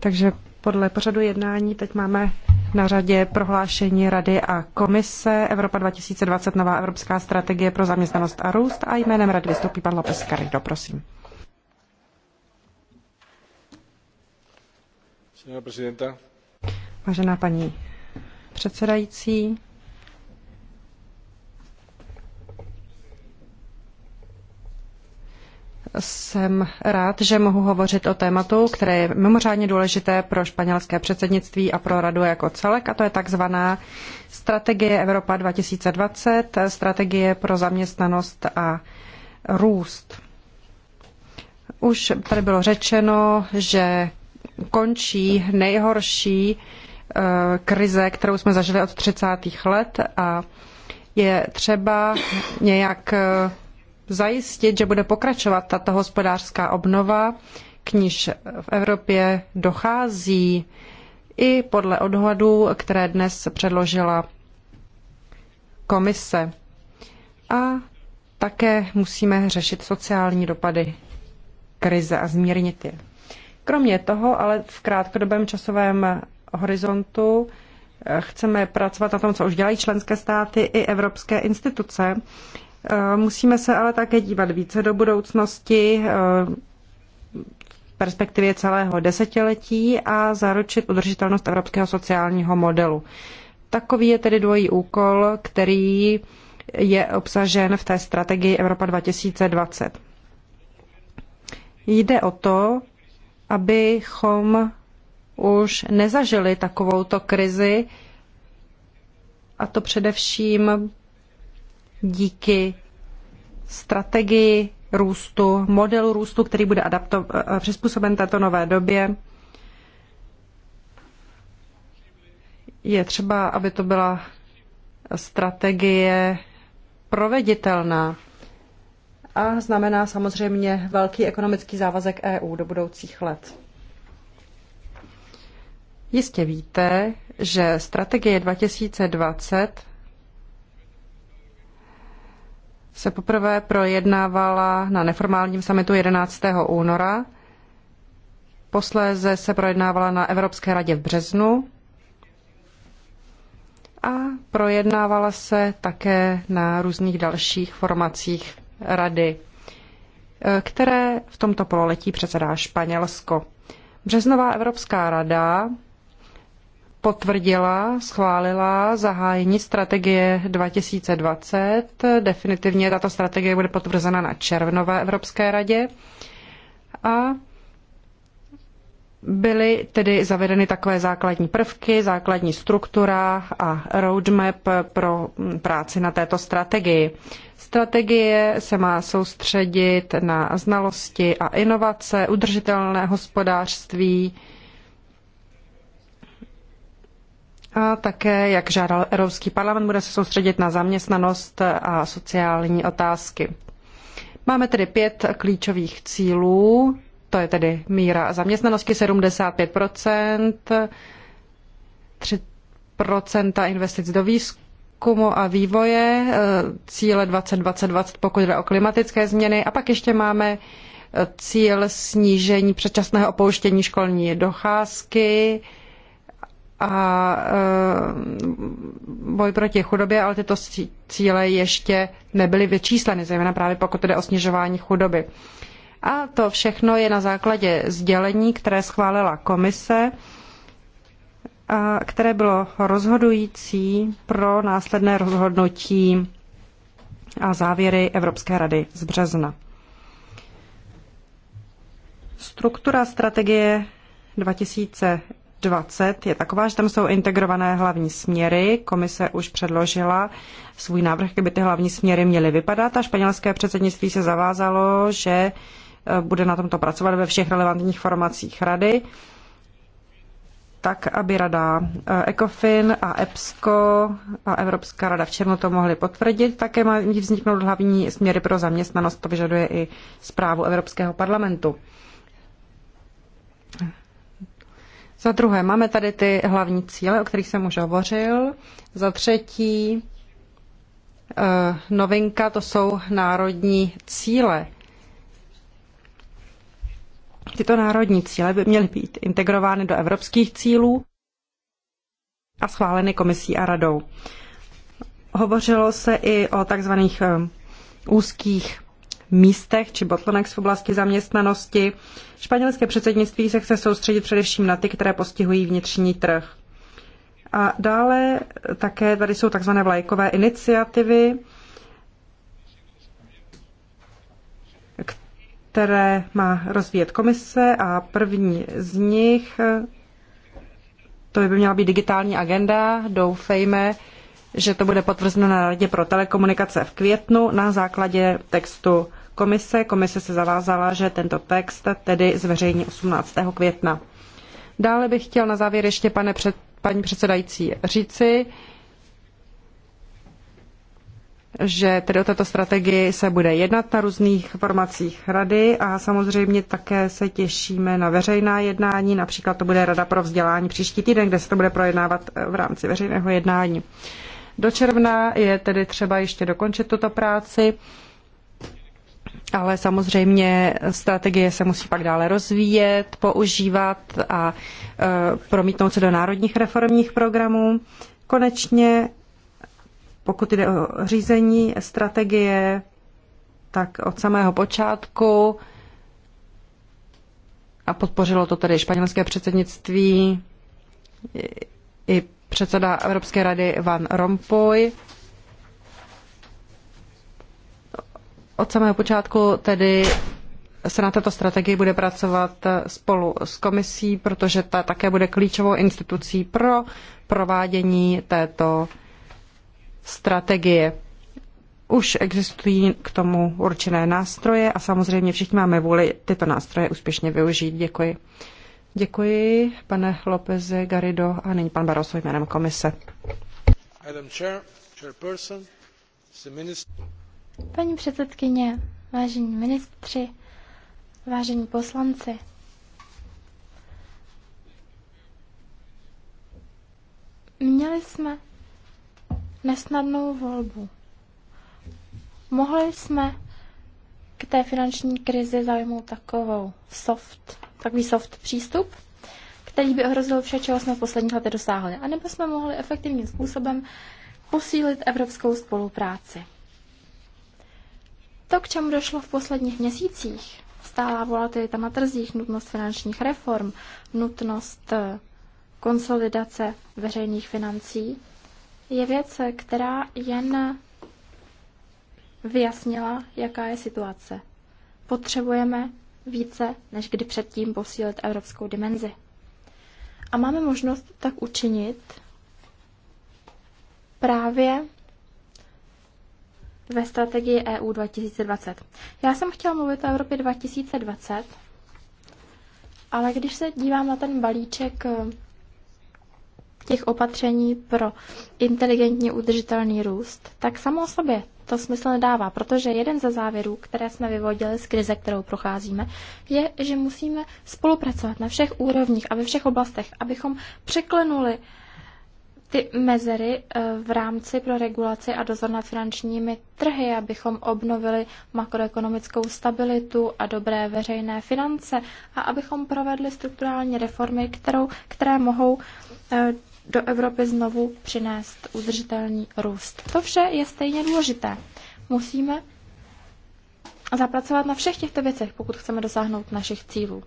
Takže podle pořadu jednání teď máme na řadě prohlášení Rady a Komise Evropa 2020 Nová evropská strategie pro zaměstnanost a růst a jménem Rady vystoupí pan López Garrido, prosím. Vážená paní předsedající, Jsem rád, že mohu hovořit o tématu, které je mimořádně důležité pro španělské předsednictví a pro radu jako celek, a to je takzvaná strategie Evropa 2020, strategie pro zaměstnanost a růst. Už tady bylo řečeno, že končí nejhorší eh, krize, kterou jsme zažili od 30. let a je třeba nějak eh, zajistit, že bude pokračovat tato hospodářská obnova, k níž v Evropě dochází i podle odhadů, které dnes předložila komise. A také musíme řešit sociální dopady krize a zmírnit je. Kromě toho, ale v krátkodobém časovém horizontu eh, chceme pracovat na tom, co už dělají členské státy i evropské instituce, Eh, musíme se ale také dívat více do budoucnosti eh, v perspektivě celého desetiletí a zaručit udržitelnost evropského sociálního modelu. Takový je tedy dvojí úkol, který je obsažen v té strategii Evropa 2020. Jde o to, abychom už nezažili takovouto krizi, a to především díky strategii růstu, modelu růstu, který bude adapto- eh, eh, přizpůsoben této nové době. Je třeba, aby to byla strategie proveditelná a znamená samozřejmě velký ekonomický závazek EU do budoucích let. Jistě víte, že strategie 2020 se poprvé projednávala na neformálním summitu 11. února, posléze se projednávala na Evropské radě v březnu a projednávala se také na různých dalších formacích rady, eh, které v tomto pololetí předsedá Španělsko. Březnová Evropská rada potvrdila, schválila zahájení strategie 2020. Definitivně tato strategie bude potvrzena na červnové Evropské radě. A byly tedy zavedeny takové základní prvky, základní struktura a roadmap pro práci na této strategii. Strategie se má soustředit na znalosti a inovace, udržitelné hospodářství, A také, jak žádal Evropský parlament, bude se soustředit na zaměstnanost a sociální otázky. Máme tedy pět klíčových cílů, to je tedy míra zaměstnanosti 75 3 investic do výzkumu a vývoje, cíle 2020, pokud jde o klimatické změny. A pak ještě máme cíl snížení předčasného opouštění školní docházky, a eh, boj proti chudobě, ale tyto cíle ještě nebyly vyčísleny, zejména právě pokud jde o snižování chudoby. A to všechno je na základě sdělení, které schválila komise, a které bylo rozhodující pro následné rozhodnutí a závěry Evropské rady z března. Struktura strategie 2000 20 je taková, že tam jsou integrované hlavní směry. Komise už předložila svůj návrh, kdyby ty hlavní směry měly vypadat a španělské předsednictví se zavázalo, že e, bude na tomto pracovat ve všech relevantních formacích rady, tak, aby rada e, ECOFIN a EPSCO a Evropská rada v Černu to mohly potvrdit. Také mají vzniknout hlavní směry pro zaměstnanost, to vyžaduje i zprávu Evropského parlamentu. Za druhé, máme tady ty hlavní cíle, o kterých jsem už hovořil. Za třetí, eh, novinka, to jsou národní cíle. Tyto národní cíle by měly být integrovány do evropských cílů a schváleny komisí a radou. Hovořilo se i o takzvaných eh, úzkých místech či bottlenecks v oblasti zaměstnanosti. Španělské předsednictví se chce soustředit především na ty, které postihují vnitřní trh. A dále také tady jsou takzvané vlajkové iniciativy, které má rozvíjet komise a první z nich, to by měla být digitální agenda, doufejme, že to bude potvrzeno na Radě pro telekomunikace v květnu na základě textu komise. Komise se zavázala, že tento text tedy zveřejní 18. května. Dále bych chtěl na závěr ještě, pane před, paní předsedající, říci, že tedy o této strategii se bude jednat na různých formacích rady a samozřejmě také se těšíme na veřejná jednání, například to bude Rada pro vzdělání příští týden, kde se to bude projednávat eh, v rámci veřejného jednání. Do června je tedy třeba ještě dokončit tuto práci ale samozřejmě strategie se musí pak dále rozvíjet, používat a e, promítnout se do národních reformních programů. Konečně, pokud jde o řízení strategie, tak od samého počátku a podpořilo to tedy španělské předsednictví i předseda Evropské rady Van Rompuy Od samého počátku tedy se na této strategii bude pracovat spolu s komisí, protože ta také bude klíčovou institucí pro provádění této strategie. Už existují k tomu určené nástroje a samozřejmě všichni máme vůli tyto nástroje úspěšně využít. Děkuji. Děkuji, pane Lopeze Garido a nyní pan Barroso jménem komise. Paní předsedkyně, vážení ministři, vážení poslanci, měli jsme nesnadnou volbu. Mohli jsme k té finanční krizi zaujmout takovou soft, takový soft přístup, který by ohrozil vše, čeho jsme v posledních letech dosáhli. A nebo jsme mohli efektivním způsobem posílit evropskou spolupráci. To, k čemu došlo v posledních měsících, stála volatilita na trzích, nutnost finančních reform, nutnost eh, konsolidace veřejných financí, je věc, která jen vyjasnila, jaká je situace. Potřebujeme více než kdy předtím posílit evropskou dimenzi. A máme možnost tak učinit právě ve strategii EU 2020. Já jsem chtěla mluvit o Evropě 2020, ale když se dívám na ten balíček eh, těch opatření pro inteligentně udržitelný růst, tak samo o sobě to smysl nedává, protože jeden ze závěrů, které jsme vyvodili z krize, kterou procházíme, je, že musíme spolupracovat na všech úrovních a ve všech oblastech, abychom překlenuli uh, ty mezery eh, v rámci pro regulaci a dozor nad finančními trhy, abychom obnovili makroekonomickou stabilitu a dobré veřejné finance a abychom provedli strukturální reformy, kterou, které mohou eh, do Evropy znovu přinést udržitelný růst. To vše je stejně důležité. Musíme zapracovat na všech těchto věcech, pokud chceme dosáhnout našich cílů.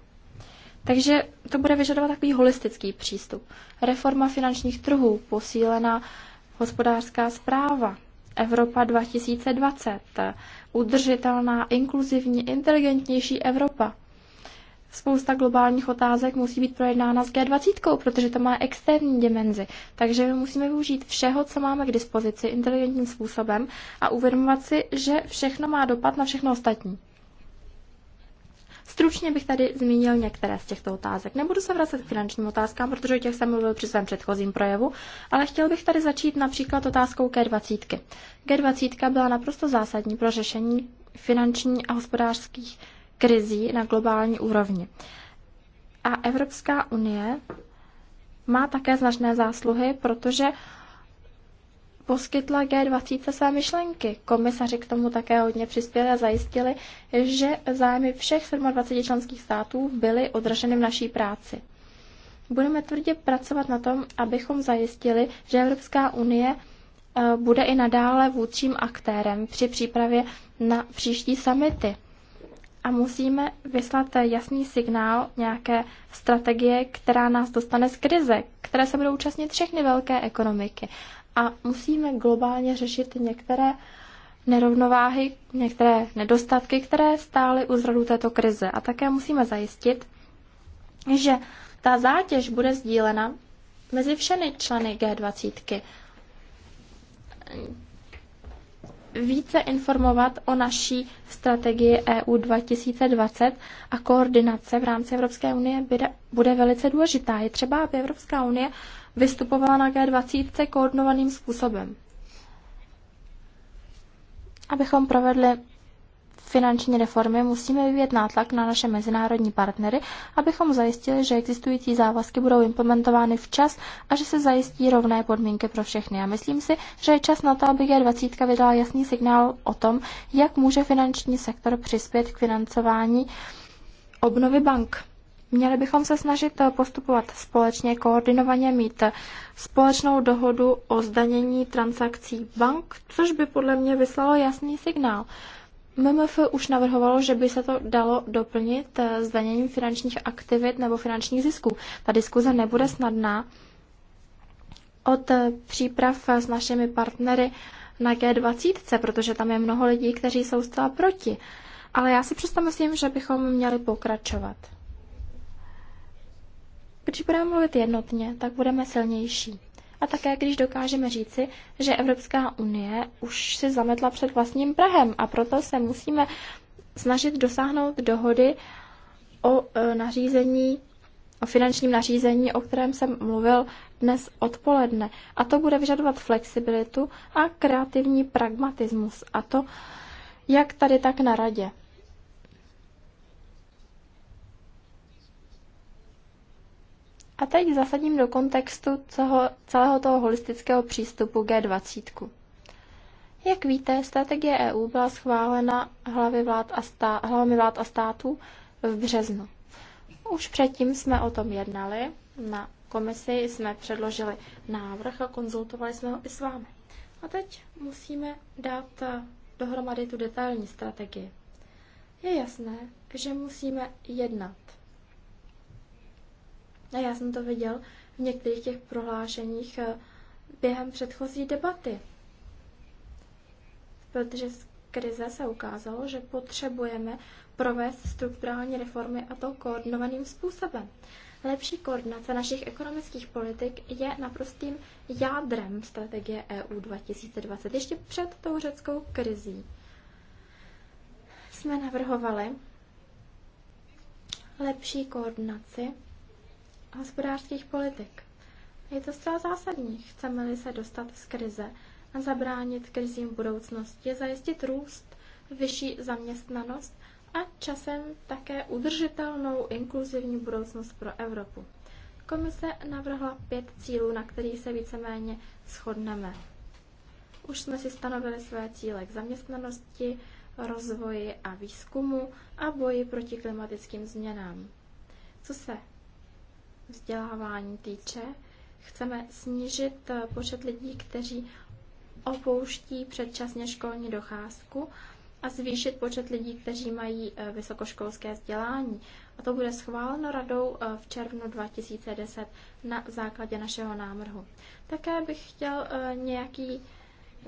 Takže to bude vyžadovat takový holistický přístup. Reforma finančních trhů, posílená hospodářská zpráva, Evropa 2020, udržitelná, inkluzivní, inteligentnější Evropa. Spousta globálních otázek musí být projednána s G20, protože to má externí dimenzi. Takže my musíme využít všeho, co máme k dispozici, inteligentním způsobem a uvědomovat si, že všechno má dopad na všechno ostatní. Stručně bych tady zmínil některé z těchto otázek. Nebudu se vracet k finančním otázkám, protože o těch jsem mluvil při svém předchozím projevu, ale chtěl bych tady začít například otázkou G20. G20 byla naprosto zásadní pro řešení finanční a hospodářských krizí na globální úrovni. A Evropská unie má také značné zásluhy, protože poskytla G20 své myšlenky. Komisaři k tomu také hodně přispěli a zajistili, že zájmy všech 27 členských států byly odraženy v naší práci. Budeme tvrdě pracovat na tom, abychom zajistili, že Evropská unie eh, bude i nadále vůdčím aktérem při přípravě na příští samity. A musíme vyslat jasný signál nějaké strategie, která nás dostane z krize, které se budou účastnit všechny velké ekonomiky a musíme globálně řešit některé nerovnováhy, některé nedostatky, které stály u zrodu této krize. A také musíme zajistit, že ta zátěž bude sdílena mezi všemi členy G20. Více informovat o naší strategii EU 2020 a koordinace v rámci Evropské unie bude, bude velice důležitá. Je třeba, aby Evropská unie vystupovala na G20 koordinovaným způsobem, abychom provedli finanční reformy, musíme vyvíjet nátlak na naše mezinárodní partnery, abychom zajistili, že existující závazky budou implementovány včas a že se zajistí rovné podmínky pro všechny. A myslím si, že je čas na to, aby G20 vydala jasný signál o tom, jak může finanční sektor přispět k financování obnovy bank. Měli bychom se snažit eh, postupovat společně, koordinovaně mít eh, společnou dohodu o zdanění transakcí bank, což by podle mě vyslalo jasný signál. MMF už navrhovalo, že by se to dalo doplnit eh, zdaněním finančních aktivit nebo finančních zisků. Ta diskuze nebude snadná. Od příprav s našimi partnery na G20, protože tam je mnoho lidí, kteří jsou zcela proti. Ale já si přesto myslím, že bychom měli pokračovat. Když budeme mluvit jednotně, tak budeme silnější. A také, když dokážeme říci, že Evropská unie už si zametla před vlastním Prahem a proto se musíme snažit dosáhnout dohody o e, nařízení, o finančním nařízení, o kterém jsem mluvil dnes odpoledne. A to bude vyžadovat flexibilitu a kreativní pragmatismus. A to jak tady, tak na radě. A teď zasadím do kontextu celého, celého toho holistického přístupu G20. Jak víte, strategie EU byla schválena hlavy vlád a stá, hlavami vlád a států v březnu. Už předtím jsme o tom jednali, na komisi jsme předložili návrh a konzultovali jsme ho i s vámi. A teď musíme dát eh, dohromady tu detailní strategii. Je jasné, že musíme jednat a já jsem to viděl v některých těch prohlášeních eh, během předchozí debaty. Protože z krize se ukázalo, že potřebujeme provést strukturální reformy a to koordinovaným způsobem. Lepší koordinace našich ekonomických politik je naprostým jádrem strategie EU 2020. Ještě před tou řeckou krizí jsme navrhovali lepší koordinaci hospodářských politik. Je to zcela zásadní, chceme-li se dostat z krize a zabránit krizím budoucnosti, zajistit růst, vyšší zaměstnanost a časem také udržitelnou inkluzivní budoucnost pro Evropu. Komise navrhla pět cílů, na kterých se víceméně shodneme. Už jsme si stanovili své cíle k zaměstnanosti, rozvoji a výzkumu a boji proti klimatickým změnám. Co se vzdělávání týče, chceme snížit eh, počet lidí, kteří opouští předčasně školní docházku a zvýšit počet lidí, kteří mají eh, vysokoškolské vzdělání. A to bude schváleno radou eh, v červnu 2010 na základě našeho návrhu. Také bych chtěl nějaký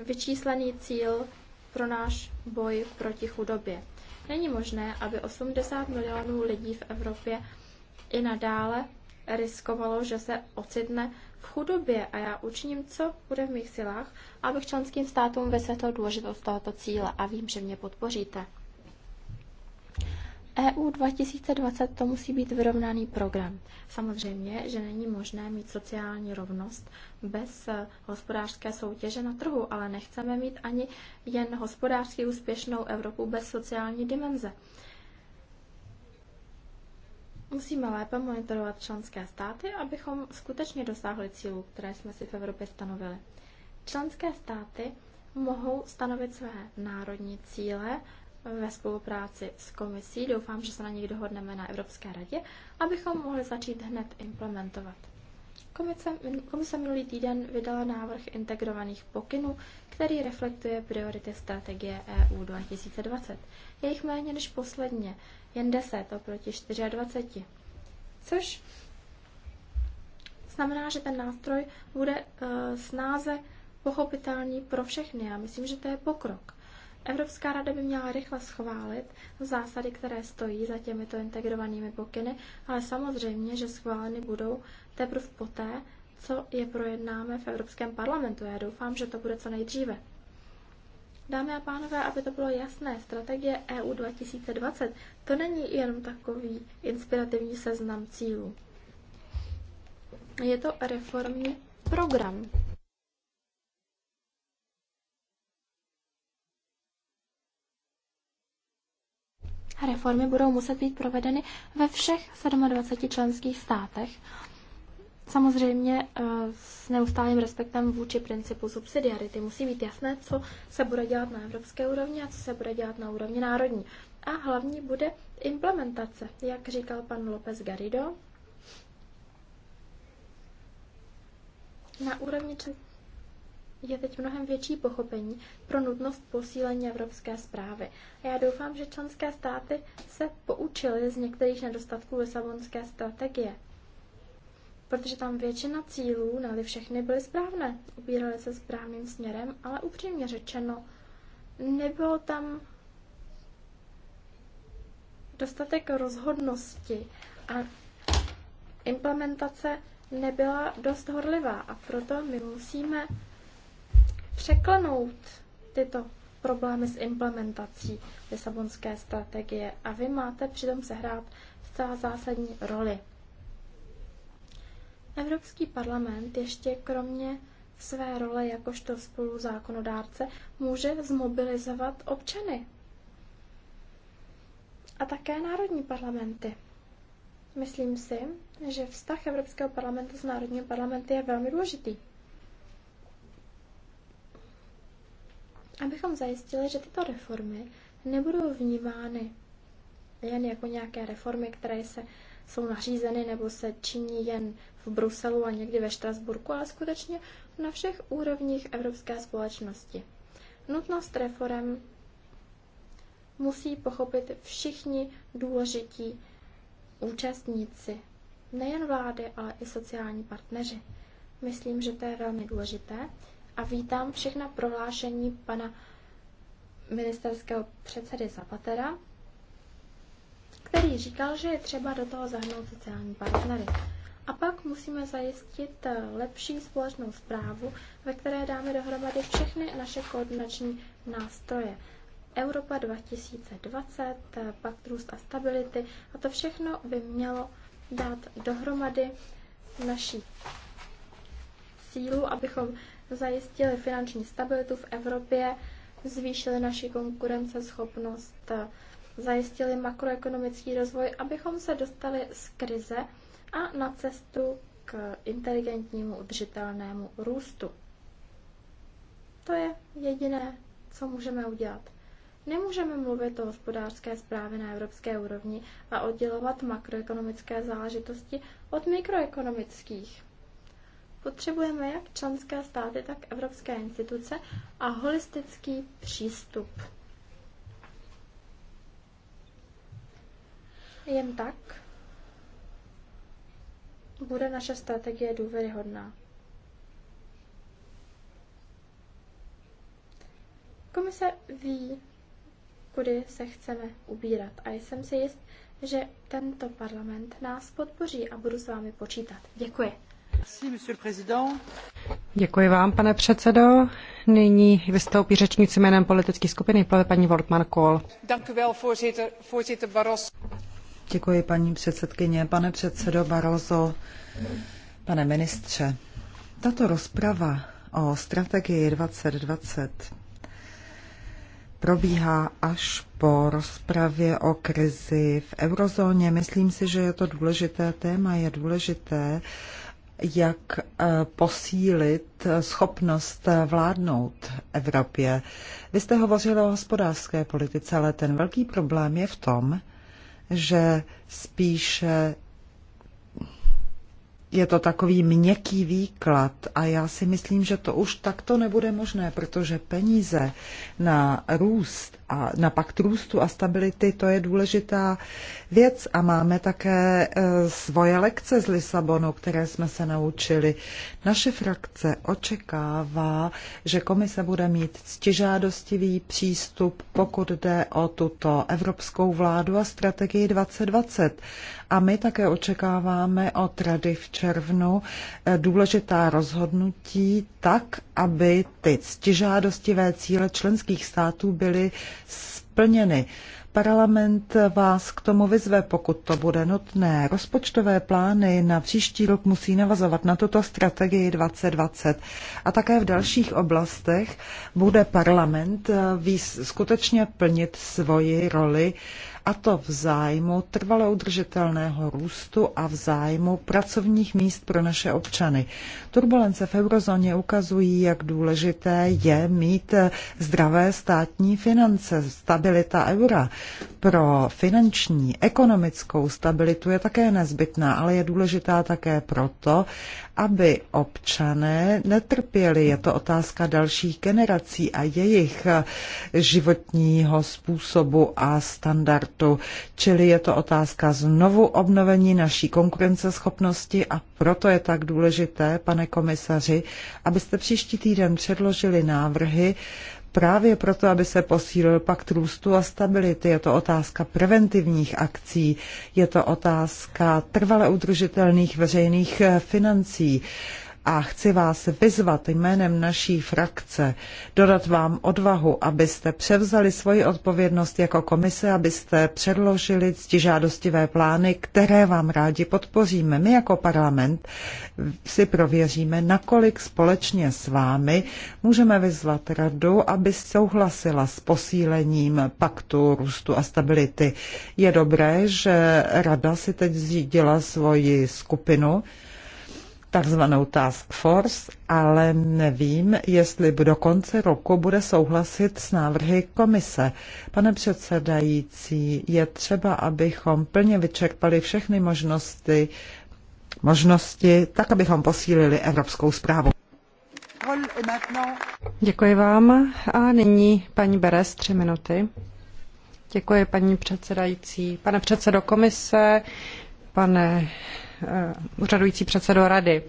vyčíslený cíl pro náš boj proti chudobě. Není možné, aby 80 milionů lidí v Evropě i nadále riskovalo, že se ocitne v chudobě a já učiním, co bude v mých silách, abych členským státům vysvětlil důležitost tohoto cíle a vím, že mě podpoříte. EU 2020 to musí být vyrovnaný program. Samozřejmě, že není možné mít sociální rovnost bez eh, hospodářské soutěže na trhu, ale nechceme mít ani jen hospodářsky úspěšnou Evropu bez sociální dimenze. Musíme lépe monitorovat členské státy, abychom skutečně dosáhli cílů, které jsme si v Evropě stanovili. Členské státy mohou stanovit své národní cíle ve spolupráci s komisí. Doufám, že se na nich dohodneme na Evropské radě, abychom mohli začít hned implementovat. Komise, komise minulý týden vydala návrh integrovaných pokynů, který reflektuje priority strategie EU 2020. Je jich méně než posledně, jen 10 oproti 24. Což znamená, že ten nástroj bude eh, snáze pochopitelný pro všechny. Já myslím, že to je pokrok. Evropská rada by měla rychle schválit zásady, které stojí za těmito integrovanými pokyny, ale samozřejmě, že schváleny budou teprve poté, co je projednáme v Evropském parlamentu. Já doufám, že to bude co nejdříve. Dámy a pánové, aby to bylo jasné, strategie EU 2020 to není jenom takový inspirativní seznam cílů. Je to reformní program. Reformy budou muset být provedeny ve všech 27 členských státech Samozřejmě eh, s neustálým respektem vůči principu subsidiarity musí být jasné, co se bude dělat na evropské úrovni a co se bude dělat na úrovni národní. A hlavní bude implementace, jak říkal pan López Garrido. Na úrovni je teď mnohem větší pochopení pro nutnost posílení evropské zprávy. A já doufám, že členské státy se poučily z některých nedostatků Lisabonské strategie protože tam většina cílů, ne všechny, byly správné. Ubíraly se správným směrem, ale upřímně řečeno, nebylo tam dostatek rozhodnosti a implementace nebyla dost horlivá a proto my musíme překlenout tyto problémy s implementací Lisabonské strategie a vy máte přitom sehrát zcela zásadní roli. Evropský parlament ještě kromě své role jakožto spoluzákonodárce může zmobilizovat občany a také národní parlamenty. Myslím si, že vztah Evropského parlamentu s národními parlamenty je velmi důležitý. Abychom zajistili, že tyto reformy nebudou vnímány jen jako nějaké reformy, které se, jsou nařízeny nebo se činí jen v Bruselu a někdy ve Štrasburku, ale skutečně na všech úrovních evropské společnosti. Nutnost reform musí pochopit všichni důležití účastníci, nejen vlády, ale i sociální partneři. Myslím, že to je velmi důležité a vítám všechna prohlášení pana ministerského předsedy Zapatera, který říkal, že je třeba do toho zahrnout sociální partnery. A pak musíme zajistit eh, lepší společnou zprávu, ve které dáme dohromady všechny naše koordinační nástroje. Europa 2020, eh, Pakt růst a stability. A to všechno by mělo dát dohromady naší sílu, abychom zajistili finanční stabilitu v Evropě, zvýšili naši konkurenceschopnost, eh, zajistili makroekonomický rozvoj, abychom se dostali z krize a na cestu k inteligentnímu udržitelnému růstu. To je jediné, co můžeme udělat. Nemůžeme mluvit o hospodářské zprávě na evropské úrovni a oddělovat makroekonomické záležitosti od mikroekonomických. Potřebujeme jak členské státy, tak evropské instituce a holistický přístup. Jen tak bude naše strategie důvěryhodná. Komise ví, kudy se chceme ubírat a jsem si jist, že tento parlament nás podpoří a budu s vámi počítat. Děkuji. Děkuji vám, pane předsedo. Nyní vystoupí řečníci jménem politické skupiny, paní Wortmann Kohl. Děkuji, paní předsedkyně, pane předsedo Barroso, pane ministře. Tato rozprava o strategii 2020 probíhá až po rozpravě o krizi v eurozóně. Myslím si, že je to důležité téma. Je důležité, jak eh, posílit schopnost vládnout Evropě. Vy jste hovořil o hospodářské politice, ale ten velký problém je v tom, že spíše je to takový měkký výklad a já si myslím, že to už takto nebude možné, protože peníze na růst a na pakt růstu a stability, to je důležitá věc a máme také eh, svoje lekce z Lisabonu, které jsme se naučili. Naše frakce očekává, že komise bude mít ctižádostivý přístup, pokud jde o tuto evropskou vládu a strategii 2020. A my také očekáváme od rady červnu eh, důležitá rozhodnutí tak, aby ty ctižádostivé cíle členských států byly splněny. Parlament vás k tomu vyzve, pokud to bude nutné. Rozpočtové plány na příští rok musí navazovat na tuto strategii 2020 a také v dalších oblastech bude parlament eh, skutečně plnit svoji roli a to v zájmu trvale udržitelného růstu a v zájmu pracovních míst pro naše občany. Turbulence v eurozóně ukazují, jak důležité je mít zdravé státní finance. Stabilita eura pro finanční, ekonomickou stabilitu je také nezbytná, ale je důležitá také proto, aby občané netrpěli. Je to otázka dalších generací a jejich životního způsobu a standardu exportu. Čili je to otázka znovu obnovení naší konkurenceschopnosti a proto je tak důležité, pane komisaři, abyste příští týden předložili návrhy, Právě proto, aby se posílil pakt růstu a stability, je to otázka preventivních akcí, je to otázka trvale udržitelných veřejných eh, financí a chci vás vyzvat jménem naší frakce, dodat vám odvahu, abyste převzali svoji odpovědnost jako komise, abyste předložili ctižádostivé plány, které vám rádi podpoříme. My jako parlament si prověříme, nakolik společně s vámi můžeme vyzvat radu, aby souhlasila s posílením paktu růstu a stability. Je dobré, že rada si teď zřídila svoji skupinu, takzvanou task force, ale nevím, jestli do konce roku bude souhlasit s návrhy komise. Pane předsedající, je třeba, abychom plně vyčerpali všechny možnosti, možnosti tak, abychom posílili evropskou zprávu. Děkuji vám. A nyní paní Beres, tři minuty. Děkuji, paní předsedající. Pane předsedo komise, pane Eh, úřadující předsedo rady.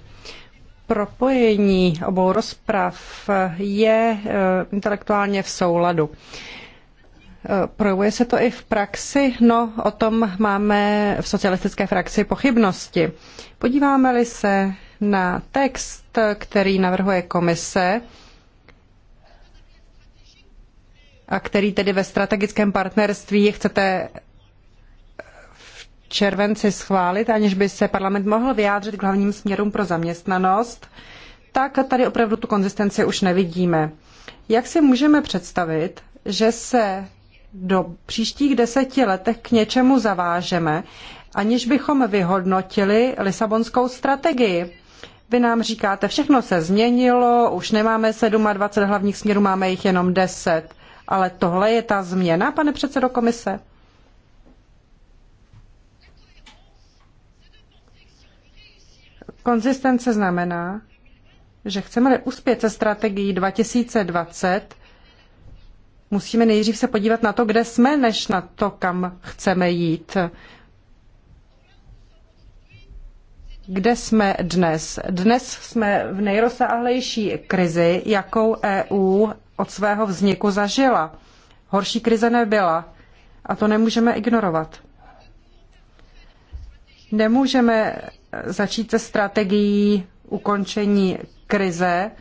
Propojení obou rozprav je eh, intelektuálně v souladu. Eh, projevuje se to i v praxi, no o tom máme v socialistické frakci pochybnosti. Podíváme-li se na text, který navrhuje komise, a který tedy ve strategickém partnerství chcete červenci schválit, aniž by se parlament mohl vyjádřit k hlavním směrům pro zaměstnanost, tak tady opravdu tu konzistenci už nevidíme. Jak si můžeme představit, že se do příštích deseti letech k něčemu zavážeme, aniž bychom vyhodnotili Lisabonskou strategii? Vy nám říkáte, všechno se změnilo, už nemáme 27 hlavních směrů, máme jich jenom 10. Ale tohle je ta změna, pane předsedo komise? Konzistence znamená, že chceme-li uspět se strategií 2020, musíme nejdřív se podívat na to, kde jsme, než na to, kam chceme jít. Kde jsme dnes? Dnes jsme v nejrozsáhlejší krizi, jakou EU od svého vzniku zažila. Horší krize nebyla a to nemůžeme ignorovat. Nemůžeme začít se strategií ukončení krize,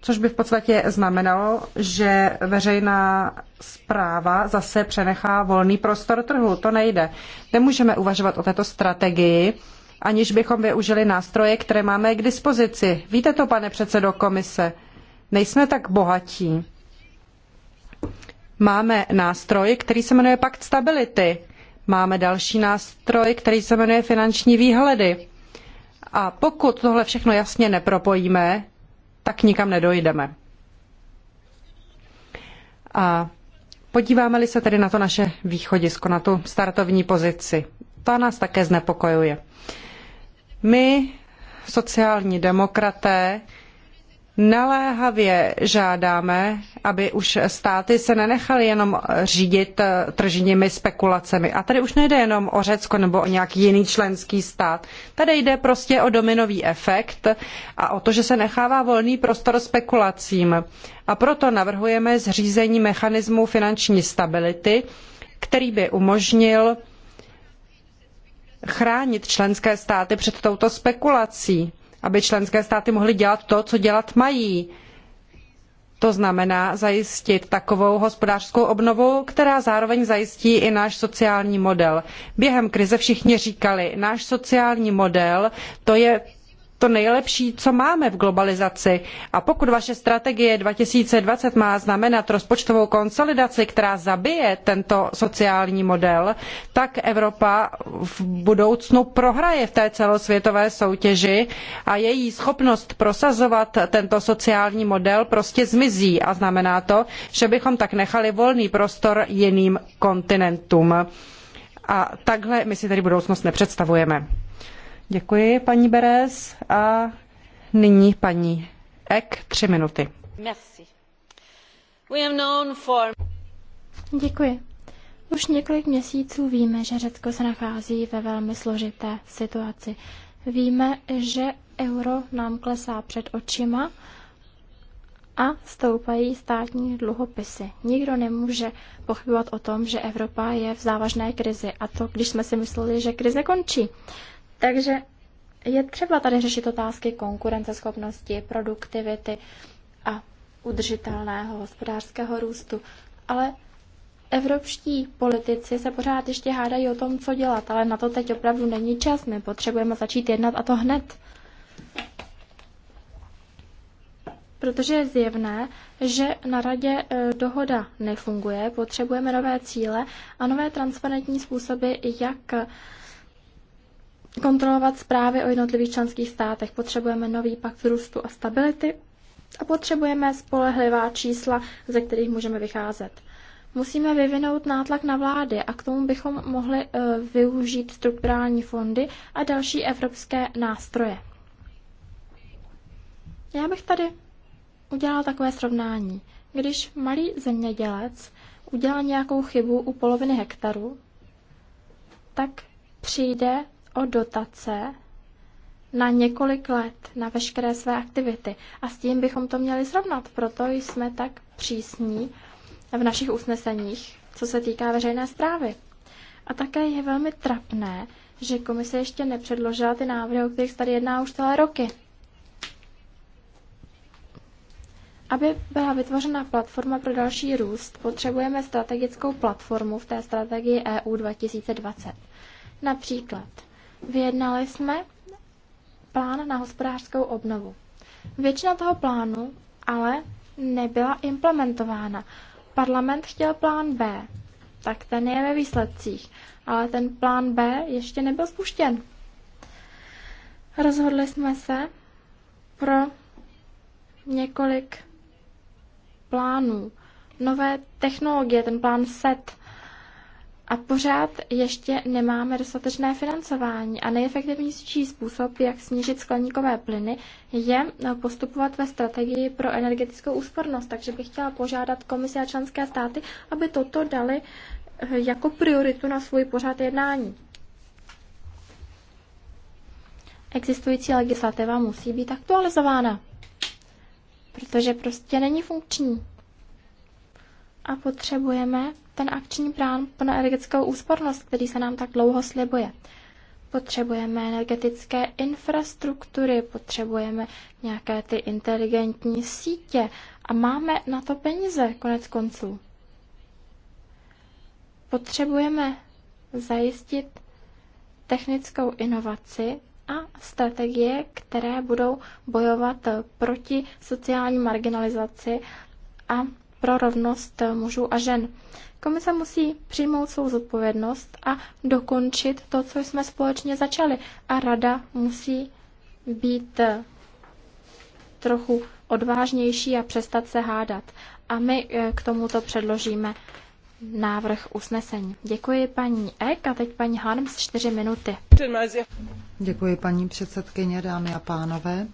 což by v podstatě znamenalo, že veřejná zpráva zase přenechá volný prostor trhu. To nejde. Nemůžeme uvažovat o této strategii, aniž bychom využili nástroje, které máme k dispozici. Víte to, pane předsedo komise, nejsme tak bohatí. Máme nástroj, který se jmenuje Pakt stability. Máme další nástroj, který se jmenuje finanční výhledy. A pokud tohle všechno jasně nepropojíme, tak nikam nedojdeme. A podíváme-li se tedy na to naše východisko, na tu startovní pozici. Ta nás také znepokojuje. My, sociální demokraté, Naléhavě žádáme, aby už státy se nenechaly jenom řídit eh, tržními spekulacemi. A tady už nejde jenom o Řecko nebo o nějaký jiný členský stát. Tady jde prostě o dominový efekt a o to, že se nechává volný prostor spekulacím. A proto navrhujeme zřízení mechanismu finanční stability, který by umožnil chránit členské státy před touto spekulací aby členské státy mohly dělat to, co dělat mají. To znamená zajistit takovou hospodářskou obnovu, která zároveň zajistí i náš sociální model. Během krize všichni říkali, náš sociální model to je to nejlepší, co máme v globalizaci. A pokud vaše strategie 2020 má znamenat rozpočtovou konsolidaci, která zabije tento sociální model, tak Evropa v budoucnu prohraje v té celosvětové soutěži a její schopnost prosazovat tento sociální model prostě zmizí a znamená to, že bychom tak nechali volný prostor jiným kontinentům. A takhle my si tedy budoucnost nepředstavujeme. Děkuji, paní Beres. A nyní paní Ek, tři minuty. Merci. We have known for... Děkuji. Už několik měsíců víme, že Řecko se nachází ve velmi složité situaci. Víme, že euro nám klesá před očima a stoupají státní dluhopisy. Nikdo nemůže pochybovat o tom, že Evropa je v závažné krizi a to, když jsme si mysleli, že krize končí. Takže je třeba tady řešit otázky konkurenceschopnosti, produktivity a udržitelného hospodářského růstu. Ale evropští politici se pořád ještě hádají o tom, co dělat, ale na to teď opravdu není čas. My potřebujeme začít jednat a to hned. Protože je zjevné, že na radě e, dohoda nefunguje, potřebujeme nové cíle a nové transparentní způsoby, jak kontrolovat zprávy o jednotlivých členských státech. Potřebujeme nový pakt růstu a stability a potřebujeme spolehlivá čísla, ze kterých můžeme vycházet. Musíme vyvinout nátlak na vlády a k tomu bychom mohli eh, využít strukturální fondy a další evropské nástroje. Já bych tady udělala takové srovnání. Když malý zemědělec udělá nějakou chybu u poloviny hektaru, tak přijde o dotace na několik let, na veškeré své aktivity. A s tím bychom to měli srovnat, proto jsme tak přísní v našich usneseních, co se týká veřejné zprávy. A také je velmi trapné, že komise ještě nepředložila ty návrhy, o kterých se tady jedná už celé roky. Aby byla vytvořena platforma pro další růst, potřebujeme strategickou platformu v té strategii EU 2020. Například Vyjednali jsme plán na hospodářskou obnovu. Většina toho plánu ale nebyla implementována. Parlament chtěl plán B, tak ten je ve výsledcích, ale ten plán B ještě nebyl spuštěn. Rozhodli jsme se pro několik plánů. Nové technologie, ten plán SET, a pořád ještě nemáme dostatečné financování a nejefektivnější způsob, jak snížit skleníkové plyny, je postupovat ve strategii pro energetickou úspornost. Takže bych chtěla požádat komisi a členské státy, aby toto dali eh, jako prioritu na svůj pořád jednání. Existující legislativa musí být aktualizována, protože prostě není funkční. A potřebujeme ten akční plán pro energetickou úspornost, který se nám tak dlouho slibuje. Potřebujeme energetické infrastruktury, potřebujeme nějaké ty inteligentní sítě a máme na to peníze konec konců. Potřebujeme zajistit technickou inovaci a strategie, které budou bojovat proti sociální marginalizaci a pro rovnost mužů a žen. Komise musí přijmout svou zodpovědnost a dokončit to, co jsme společně začali. A rada musí být eh, trochu odvážnější a přestat se hádat. A my eh, k tomuto předložíme návrh usnesení. Děkuji paní Ek a teď paní Harms čtyři minuty. Děkuji paní předsedkyně, dámy a pánové.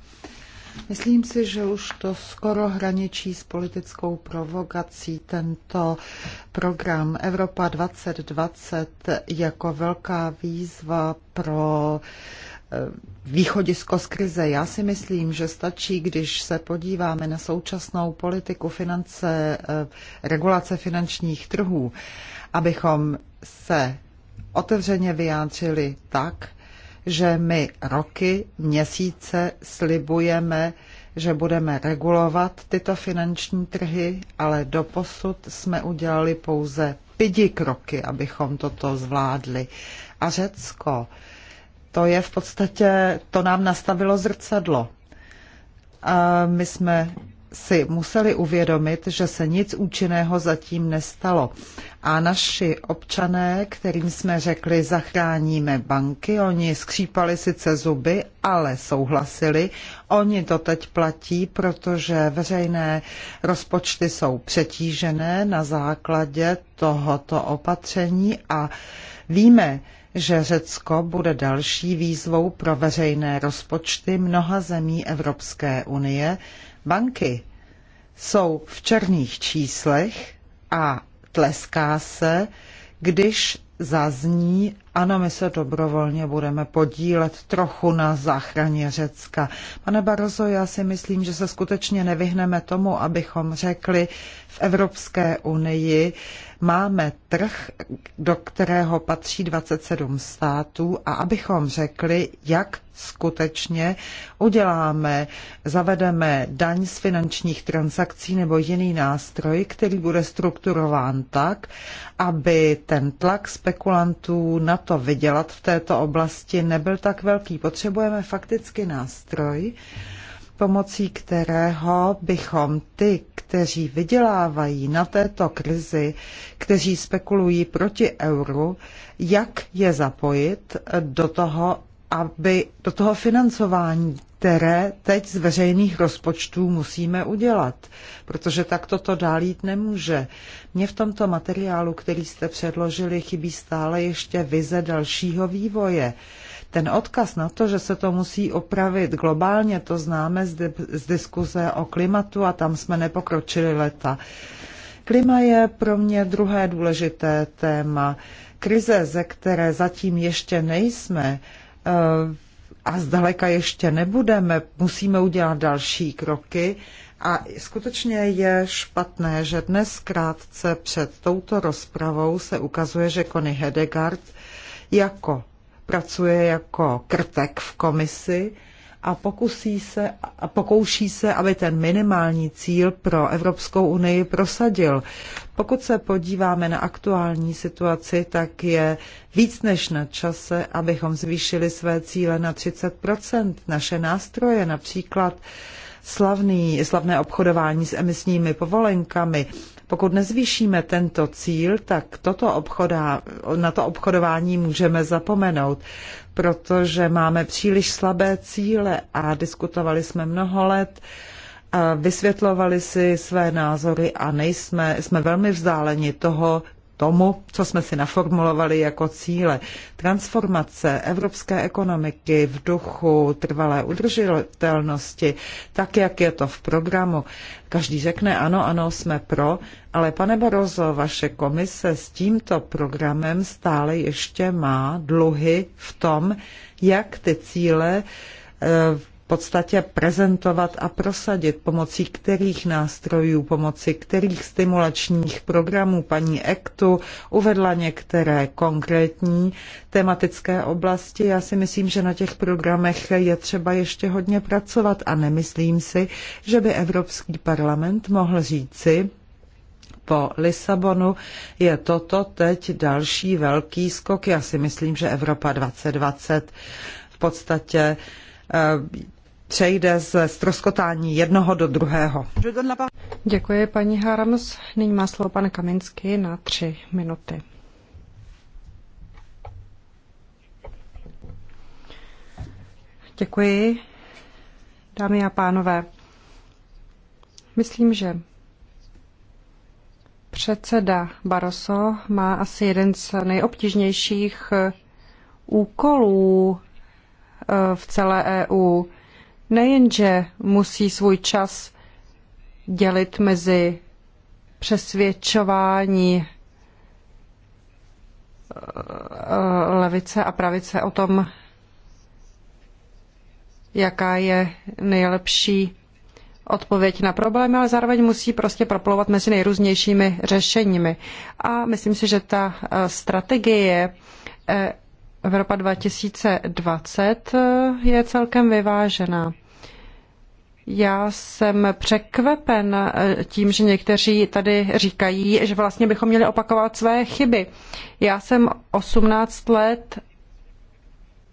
Myslím si, že už to skoro hraničí s politickou provokací tento program Evropa 2020 jako velká výzva pro eh, východisko z krize. Já si myslím, že stačí, když se podíváme na současnou politiku finance, eh, regulace finančních trhů, abychom se otevřeně vyjádřili tak, že my roky, měsíce slibujeme, že budeme regulovat tyto finanční trhy, ale doposud jsme udělali pouze pidi kroky, abychom toto zvládli. A Řecko, to je v podstatě, to nám nastavilo zrcadlo. A my jsme si museli uvědomit, že se nic účinného zatím nestalo. A naši občané, kterým jsme řekli, zachráníme banky, oni skřípali sice zuby, ale souhlasili. Oni to teď platí, protože veřejné rozpočty jsou přetížené na základě tohoto opatření a víme, že Řecko bude další výzvou pro veřejné rozpočty mnoha zemí Evropské unie, Banky jsou v černých číslech a tleská se, když zazní ano, my se dobrovolně budeme podílet trochu na záchraně Řecka. Pane Barozo, já si myslím, že se skutečně nevyhneme tomu, abychom řekli v Evropské unii, máme trh, do kterého patří 27 států a abychom řekli, jak skutečně uděláme, zavedeme daň z finančních transakcí nebo jiný nástroj, který bude strukturován tak, aby ten tlak spekulantů na to vydělat v této oblasti nebyl tak velký. Potřebujeme fakticky nástroj, pomocí kterého bychom ty, kteří vydělávají na této krizi, kteří spekulují proti euru, jak je zapojit do toho, aby do toho financování, které teď z veřejných rozpočtů musíme udělat, protože tak toto dál jít nemůže. Mně v tomto materiálu, který jste předložili, chybí stále ještě vize dalšího vývoje. Ten odkaz na to, že se to musí opravit globálně, to známe z, z diskuze o klimatu a tam jsme nepokročili leta. Klima je pro mě druhé důležité téma. Krize, ze které zatím ještě nejsme, Eh, a zdaleka ještě nebudeme, musíme udělat další kroky. A skutečně je špatné, že dnes krátce před touto rozpravou se ukazuje, že Kony Hedegard jako pracuje jako krtek v komisi a pokusí se, a pokouší se, aby ten minimální cíl pro Evropskou unii prosadil. Pokud se podíváme na aktuální situaci, tak je víc než na čase, abychom zvýšili své cíle na 30 Naše nástroje, například slavný, slavné obchodování s emisními povolenkami, pokud nezvýšíme tento cíl, tak toto obchodá, na to obchodování můžeme zapomenout, protože máme příliš slabé cíle a diskutovali jsme mnoho let, a vysvětlovali si své názory a nejsme, jsme velmi vzdáleni toho, tomu, co jsme si naformulovali jako cíle. Transformace evropské ekonomiky v duchu trvalé udržitelnosti, tak jak je to v programu. Každý řekne ano, ano, jsme pro, ale pane Barozo, vaše komise s tímto programem stále ještě má dluhy v tom, jak ty cíle eh, podstatě prezentovat a prosadit pomocí kterých nástrojů, pomocí kterých stimulačních programů paní Ektu uvedla některé konkrétní tematické oblasti. Já si myslím, že na těch programech je třeba ještě hodně pracovat a nemyslím si, že by Evropský parlament mohl říci, po Lisabonu je toto teď další velký skok. Já si myslím, že Evropa 2020 v podstatě eh, přejde ze stroskotání jednoho do druhého. Děkuji paní Harams. Nyní má slovo pan Kaminsky na tři minuty. Děkuji. Dámy a pánové, myslím, že předseda Baroso má asi jeden z nejobtížnějších úkolů eh, v celé EU nejenže musí svůj čas dělit mezi přesvědčování eh, eh, levice a pravice o tom, jaká je nejlepší odpověď na problém, ale zároveň musí prostě proplovat mezi nejrůznějšími řešeními. A myslím si, že ta eh, strategie Evropa 2020 eh, je celkem vyvážená. Já jsem překvapen eh, tím, že někteří tady říkají, že vlastně bychom měli opakovat své chyby. Já jsem 18 let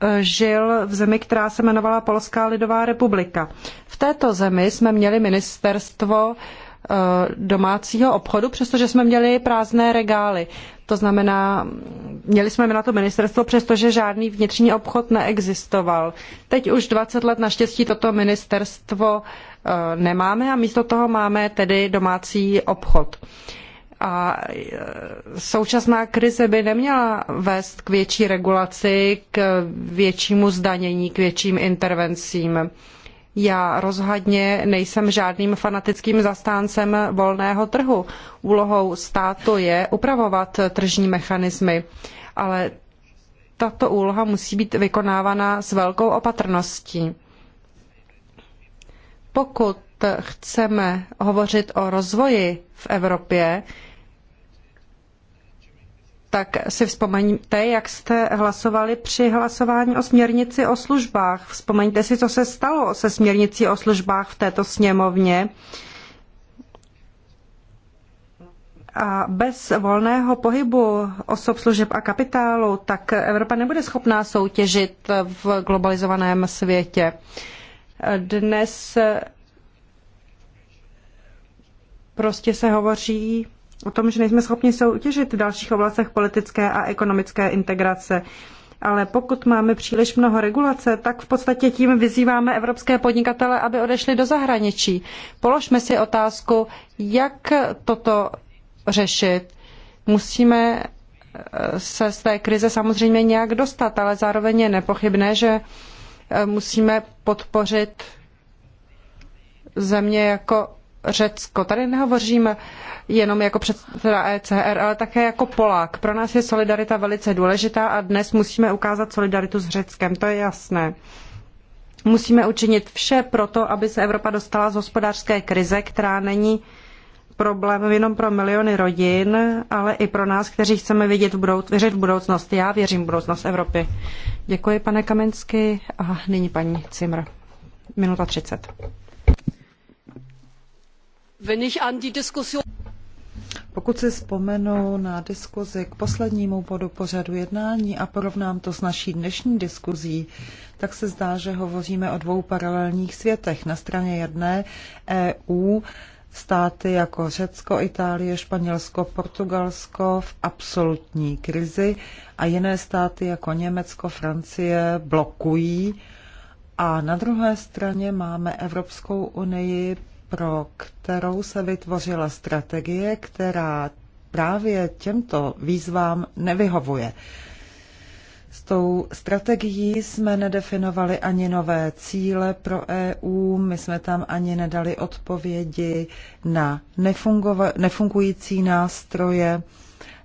eh, žil v zemi, která se jmenovala Polská lidová republika. V této zemi jsme měli ministerstvo Eh, domácího obchodu, přestože jsme měli prázdné regály. To znamená, měli jsme na to ministerstvo, přestože žádný vnitřní obchod neexistoval. Teď už 20 let naštěstí toto ministerstvo eh, nemáme a místo toho máme tedy domácí obchod. A eh, současná krize by neměla vést k větší regulaci, k většímu zdanění, k větším intervencím. Já rozhodně nejsem žádným fanatickým zastáncem volného trhu. Úlohou státu je upravovat tržní mechanismy, ale tato úloha musí být vykonávána s velkou opatrností. Pokud chceme hovořit o rozvoji v Evropě, tak si vzpomeňte, jak jste hlasovali při hlasování o směrnici o službách. Vzpomeňte si, co se stalo se směrnicí o službách v této sněmovně. A bez volného pohybu osob, služeb a kapitálu, tak Evropa nebude schopná soutěžit v globalizovaném světě. Dnes prostě se hovoří o tom, že nejsme schopni soutěžit v dalších oblastech politické a ekonomické integrace. Ale pokud máme příliš mnoho regulace, tak v podstatě tím vyzýváme evropské podnikatele, aby odešli do zahraničí. Položme si otázku, jak toto řešit. Musíme eh, se z té krize samozřejmě nějak dostat, ale zároveň je nepochybné, že eh, musíme podpořit země jako Řecko. Tady nehovořím jenom jako předseda ECR, ale také jako Polák. Pro nás je solidarita velice důležitá a dnes musíme ukázat solidaritu s Řeckem, to je jasné. Musíme učinit vše pro to, aby se Evropa dostala z hospodářské krize, která není problém jenom pro miliony rodin, ale i pro nás, kteří chceme vidět v budouc- věřit v budoucnost. Já věřím v budoucnost Evropy. Děkuji, pane Kamensky. A nyní paní Cimr. Minuta 30. Pokud si vzpomenu na diskuzi k poslednímu bodu pořadu jednání a porovnám to s naší dnešní diskuzí, tak se zdá, že hovoříme o dvou paralelních světech. Na straně jedné EU státy jako Řecko, Itálie, Španělsko, Portugalsko v absolutní krizi a jiné státy jako Německo, Francie blokují. A na druhé straně máme Evropskou unii pro kterou se vytvořila strategie, která právě těmto výzvám nevyhovuje. S tou strategií jsme nedefinovali ani nové cíle pro EU, my jsme tam ani nedali odpovědi na nefungující nástroje,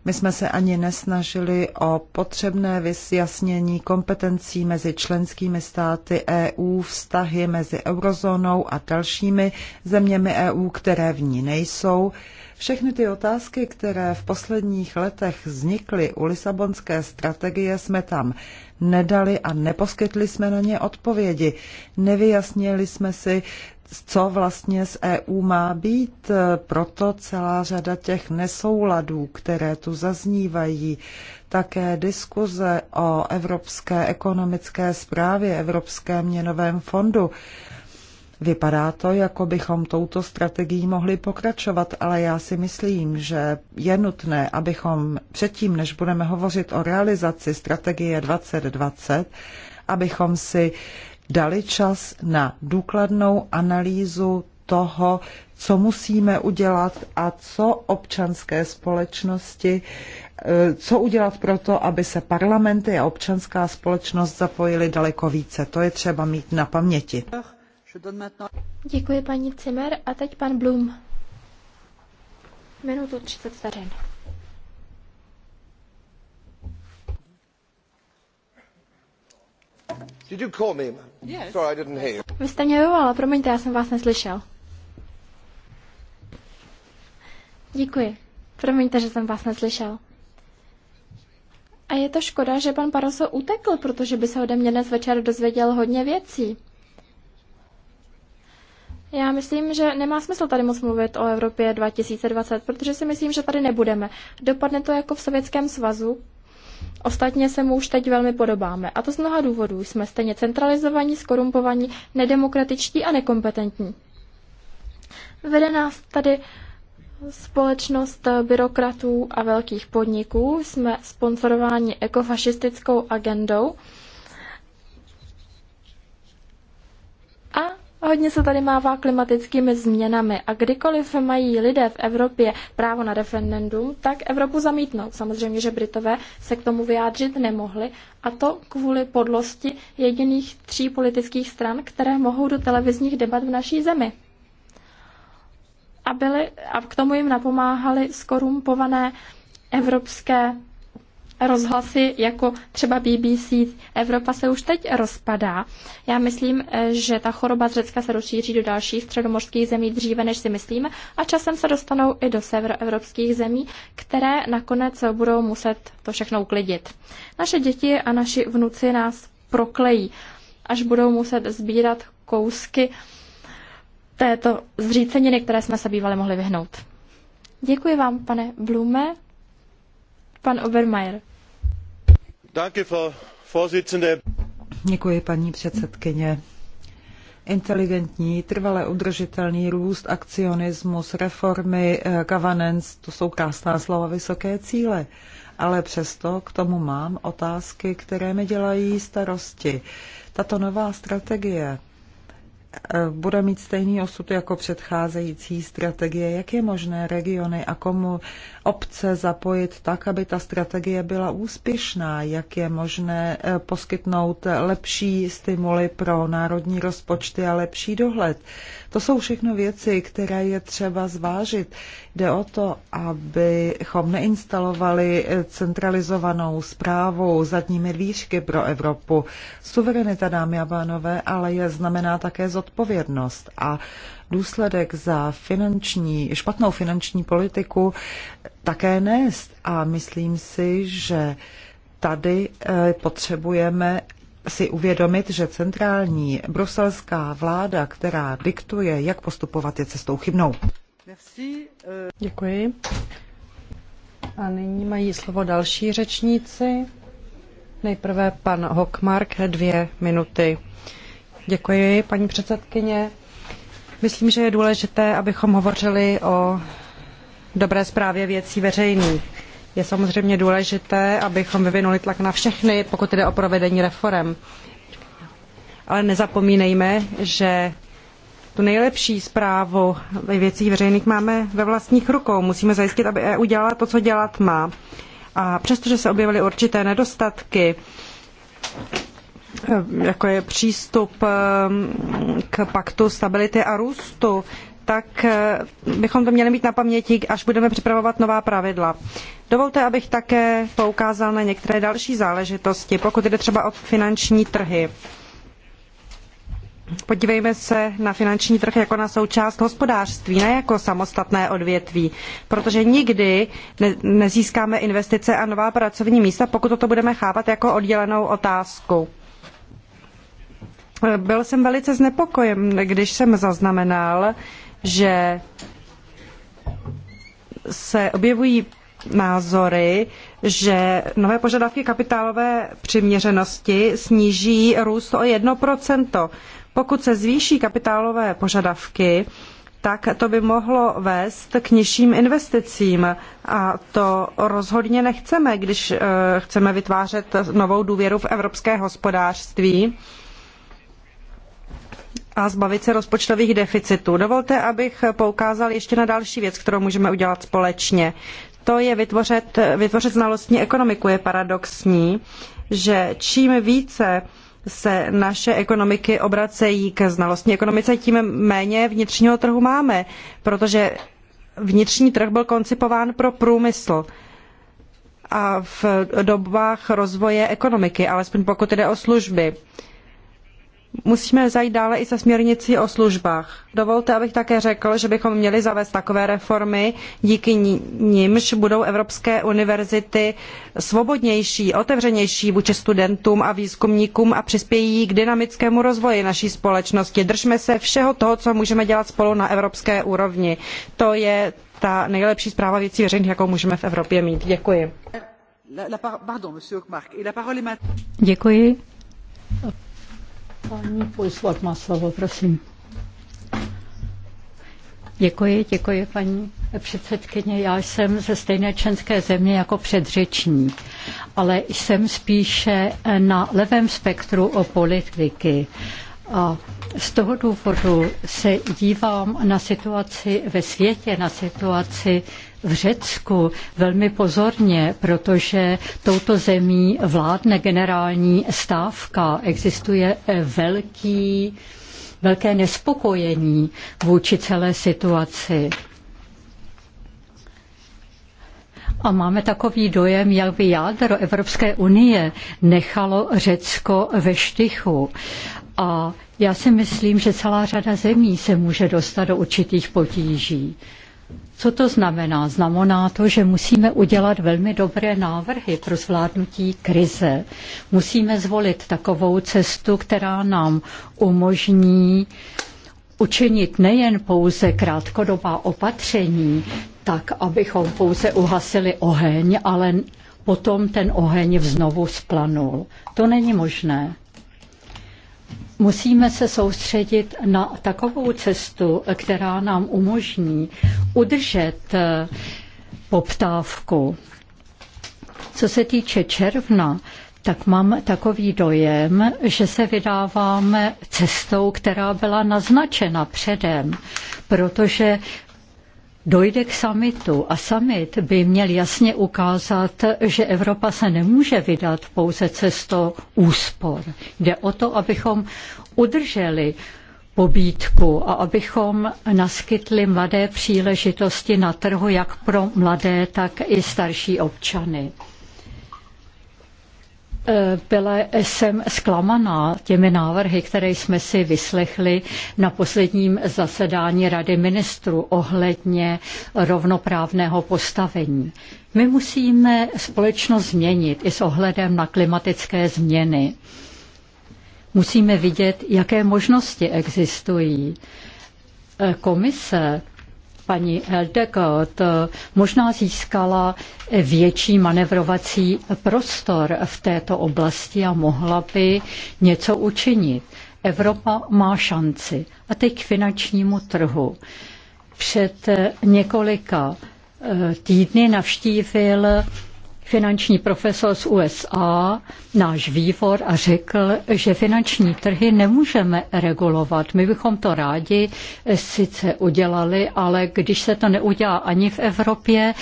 my jsme se ani nesnažili o potřebné vysjasnění kompetencí mezi členskými státy EU, vztahy mezi eurozónou a dalšími zeměmi EU, které v ní nejsou. Všechny ty otázky, které v posledních letech vznikly u Lisabonské strategie, jsme tam nedali a neposkytli jsme na ně odpovědi. Nevyjasnili jsme si co vlastně z EU má být. E, proto celá řada těch nesouladů, které tu zaznívají, také diskuze o evropské ekonomické správě, Evropském měnovém fondu. Vypadá to, jako bychom touto strategií mohli pokračovat, ale já si myslím, že je nutné, abychom předtím, než budeme hovořit o realizaci strategie 2020, abychom si dali čas na důkladnou analýzu toho, co musíme udělat a co občanské společnosti, eh, co udělat pro to, aby se parlamenty a občanská společnost zapojily daleko více. To je třeba mít na paměti. Děkuji paní Cimer a teď pan Blum. Minutu 30 vteřin. Did you call me, man? Yes. Sorry, I didn't hear you. Vy jste mě vyvolala, promiňte, já jsem vás neslyšel. Děkuji. Promiňte, že jsem vás neslyšel. A je to škoda, že pan Paroso utekl, protože by se ode mě dnes večer dozvěděl hodně věcí. Já myslím, že nemá smysl tady moc mluvit o Evropě 2020, protože si myslím, že tady nebudeme. Dopadne to jako v Sovětském svazu, Ostatně se mu už teď velmi podobáme a to z mnoha důvodů. Jsme stejně centralizovaní, skorumpovaní, nedemokratičtí a nekompetentní. Vede nás tady společnost byrokratů a velkých podniků. Jsme sponsorováni ekofašistickou agendou, Hodně se tady mává klimatickými změnami a kdykoliv mají lidé v Evropě právo na referendum, tak Evropu zamítnou. Samozřejmě, že Britové se k tomu vyjádřit nemohli a to kvůli podlosti jediných tří politických stran, které mohou do televizních debat v naší zemi. A, byli, a k tomu jim napomáhali skorumpované evropské rozhlasy jako třeba BBC, Evropa se už teď rozpadá. Já myslím, že ta choroba z Řecka se rozšíří do dalších středomořských zemí dříve, než si myslíme, a časem se dostanou i do severoevropských zemí, které nakonec budou muset to všechno uklidit. Naše děti a naši vnuci nás proklejí, až budou muset sbírat kousky této zříceniny, které jsme se bývali mohli vyhnout. Děkuji vám, pane Blume, pan Obermeier. Děkuji, paní předsedkyně. Inteligentní, trvale udržitelný růst, akcionismus, reformy, eh, governance, to jsou krásná slova, vysoké cíle. Ale přesto k tomu mám otázky, které mi dělají starosti. Tato nová strategie bude mít stejný osud jako předcházející strategie. Jak je možné regiony a komu obce zapojit tak, aby ta strategie byla úspěšná? Jak je možné eh, poskytnout lepší stimuly pro národní rozpočty a lepší dohled? To jsou všechno věci, které je třeba zvážit. Jde o to, abychom neinstalovali centralizovanou zprávu zadními dvířky pro Evropu. Suverenita, dámy a pánové, ale je znamená také zodpovědnost a důsledek za finanční, špatnou finanční politiku také nést. A myslím si, že tady eh, potřebujeme si uvědomit, že centrální bruselská vláda, která diktuje, jak postupovat, je cestou chybnou. Eh. Děkuji. A nyní mají slovo další řečníci. Nejprve pan Hockmark, dvě minuty. Děkuji, paní předsedkyně. Myslím, že je důležité, abychom hovořili o dobré zprávě věcí veřejných. Je samozřejmě důležité, abychom vyvinuli tlak na všechny, pokud jde o provedení reform. Ale nezapomínejme, že tu nejlepší zprávu ve věcích veřejných máme ve vlastních rukou. Musíme zajistit, aby EU dělala to, co dělat má. A přestože se objevily určité nedostatky, jako je přístup ehm, k paktu stability a růstu, tak eh, bychom to měli mít na paměti, až budeme připravovat nová pravidla. Dovolte, abych také poukázal na některé další záležitosti, pokud jde třeba o finanční trhy. Podívejme se na finanční trh jako na součást hospodářství, ne jako samostatné odvětví, protože nikdy ne- nezískáme investice a nová pracovní místa, pokud toto budeme chápat jako oddělenou otázku. Byl jsem velice znepokojen, když jsem zaznamenal, že se objevují názory, že nové požadavky kapitálové přiměřenosti sníží růst o 1%. Pokud se zvýší kapitálové požadavky, tak to by mohlo vést k nižším investicím. A to rozhodně nechceme, když eh, chceme vytvářet novou důvěru v evropské hospodářství. Uh, a zbavit se rozpočtových deficitů. Dovolte, abych poukázal ještě na další věc, kterou můžeme udělat společně. To je vytvořit, vytvořit znalostní ekonomiku. Je paradoxní, že čím více se naše ekonomiky obracejí k znalostní ekonomice, tím méně vnitřního trhu máme, protože vnitřní trh byl koncipován pro průmysl a v dobách rozvoje ekonomiky, alespoň pokud jde o služby. Musíme zajít dále i se směrnicí o službách. Dovolte, abych také řekl, že bychom měli zavést takové reformy, díky nimž budou evropské univerzity svobodnější, otevřenější vůči studentům a výzkumníkům a přispějí k dynamickému rozvoji naší společnosti. Držme se všeho toho, co můžeme dělat spolu na evropské úrovni. To je ta nejlepší zpráva věcí veřejných, jakou můžeme v Evropě mít. Děkuji. Děkuji. Paní Pojsvat má slovo, prosím. Děkuji, děkuji paní předsedkyně. Já jsem ze stejné členské země jako předřeční, ale jsem spíše na levém spektru o politiky. A z toho důvodu se dívám na situaci ve světě, na situaci v Řecku velmi pozorně, protože touto zemí vládne generální stávka. Existuje eh, velký, velké nespokojení vůči celé situaci. A máme takový dojem, jak by jádro Evropské unie nechalo Řecko ve štychu. A já si myslím, že celá řada zemí se může dostat do určitých potíží. Co to znamená? Znamená to, že musíme udělat velmi dobré návrhy pro zvládnutí krize. Musíme zvolit takovou cestu, která nám umožní učinit nejen pouze krátkodobá opatření, tak abychom pouze uhasili oheň, ale potom ten oheň vznovu splanul. To není možné. Musíme se soustředit na takovou cestu, která nám umožní udržet eh, poptávku. Co se týče června, tak mám takový dojem, že se vydáváme cestou, která byla naznačena předem, protože Dojde k samitu a summit by měl jasně ukázat, že Evropa se nemůže vydat pouze cestou úspor. Jde o to, abychom udrželi pobídku a abychom naskytli mladé příležitosti na trhu jak pro mladé, tak i starší občany. Eh, byla jsem zklamaná těmi návrhy, které jsme si vyslechli na posledním zasedání Rady ministrů ohledně rovnoprávného postavení. My musíme společnost změnit i s ohledem na klimatické změny. Musíme vidět, jaké možnosti existují. Eh, komise paní Dekot možná získala větší manevrovací prostor v této oblasti a mohla by něco učinit. Evropa má šanci. A teď k finančnímu trhu. Před několika eh, týdny navštívil finanční profesor z USA, náš vývor, a řekl, že finanční trhy nemůžeme regulovat. My bychom to rádi sice udělali, ale když se to neudělá ani v Evropě,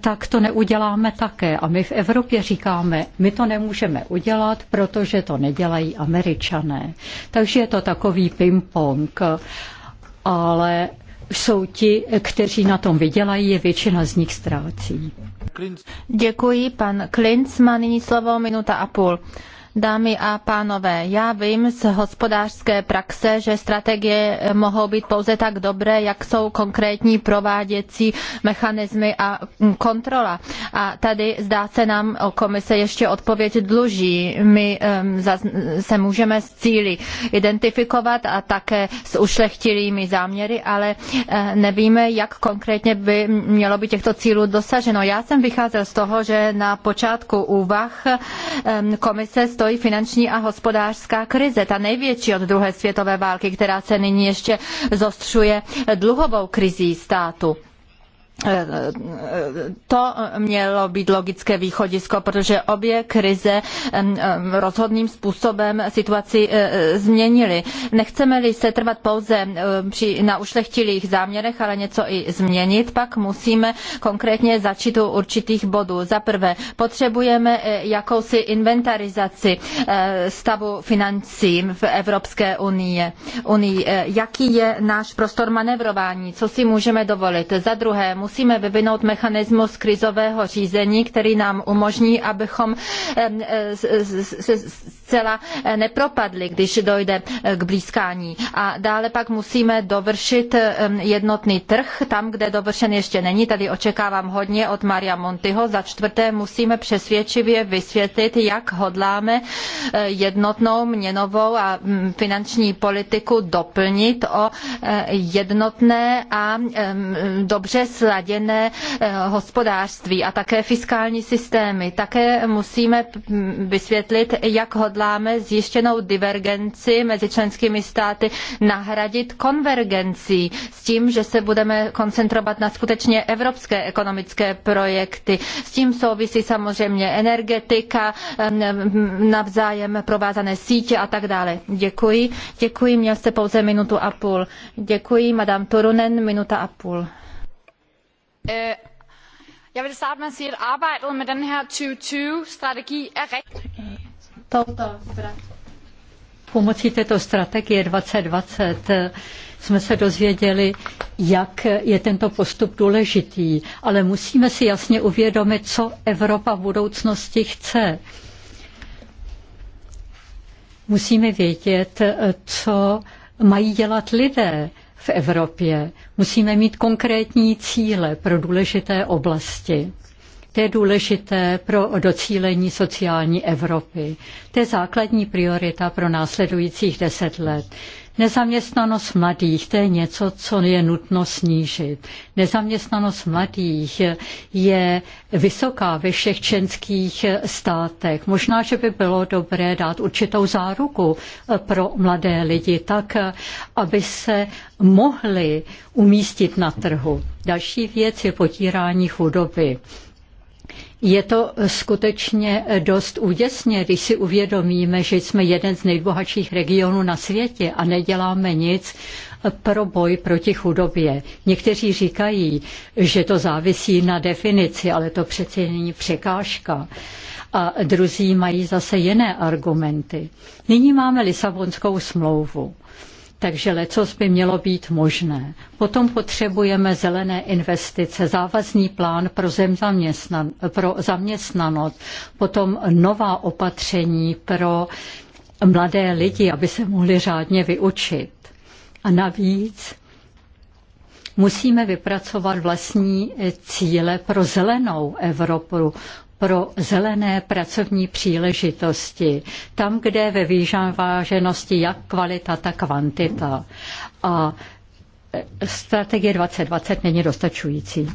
tak to neuděláme také. A my v Evropě říkáme, my to nemůžeme udělat, protože to nedělají američané. Takže je to takový ping-pong. Ale jsou ti, kteří na tom vydělají, je většina z nich ztrácí. Děkuji, pan Klinc má nyní slovo minuta a půl. Dámy a pánové, já vím z hospodářské praxe, že strategie mohou být pouze tak dobré, jak jsou konkrétní prováděcí mechanismy a kontrola. A tady zdá se nám, komise ještě odpověď dluží. My se můžeme s cíli identifikovat a také s ušlechtilými záměry, ale e, nevíme, jak konkrétně by mělo být těchto cílů dosaženo. Já jsem vycházel z toho, že na počátku úvah komise stojí finanční a hospodářská krize, ta největší od druhé světové války, která se nyní ještě zostřuje dluhovou krizí státu to mělo být logické východisko, protože obě krize rozhodným způsobem situaci e, změnily. Nechceme-li se trvat pouze při, na ušlechtilých záměrech, ale něco i změnit, pak musíme konkrétně začít u určitých bodů. Za prvé, potřebujeme e, jakousi inventarizaci e, stavu financí v Evropské unii. unii. Jaký je náš prostor manevrování, co si můžeme dovolit? Za druhé, musíme vyvinout mechanismus krizového řízení, který nám umožní, abychom eh, eh, se zcela eh, nepropadli, když dojde k blízkání. A dále pak musíme dovršit jednotný trh, tam, kde dovršen ještě není. Tady očekávám hodně od Maria Montyho. Za čtvrté musíme přesvědčivě vysvětlit, jak hodláme jednotnou měnovou a mm, finanční politiku doplnit o jednotné a mm, dobře laděné eh, hospodářství a také fiskální systémy. Také musíme vysvětlit, jak hodláme zjištěnou divergenci mezi členskými státy nahradit konvergencí s tím, že se budeme koncentrovat na skutečně evropské ekonomické projekty. S tím souvisí samozřejmě energetika, eh, navzájem provázané sítě a tak dále. Děkuji. Děkuji, měl jste pouze minutu a půl. Děkuji, madame Turunen, minuta a půl. Øh, jeg vil starte med at sige, at arbejdet med den her 2020-strategi er rigtig... Pomocí této strategie 2020 eh, jsme se dozvěděli, jak je tento postup důležitý, ale musíme si jasně uvědomit, co Evropa v budoucnosti chce. Musíme vědět, eh, co mají dělat lidé, v Evropě. Musíme mít konkrétní cíle pro důležité oblasti. To je důležité pro docílení sociální Evropy. To je základní priorita pro následujících deset let. Nezaměstnanost mladých, to je něco, co je nutno snížit. Nezaměstnanost mladých je vysoká ve všech členských státech. Možná, že by bylo dobré dát určitou záruku pro mladé lidi, tak, aby se mohli umístit na trhu. Další věc je potírání chudoby. Je to skutečně dost úděsně, když si uvědomíme, že jsme jeden z nejbohatších regionů na světě a neděláme nic pro boj proti chudobě. Někteří říkají, že to závisí na definici, ale to přeci není překážka. A druzí mají zase jiné argumenty. Nyní máme Lisabonskou smlouvu takže lecos by mělo být možné. Potom potřebujeme zelené investice, závazný plán pro, zem zaměstnan- pro zaměstnanost, potom nová opatření pro mladé lidi, aby se mohli řádně vyučit. A navíc musíme vypracovat vlastní cíle pro zelenou Evropu pro zelené pracovní příležitosti, tam, kde ve váženosti jak kvalita, tak kvantita. A strategie 2020 není dostačující.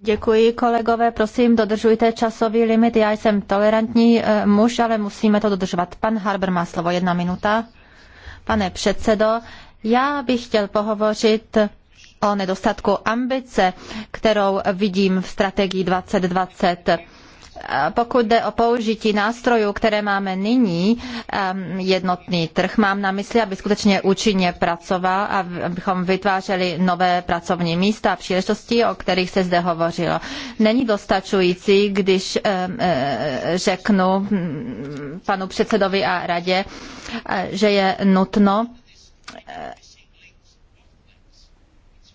Děkuji kolegové, prosím, dodržujte časový limit. Já jsem tolerantní eh, muž, ale musíme to dodržovat. Pan Harber má slovo, jedna minuta. Pane předsedo, já bych chtěl pohovořit o nedostatku ambice, kterou vidím v strategii 2020. Pokud jde o použití nástrojů, které máme nyní, jednotný trh mám na mysli, aby skutečně účinně pracoval a abychom vytvářeli nové pracovní místa a příležitosti, o kterých se zde hovořilo. Není dostačující, když e, řeknu hm, panu předsedovi a radě, e, že je nutno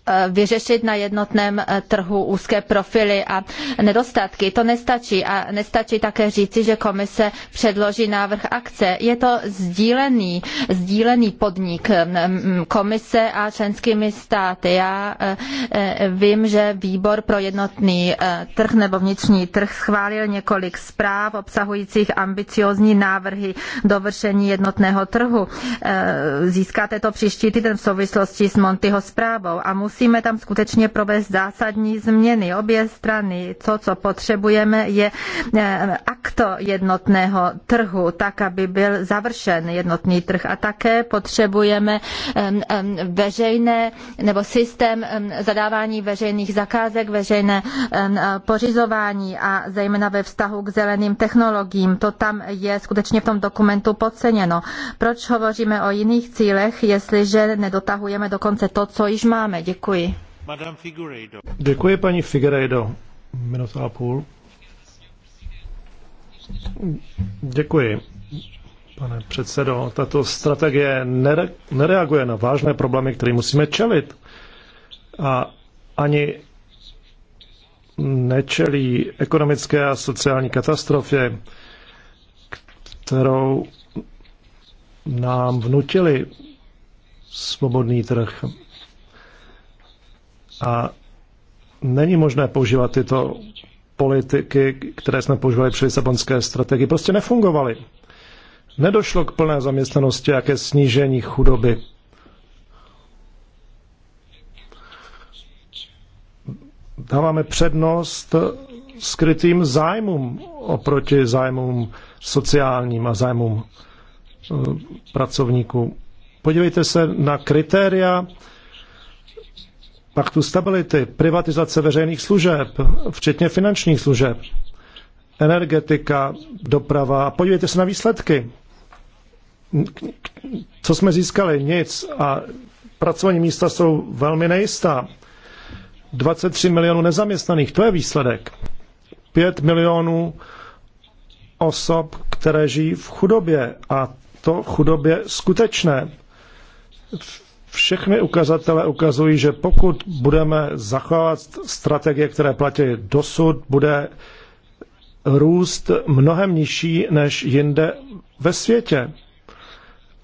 Eh, vyřešit na jednotném eh, trhu úzké profily a nedostatky. To nestačí a nestačí také říci, že komise předloží návrh akce. Je to sdílený, sdílený podnik eh, komise a členskými státy. Já vím, že výbor pro jednotný trh nebo vnitřní trh schválil několik zpráv obsahujících ambiciózní návrhy dovršení jednotného trhu. Získáte to příští týden v souvislosti s Montyho zprávou a musí musíme tam skutečně provést zásadní změny. Obě strany, to, co potřebujeme, je eh, akto jednotného trhu, tak, aby byl završen jednotný trh. A také potřebujeme veřejné nebo systém zadávání veřejných zakázek, veřejné pořizování a zejména ve vztahu k zeleným technologiím. To tam je skutečně v tom dokumentu podceněno. Proč hovoříme o jiných cílech, jestliže nedotahujeme dokonce to, co již máme? Děkuji. Děkuji. Děkuji paní Figueiredo. Minuta a půl. Děkuji. Pane předsedo, tato strategie nere- nereaguje na vážné problémy, které musíme čelit. A ani nečelí ekonomické a sociální katastrofě, kterou nám vnutili svobodný trh a není možné používat tyto politiky, které jsme používali při Lisabonské strategii, prostě nefungovaly. Nedošlo k plné zaměstnanosti a ke snížení chudoby. Dáváme přednost skrytým zájmům oproti zájmům sociálním a zájmům e, pracovníků. Podívejte se na kritéria paktu stability, privatizace veřejných služeb, včetně finančních služeb, energetika, doprava. Podívejte se na výsledky. Co jsme získali? Nic. A pracovní místa jsou velmi nejistá. 23 milionů nezaměstnaných, to je výsledek. 5 milionů osob, které žijí v chudobě a to chudobě skutečné. Všechny ukazatele ukazují, že pokud budeme zachovat strategie, které platí dosud, bude růst mnohem nižší než jinde ve světě.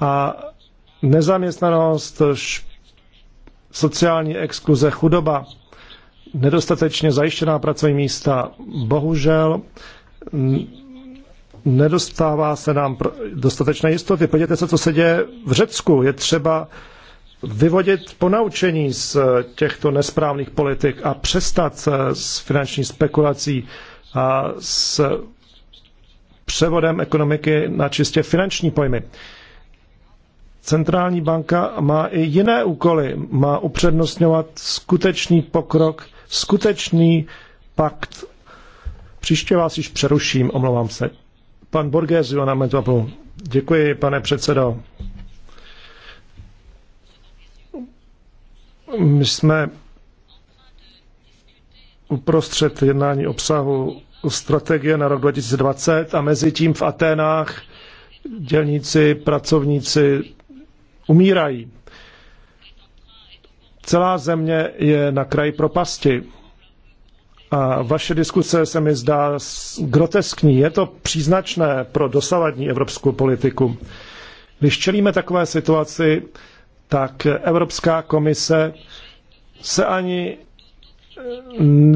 A nezaměstnanost, sociální exkluze, chudoba, nedostatečně zajištěná pracovní místa, bohužel nedostává se nám dostatečné jistoty. Podívejte se, co se děje v Řecku. Je třeba vyvodit ponaučení z těchto nesprávných politik a přestat s finanční spekulací a s převodem ekonomiky na čistě finanční pojmy. Centrální banka má i jiné úkoly. Má upřednostňovat skutečný pokrok, skutečný pakt. Příště vás již přeruším, omlouvám se. Pan Borges, Joana Metvapu. Děkuji, pane předsedo. My jsme uprostřed jednání obsahu strategie na rok 2020 a mezi tím v Aténách dělníci, pracovníci umírají. Celá země je na kraji propasti. A vaše diskuse se mi zdá groteskní. Je to příznačné pro dosavadní evropskou politiku. Když čelíme takové situaci, tak Evropská komise se ani eh,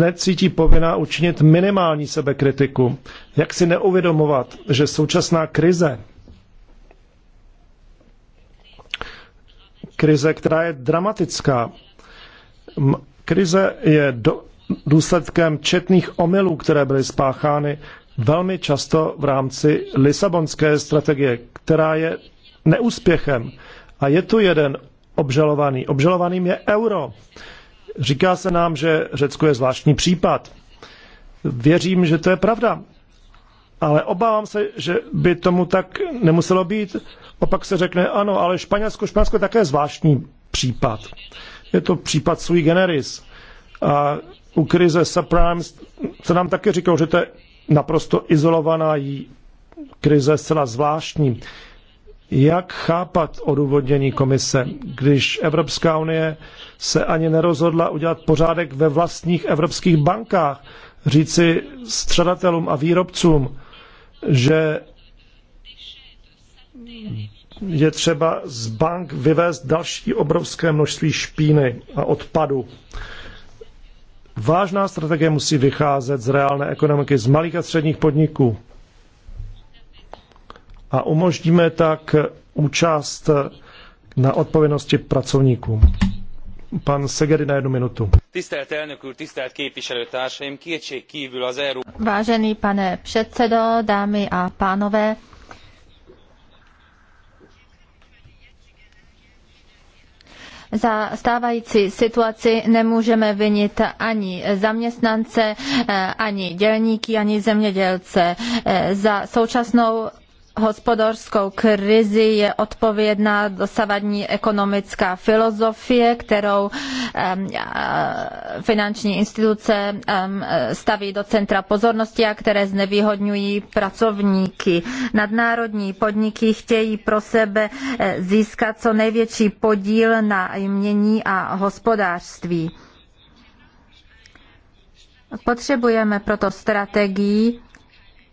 necítí povinná učinit minimální sebekritiku. Jak si neuvědomovat, že současná krize, krize, která je dramatická, krize je do, důsledkem četných omylů, které byly spáchány velmi často v rámci Lisabonské strategie, která je neúspěchem. A je tu jeden obžalovaný. Obžalovaným je euro. Říká se nám, že Řecko je zvláštní případ. Věřím, že to je pravda. Ale obávám se, že by tomu tak nemuselo být. Opak se řekne, ano, ale Španělsko, Španělsko je také zvláštní případ. Je to případ sui generis. A u krize subprime se nám také říkalo, že to je naprosto izolovaná krize, zcela zvláštní jak chápat odůvodnění komise, když Evropská unie se ani nerozhodla udělat pořádek ve vlastních evropských bankách, říci střadatelům a výrobcům, že je třeba z bank vyvést další obrovské množství špíny a odpadu. Vážná strategie musí vycházet z reálné ekonomiky, z malých a středních podniků a umožníme tak účast na odpovědnosti pracovníkům. Pan Segeri na jednu minutu. Vážený pane předsedo, dámy a pánové, Za stávající situaci nemůžeme vinit ani zaměstnance, eh, ani dělníky, ani zemědělce. Eh, za současnou hospodářskou krizi je odpovědná dosavadní ekonomická filozofie, kterou finanční instituce staví do centra pozornosti a které znevýhodňují pracovníky. Nadnárodní podniky chtějí pro sebe e, získat co největší podíl na jmění a hospodářství. Potřebujeme proto strategii,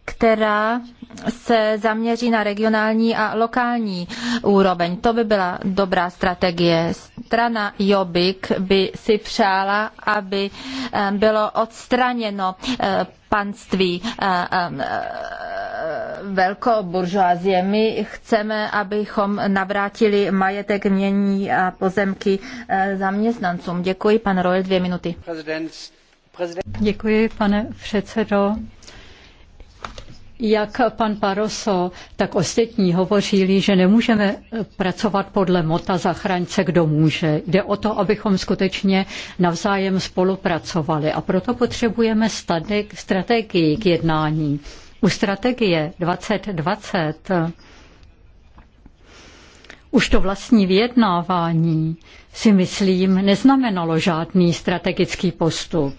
která se zaměří na regionální a lokální úroveň. To by byla dobrá strategie. Strana Jobik by si přála, aby eh, bylo odstraněno eh, panství eh, buržoazie. My chceme, abychom navrátili majetek mění a pozemky zaměstnancům. Děkuji, pan Royal, dvě minuty. Děkuji, pane předsedo. Jak pan Paroso, tak ostatní hovořili, že nemůžeme eh, pracovat podle mota zachránce, kdo může. Jde o to, abychom skutečně navzájem spolupracovali a proto potřebujeme stadek, strategii k jednání. U strategie 2020 eh, už to vlastní vyjednávání si myslím neznamenalo žádný strategický postup.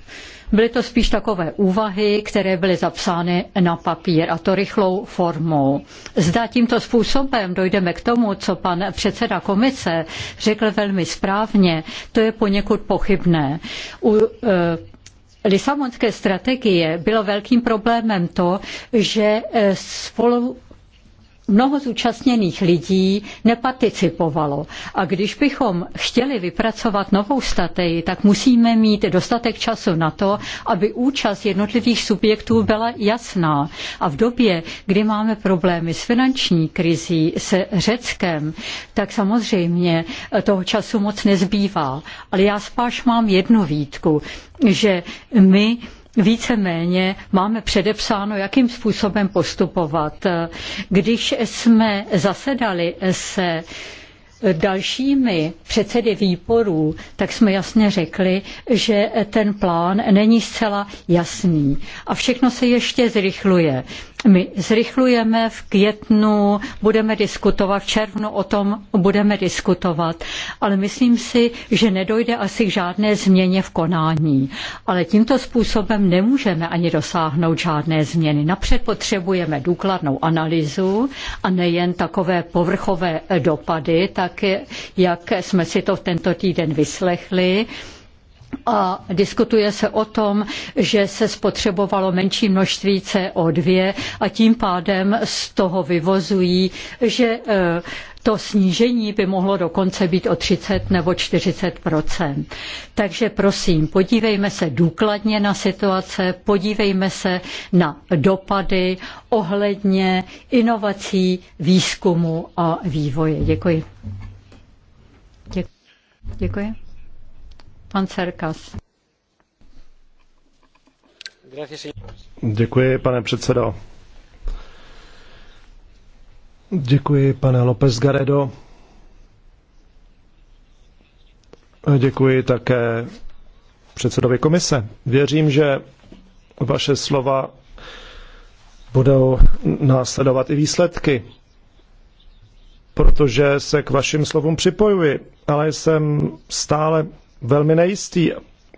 Byly to spíš takové úvahy, které byly zapsány na papír a to rychlou formou. Zda tímto způsobem dojdeme k tomu, co pan předseda komise řekl velmi správně, to je poněkud pochybné. U, e, Lisabonské strategie bylo velkým problémem to, že e, spolu mnoho zúčastněných lidí neparticipovalo. A když bychom chtěli vypracovat novou strategii, tak musíme mít dostatek času na to, aby účast jednotlivých subjektů byla jasná. A v době, kdy máme problémy s finanční krizí, se Řeckem, tak samozřejmě toho času moc nezbývá. Ale já spáš mám jednu výtku, že my víceméně máme předepsáno, jakým způsobem postupovat. Když jsme zasedali se dalšími předsedy výborů, tak jsme jasně řekli, že ten plán není zcela jasný. A všechno se ještě zrychluje. My zrychlujeme v květnu, budeme diskutovat, v červnu o tom budeme diskutovat, ale myslím si, že nedojde asi k žádné změně v konání. Ale tímto způsobem nemůžeme ani dosáhnout žádné změny. Napřed potřebujeme důkladnou analýzu a nejen takové povrchové dopady, tak jak jsme si to v tento týden vyslechli, a diskutuje se o tom, že se spotřebovalo menší množství CO2 a tím pádem z toho vyvozují, že e, to snížení by mohlo dokonce být o 30 nebo 40 Takže prosím, podívejme se důkladně na situace, podívejme se na dopady ohledně inovací, výzkumu a vývoje. Děkuji. Děkuji. Děkuji. Děkuji, pane předsedo. Děkuji, pane López Garedo. Děkuji také předsedovi komise. Věřím, že vaše slova budou následovat i výsledky, protože se k vašim slovům připojuji, ale jsem stále velmi nejistý,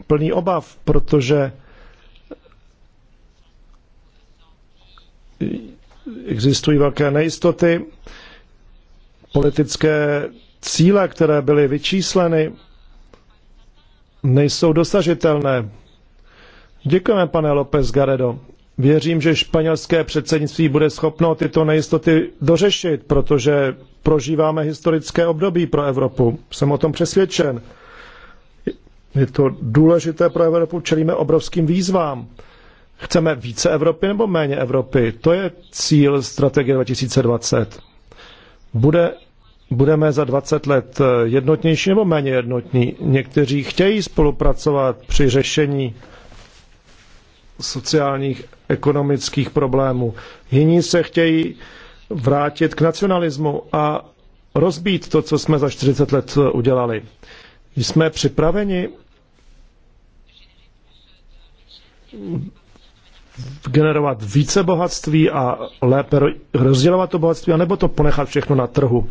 plný obav, protože existují velké nejistoty, politické cíle, které byly vyčísleny, nejsou dosažitelné. Děkujeme, pane López Garedo. Věřím, že španělské předsednictví bude schopno tyto nejistoty dořešit, protože prožíváme historické období pro Evropu. Jsem o tom přesvědčen. Je to důležité pro Evropu, čelíme obrovským výzvám. Chceme více Evropy nebo méně Evropy? To je cíl strategie 2020. Bude, budeme za 20 let jednotnější nebo méně jednotní? Někteří chtějí spolupracovat při řešení sociálních, ekonomických problémů. Jiní se chtějí vrátit k nacionalismu a rozbít to, co jsme za 40 let udělali. Jsme připraveni generovat více bohatství a lépe rozdělovat to bohatství, anebo to ponechat všechno na trhu.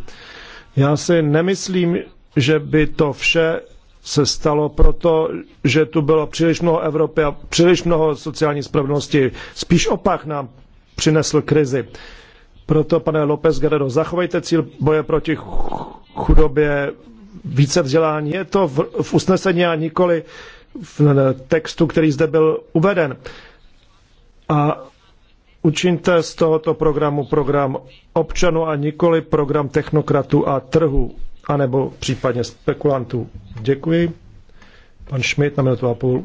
Já si nemyslím, že by to vše se stalo proto, že tu bylo příliš mnoho Evropy a příliš mnoho sociální spravedlnosti. Spíš opak nám přinesl krizi. Proto, pane López Guerrero, zachovejte cíl boje proti chudobě, více vzdělání. Je to v, v usnesení a nikoli v textu, který zde byl uveden. A učiňte z tohoto programu program občanů a nikoli program technokratů a trhu, anebo případně spekulantů. Děkuji. Pan Schmidt na minutu a půl.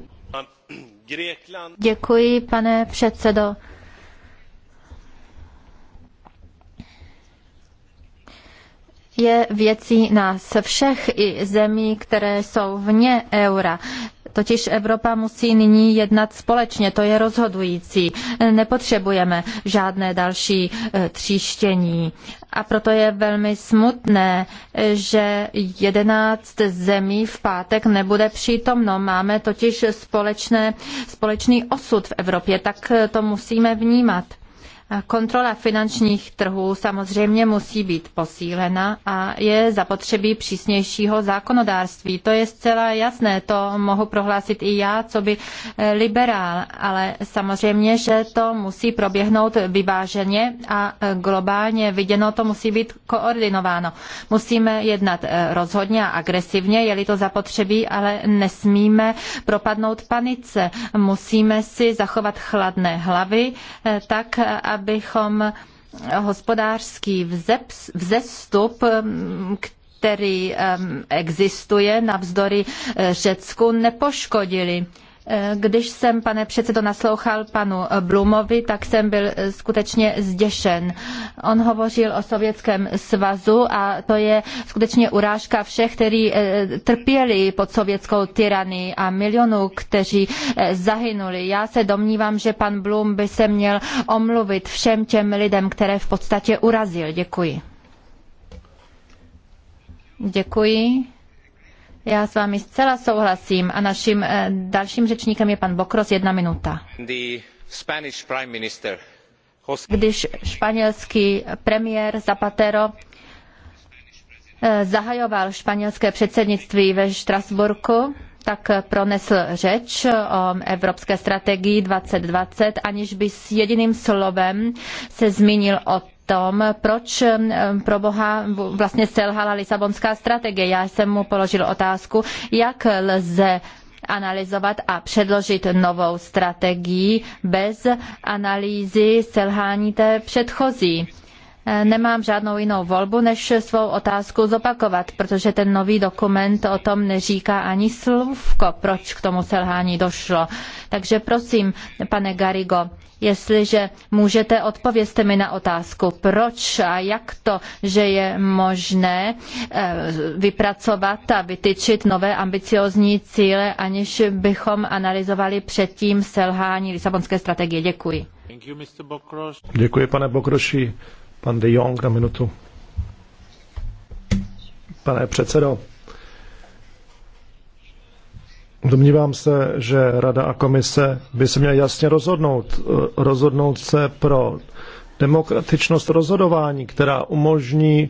Děkuji, pane předsedo. je věcí nás všech i zemí, které jsou vně eura. Totiž Evropa musí nyní jednat společně, to je rozhodující. Nepotřebujeme žádné další e, tříštění. A proto je velmi smutné, e, že 11 zemí v pátek nebude přítomno. Máme totiž společné, společný osud v Evropě, tak e, to musíme vnímat. Kontrola finančních trhů samozřejmě musí být posílena a je zapotřebí přísnějšího zákonodárství. To je zcela jasné, to mohu prohlásit i já, co by eh, liberál, ale samozřejmě, že to musí proběhnout vyváženě a eh, globálně viděno to musí být koordinováno. Musíme jednat eh, rozhodně a agresivně, je-li to zapotřebí, ale nesmíme propadnout panice. Musíme si zachovat chladné hlavy, tak, aby abychom hospodářský vzestup, který existuje navzdory eh, Řecku, nepoškodili. Eh, když jsem, pane předsedo, naslouchal panu eh, Blumovi, tak jsem byl eh, skutečně zděšen. On hovořil o Sovětském svazu a to je skutečně urážka všech, kteří trpěli pod sovětskou tyranii a milionů, kteří zahynuli. Já se domnívám, že pan Blum by se měl omluvit všem těm lidem, které v podstatě urazil. Děkuji. Děkuji. Já s vámi zcela souhlasím a naším eh, dalším řečníkem je pan Bokros, jedna minuta. Když španělský premiér Zapatero eh, zahajoval španělské předsednictví ve Štrasburku, tak pronesl řeč o evropské strategii 2020, aniž by s jediným slovem se zmínil o tom, proč pro boha vlastně selhala Lisabonská strategie. Já jsem mu položil otázku, jak lze analyzovat a předložit novou strategii bez analýzy selhání té předchozí. Nemám žádnou jinou volbu, než svou otázku zopakovat, protože ten nový dokument o tom neříká ani slůvko, proč k tomu selhání došlo. Takže prosím, pane Garigo, Jestliže můžete, odpovězte mi na otázku, proč a jak to, že je možné eh, vypracovat a vytyčit nové ambiciozní cíle, aniž bychom analyzovali předtím selhání Lisabonské strategie. Děkuji. Děkuji, pane Bokroši. Pan de Jong na minutu. Pane předsedo, Domnívám se, že Rada a Komise by se měly jasně rozhodnout. Eh, rozhodnout se pro demokratičnost rozhodování, která umožní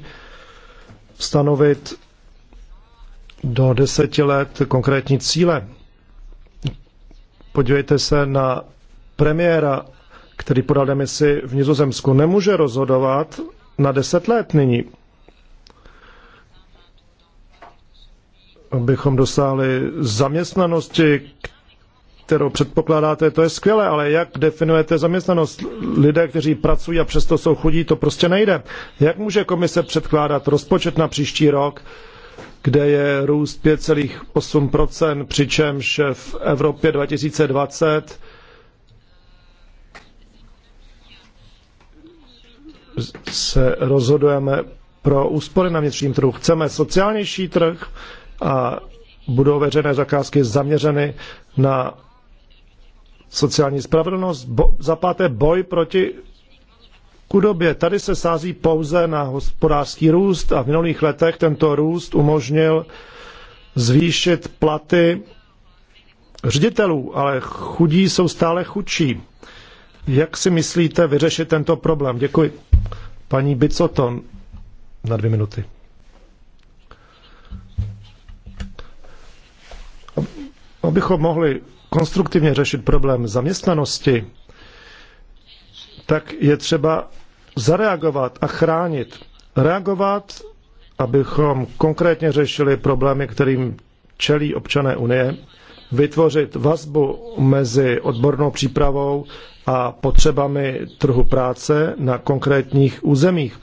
stanovit do deseti let konkrétní cíle. Podívejte se na premiéra, který podal demisi v Nizozemsku. Nemůže rozhodovat na deset let nyní. abychom dosáhli zaměstnanosti, kterou předpokládáte, to je skvělé, ale jak definujete zaměstnanost? Lidé, kteří pracují a přesto jsou chudí, to prostě nejde. Jak může komise předkládat rozpočet na příští rok, kde je růst 5,8%, přičemž v Evropě 2020 se rozhodujeme pro úspory na vnitřním trhu. Chceme sociálnější trh, a budou veřejné zakázky zaměřeny na sociální spravedlnost. Bo, za páté boj proti chudobě. Tady se sází pouze na hospodářský růst a v minulých letech tento růst umožnil zvýšit platy ředitelů, ale chudí jsou stále chudší. Jak si myslíte vyřešit tento problém? Děkuji. Paní Bicoton na dvě minuty. Abychom mohli konstruktivně řešit problém zaměstnanosti, tak je třeba zareagovat a chránit. Reagovat, abychom konkrétně řešili problémy, kterým čelí občané Unie, vytvořit vazbu mezi odbornou přípravou a potřebami trhu práce na konkrétních územích.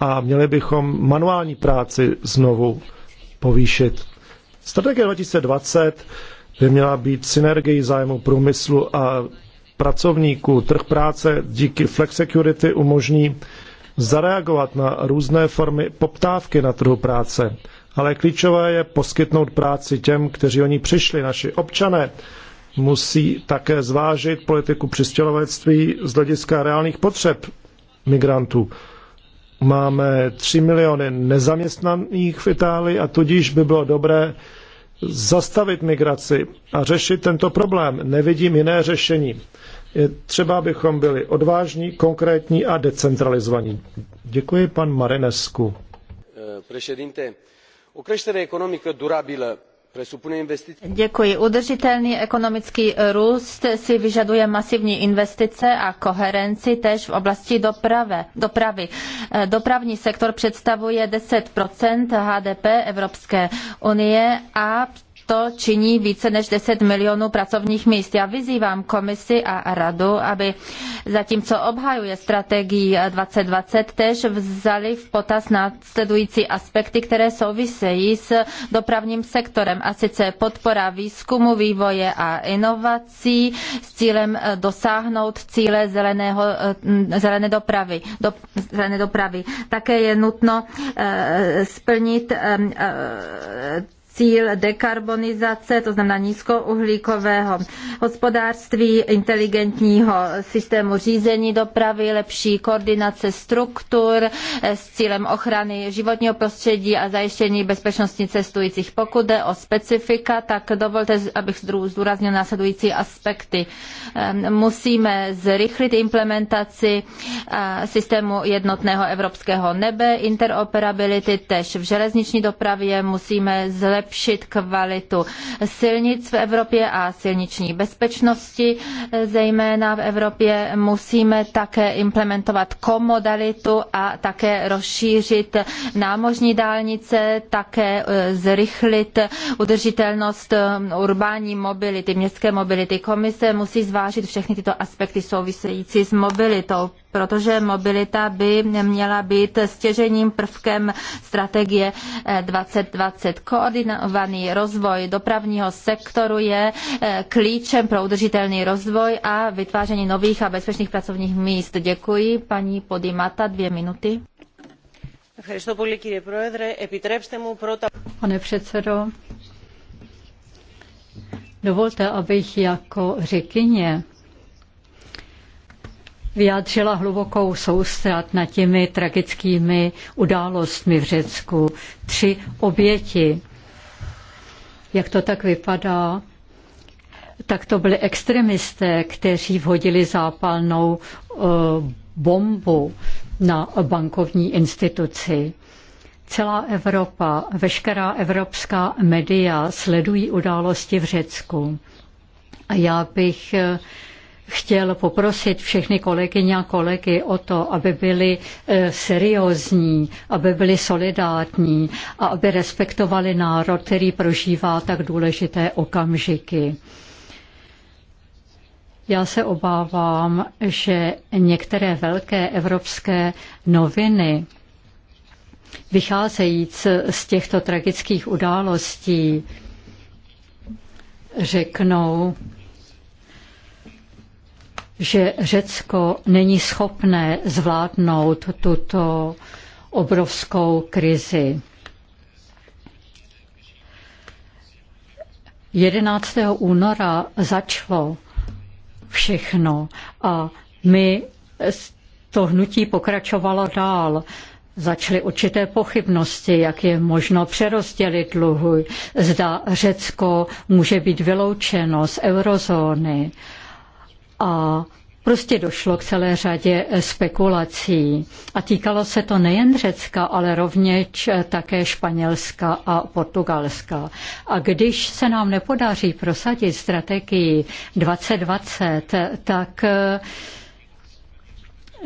A měli bychom manuální práci znovu povýšit. Strategie 2020 by měla být synergii zájmu průmyslu a pracovníků. Trh práce díky Security umožní zareagovat na různé formy poptávky na trhu práce. Ale klíčové je poskytnout práci těm, kteří o ní přišli. Naši občané musí také zvážit politiku přistěhovalectví z hlediska reálných potřeb migrantů. Máme 3 miliony nezaměstnaných v Itálii a tudíž by bylo dobré zastavit migraci a řešit tento problém. Nevidím jiné řešení. Je třeba, abychom byli odvážní, konkrétní a decentralizovaní. Děkuji, pan Marinescu. Eh, președinte, o creștere economică durabilă Děkuji. Udržitelný ekonomický růst si vyžaduje masivní investice a koherenci též v oblasti doprave, dopravy. Dopravní sektor představuje 10 HDP Evropské unie a to činí více než 10 milionů pracovních míst. Já vyzývám komisi a radu, aby zatímco obhajuje strategii 2020, tež vzali v potaz následující aspekty, které souvisejí s dopravním sektorem, a sice podpora výzkumu, vývoje a inovací s cílem eh, dosáhnout cíle zeleného, eh, zelené, dopravy, do, zelené dopravy. Také je nutno eh, splnit cíl dekarbonizace, to znamená nízkouhlíkového hospodářství, inteligentního systému řízení dopravy, lepší koordinace struktur s cílem ochrany životního prostředí a zajištění bezpečnosti cestujících. Pokud jde o specifika, tak dovolte, abych zdůraznil následující aspekty. Musíme zrychlit implementaci systému jednotného evropského nebe, interoperability tež v železniční dopravě, musíme zlepšit zlepšit kvalitu silnic v Evropě a silniční bezpečnosti, zejména v Evropě musíme také implementovat komodalitu a také rozšířit námořní dálnice, také e, zrychlit udržitelnost e, urbání mobility, městské mobility. Komise musí zvážit všechny tyto aspekty související s mobilitou protože mobilita by měla být stěžením prvkem strategie 2020. Koordinovaný rozvoj dopravního sektoru je eh, klíčem pro udržitelný rozvoj a vytváření nových a bezpečných pracovních míst. Děkuji. Paní Podimata, dvě minuty. Pane předsedo, dovolte, abych jako řekyně vyjádřila hlubokou soustrat nad těmi tragickými událostmi v Řecku. Tři oběti. Jak to tak vypadá? Tak to byly extremisté, kteří vhodili zápalnou eh, bombu na bankovní instituci. Celá Evropa, veškerá evropská média sledují události v Řecku. A já bych eh, chtěl poprosit všechny kolegyně a kolegy o to, aby byli eh, seriózní, aby byli solidární a aby respektovali národ, který prožívá tak důležité okamžiky. Já se obávám, že některé velké evropské noviny vycházejíc z těchto tragických událostí řeknou, že Řecko není schopné zvládnout tuto obrovskou krizi. 11. února začalo všechno a my to hnutí pokračovalo dál. Začaly určité pochybnosti, jak je možno přerozdělit dluhu, zda Řecko může být vyloučeno z eurozóny a Prostě došlo k celé řadě eh, spekulací. A týkalo se to nejen Řecka, ale rovněž eh, také Španělska a Portugalska. A když se nám nepodaří prosadit strategii 2020, eh, tak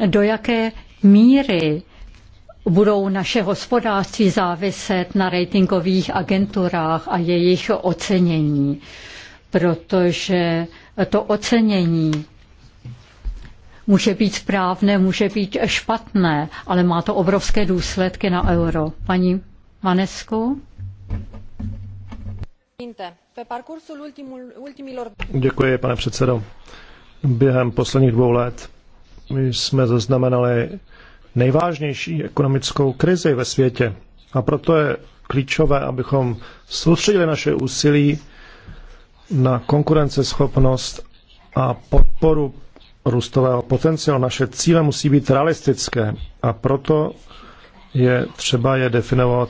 do jaké míry budou naše hospodářství záviset na ratingových agenturách a jejich ocenění protože to ocenění může být správné, může být špatné, ale má to obrovské důsledky na euro. Paní Manesku? Děkuji, pane předsedo. Během posledních dvou let jsme zaznamenali nejvážnější ekonomickou krizi ve světě. A proto je klíčové, abychom soustředili naše úsilí na konkurenceschopnost a podporu růstového potenciálu. Naše cíle musí být realistické a proto je třeba je definovat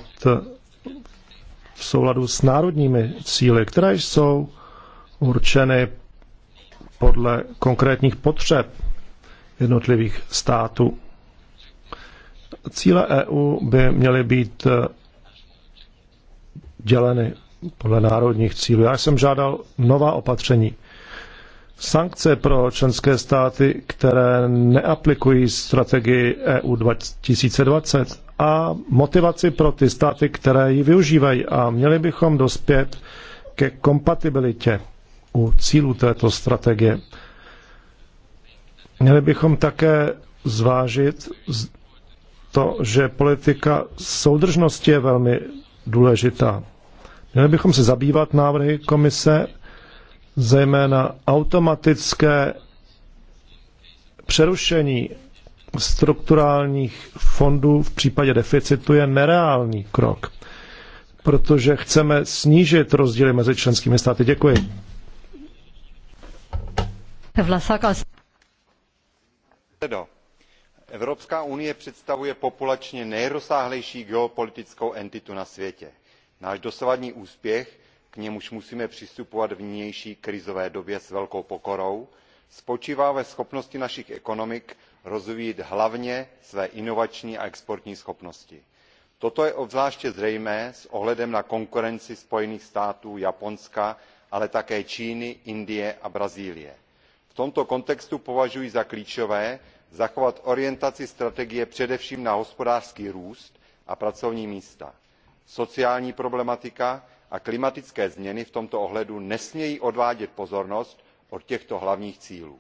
v souladu s národními cíly, které jsou určeny podle konkrétních potřeb jednotlivých států. Cíle EU by měly být děleny podle národních cílů. Já jsem žádal nová opatření. Sankce pro členské státy, které neaplikují strategii EU 2020 a motivaci pro ty státy, které ji využívají. A měli bychom dospět ke kompatibilitě u cílů této strategie. Měli bychom také zvážit to, že politika soudržnosti je velmi důležitá. Měli bychom se zabývat návrhy komise, zejména automatické přerušení strukturálních fondů v případě deficitu je nereálný krok, protože chceme snížit rozdíly mezi členskými státy. Děkuji. Evropská unie představuje populačně nejrozsáhlejší geopolitickou entitu na světě náš dosavadní úspěch k němuž musíme přistupovat v nynější krizové době s velkou pokorou spočívá ve schopnosti našich ekonomik rozvíjet hlavně své inovační a exportní schopnosti. toto je obzvláště zřejmé s ohledem na konkurenci spojených států japonska ale také číny indie a brazílie. v tomto kontextu považuji za klíčové zachovat orientaci strategie především na hospodářský růst a pracovní místa sociální problematika a klimatické změny v tomto ohledu nesmějí odvádět pozornost od těchto hlavních cílů.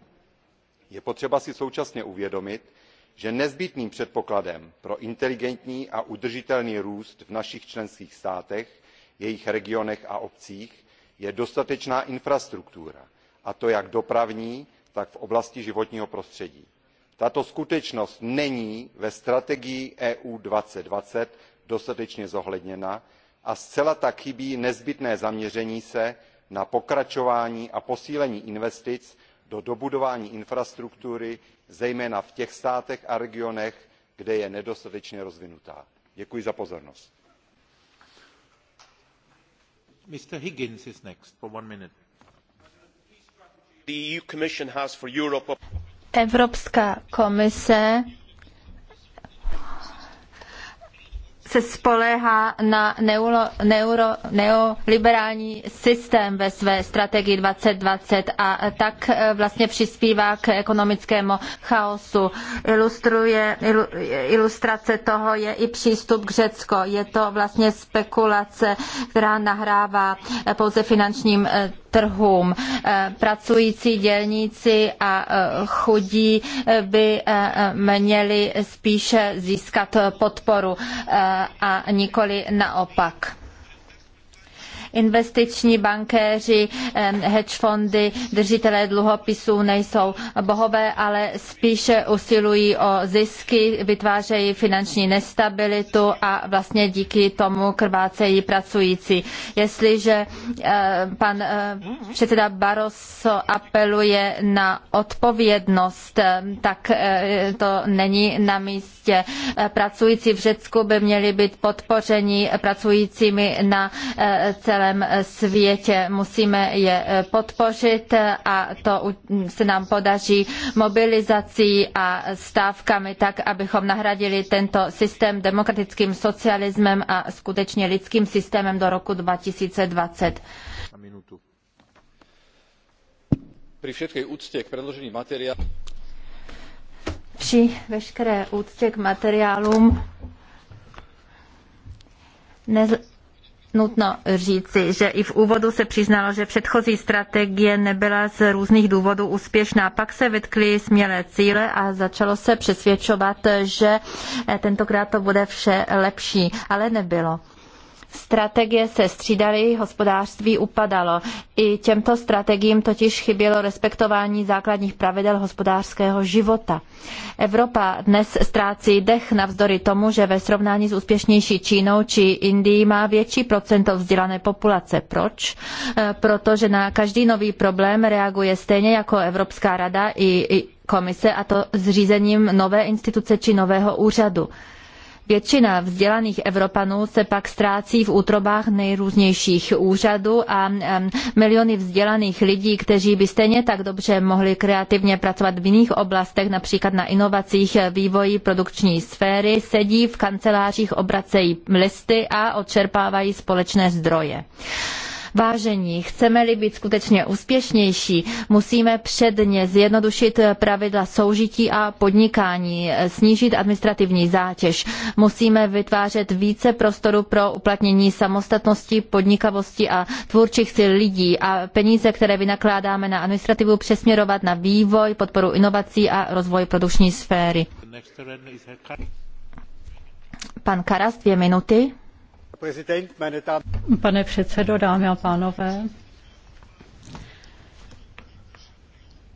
je potřeba si současně uvědomit že nezbytným předpokladem pro inteligentní a udržitelný růst v našich členských státech jejich regionech a obcích je dostatečná infrastruktura a to jak dopravní tak v oblasti životního prostředí. tato skutečnost není ve strategii eu two thousand and twenty dostatečně zohledněna a zcela tak chybí nezbytné zaměření se na pokračování a posílení investic do dobudování infrastruktury zejména v těch státech a regionech kde je nedostatečně rozvinutá. děkuji za pozornost. E evropská komise se spoléhá na neuro, neuro, neoliberální systém ve své strategii 2020 a tak eh, vlastně přispívá k ekonomickému chaosu. Ilustruje, ilustrace toho je i přístup k Řecko. Je to vlastně spekulace, která nahrává pouze finančním eh, trhům. Eh, pracující dělníci a eh, chudí eh, by měli spíše získat podporu a nikoli naopak investiční bankéři, hedge fondy, držitelé dluhopisů nejsou bohové, ale spíše usilují o zisky, vytvářejí finanční nestabilitu a vlastně díky tomu krvácejí pracující. Jestliže pan předseda Barroso apeluje na odpovědnost, tak e, to není na místě. E, pracující v Řecku by měli být podpořeni pracujícími na e, celé celém eh, světě. Musíme je eh, podpořit a to se nám podaří mobilizací a stávkami tak, abychom nahradili tento systém demokratickým socialismem a skutečně lidským systémem do roku 2020. Při všetkej úctě k předloženým materiálům při veškeré úctě k materiálům nez, nutno říci, že i v úvodu se přiznalo, že předchozí strategie nebyla z různých důvodů úspěšná. Pak se vytkly smělé cíle a začalo se přesvědčovat, že tentokrát to bude vše lepší, ale nebylo strategie se střídaly, hospodářství upadalo. I těmto strategiím totiž chybělo respektování základních pravidel hospodářského života. Evropa dnes ztrácí dech navzdory tomu, že ve srovnání s úspěšnější Čínou či Indií má větší procento vzdělané populace. Proč? E, protože na každý nový problém reaguje stejně jako Evropská rada i komise a to zřízením nové instituce či nového úřadu. Většina vzdělaných Evropanů se pak ztrácí v útrobách nejrůznějších úřadů a miliony vzdělaných lidí, kteří by stejně tak dobře mohli kreativně pracovat v jiných oblastech, například na inovacích, vývoji produkční sféry, sedí v kancelářích, obracejí listy a odčerpávají společné zdroje vážení. Chceme-li být skutečně úspěšnější, musíme předně zjednodušit pravidla soužití a podnikání, snížit administrativní zátěž. Musíme vytvářet více prostoru pro uplatnění samostatnosti, podnikavosti a tvůrčích sil lidí a peníze, které vynakládáme na administrativu, přesměrovat na vývoj, podporu inovací a rozvoj produkční sféry. Pan Karas, dvě minuty. Pane předsedo, dámy a pánové,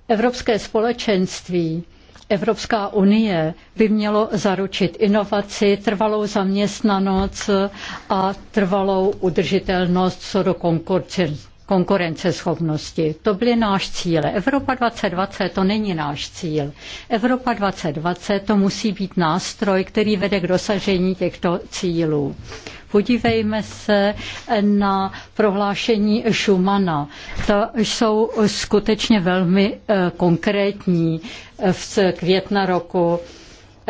Evropské společenství Evropská unie by mělo zaručit inovaci, trvalou zaměstnanost a trvalou udržitelnost co do konkurence konkurenceschopnosti. To byly náš cíle. Evropa 2020 to není náš cíl. Evropa 2020 to musí být nástroj, který vede k dosažení těchto cílů. Podívejme se na prohlášení Schumana. To jsou skutečně velmi eh, konkrétní v května roku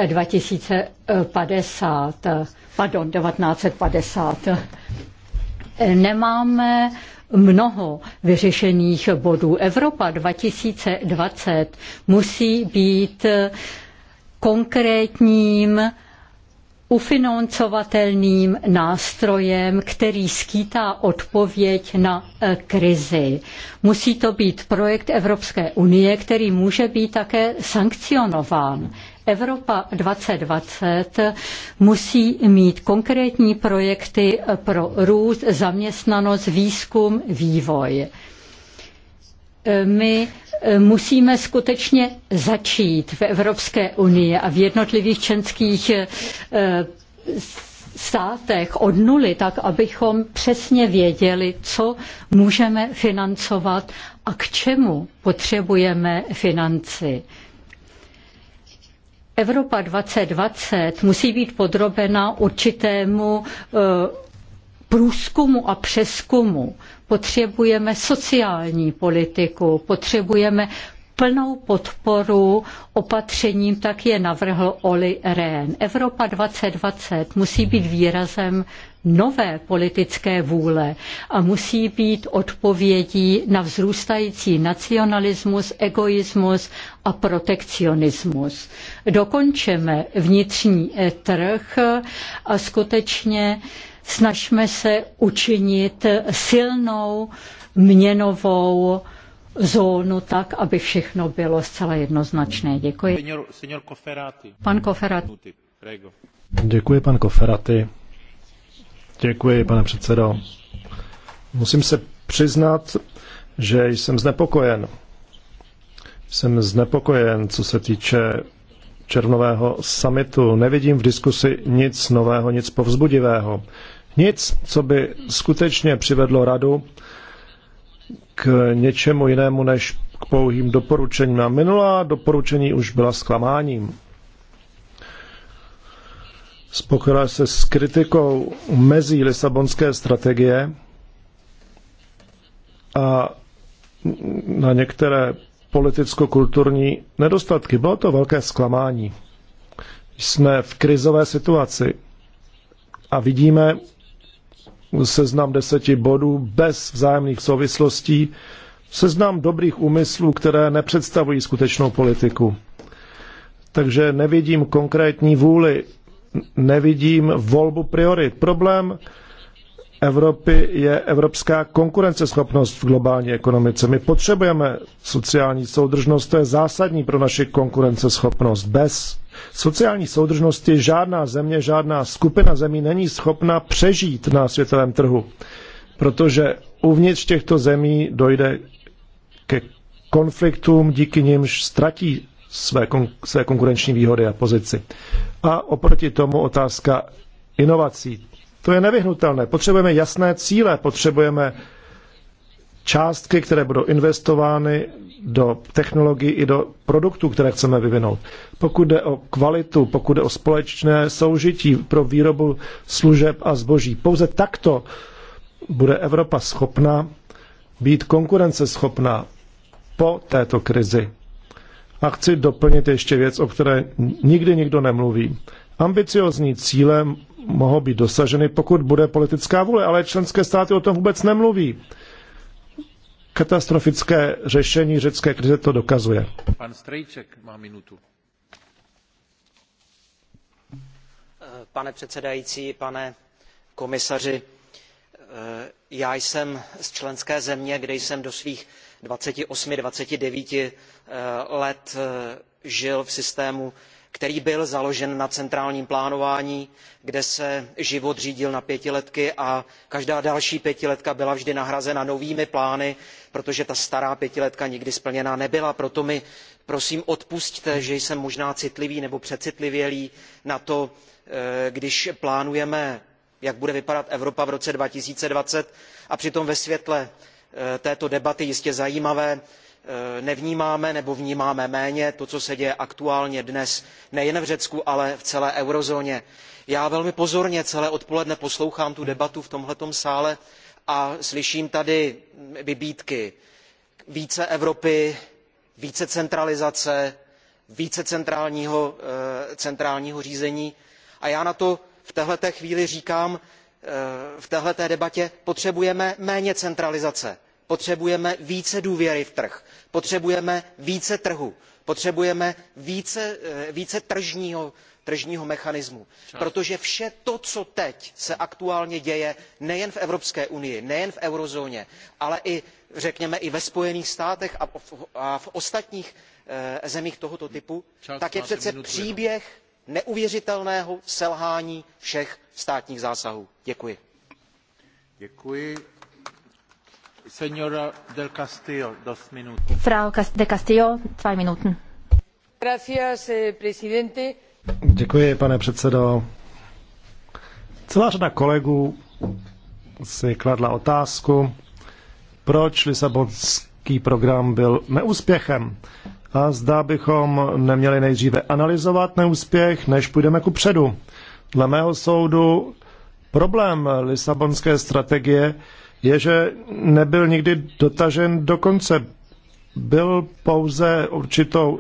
2050, eh, eh, pardon, 1950. Nemáme mnoho vyřešených bodů. Evropa 2020 musí být konkrétním ufinancovatelným nástrojem, který skýtá odpověď na e, krizi. Musí to být projekt Evropské unie, který může být také sankcionován. Evropa 2020 musí mít konkrétní projekty e, pro růst, zaměstnanost, výzkum, vývoj. E, my musíme skutečně začít v Evropské unii a v jednotlivých členských eh, státech od nuly, tak abychom přesně věděli, co můžeme financovat a k čemu potřebujeme financi. Evropa 2020 musí být podrobena určitému eh, průzkumu a přeskumu. Potřebujeme sociální politiku, potřebujeme plnou podporu opatřením, tak je navrhl Oli Rehn. Evropa 2020 musí být výrazem nové politické vůle a musí být odpovědí na vzrůstající nacionalismus, egoismus a protekcionismus. Dokončeme vnitřní trh a skutečně snažme se učinit silnou měnovou zónu tak, aby všechno bylo zcela jednoznačné. Děkuji. Pan Koferati. Děkuji, pan Koferaty. Děkuji, pane předsedo. Musím se přiznat, že jsem znepokojen. Jsem znepokojen, co se týče červnového summitu. Nevidím v diskusi nic nového, nic povzbudivého. Nic, co by skutečně přivedlo radu k něčemu jinému než k pouhým doporučením. A minulá doporučení už byla zklamáním. Spokojila se s kritikou mezí Lisabonské strategie a na některé politicko-kulturní nedostatky. Bylo to velké zklamání. Jsme v krizové situaci a vidíme seznam deseti bodů bez vzájemných souvislostí, seznam dobrých úmyslů, které nepředstavují skutečnou politiku. Takže nevidím konkrétní vůli, nevidím volbu priorit. Problém Evropy je evropská konkurenceschopnost v globální ekonomice. My potřebujeme sociální soudržnost, to je zásadní pro naši konkurenceschopnost. Bez sociální soudržnosti žádná země, žádná skupina zemí není schopna přežít na světovém trhu, protože uvnitř těchto zemí dojde ke konfliktům, díky nimž ztratí své, kon, své konkurenční výhody a pozici. A oproti tomu otázka inovací to je nevyhnutelné. Potřebujeme jasné cíle, potřebujeme částky, které budou investovány do technologií i do produktů, které chceme vyvinout. Pokud jde o kvalitu, pokud jde o společné soužití pro výrobu služeb a zboží, pouze takto bude Evropa schopna být konkurenceschopná po této krizi. A chci doplnit ještě věc, o které nikdy nikdo nemluví. Ambiciozní cíle mohou být dosaženy, pokud bude politická vůle, ale členské státy o tom vůbec nemluví. Katastrofické řešení řecké krize to dokazuje. Pan Strejček má minutu. Pane předsedající, pane komisaři, eh, já jsem z členské země, kde jsem do svých 28-29 eh, let eh, žil v systému který byl založen na centrálním plánování kde se život řídil na pětiletky a každá další pětiletka byla vždy nahrazena novými plány protože ta stará pětiletka nikdy splněna nebyla. proto mi prosím odpusťte že jsem možná citlivý nebo přecitlivělý na to eh, když plánujeme jak bude vypadat evropa v roce two thousand and twenty a přitom ve světle eh, této debaty jistě zajímavé Eh, nevnímáme nebo vnímáme méně to co se děje aktuálně dnes nejen v řecku ale v celé eurozóně. já velmi pozorně celé odpoledne poslouchám tu debatu v tomto sále a slyším tady vybídky více evropy více centralizace více centrálního, eh, centrálního řízení a já na to v této chvíli říkám eh, v této debatě potřebujeme méně centralizace potřebujeme více důvěry v trh potřebujeme více trhu potřebujeme více eh, tržního mechanismu protože vše to co teď se aktuálně děje nejen v evropské unii nejen v eurozóně ale i řekněme ve spojených státech a v ostatních eh, zemích tohoto typu tak je přece příběh neuvěřitelného selhání všech státních zásahů. děkuji. děkuji Frau de eh, dva Děkuji, pane předsedající Celá řada kolegů si kladla otázku, proč Lisabonský program byl neúspěchem. A zdá bychom neměli nejdříve analyzovat neúspěch, než půjdeme ku předu. Dle mého soudu problém Lisabonské strategie je, že nebyl nikdy dotažen do konce. Byl pouze určitou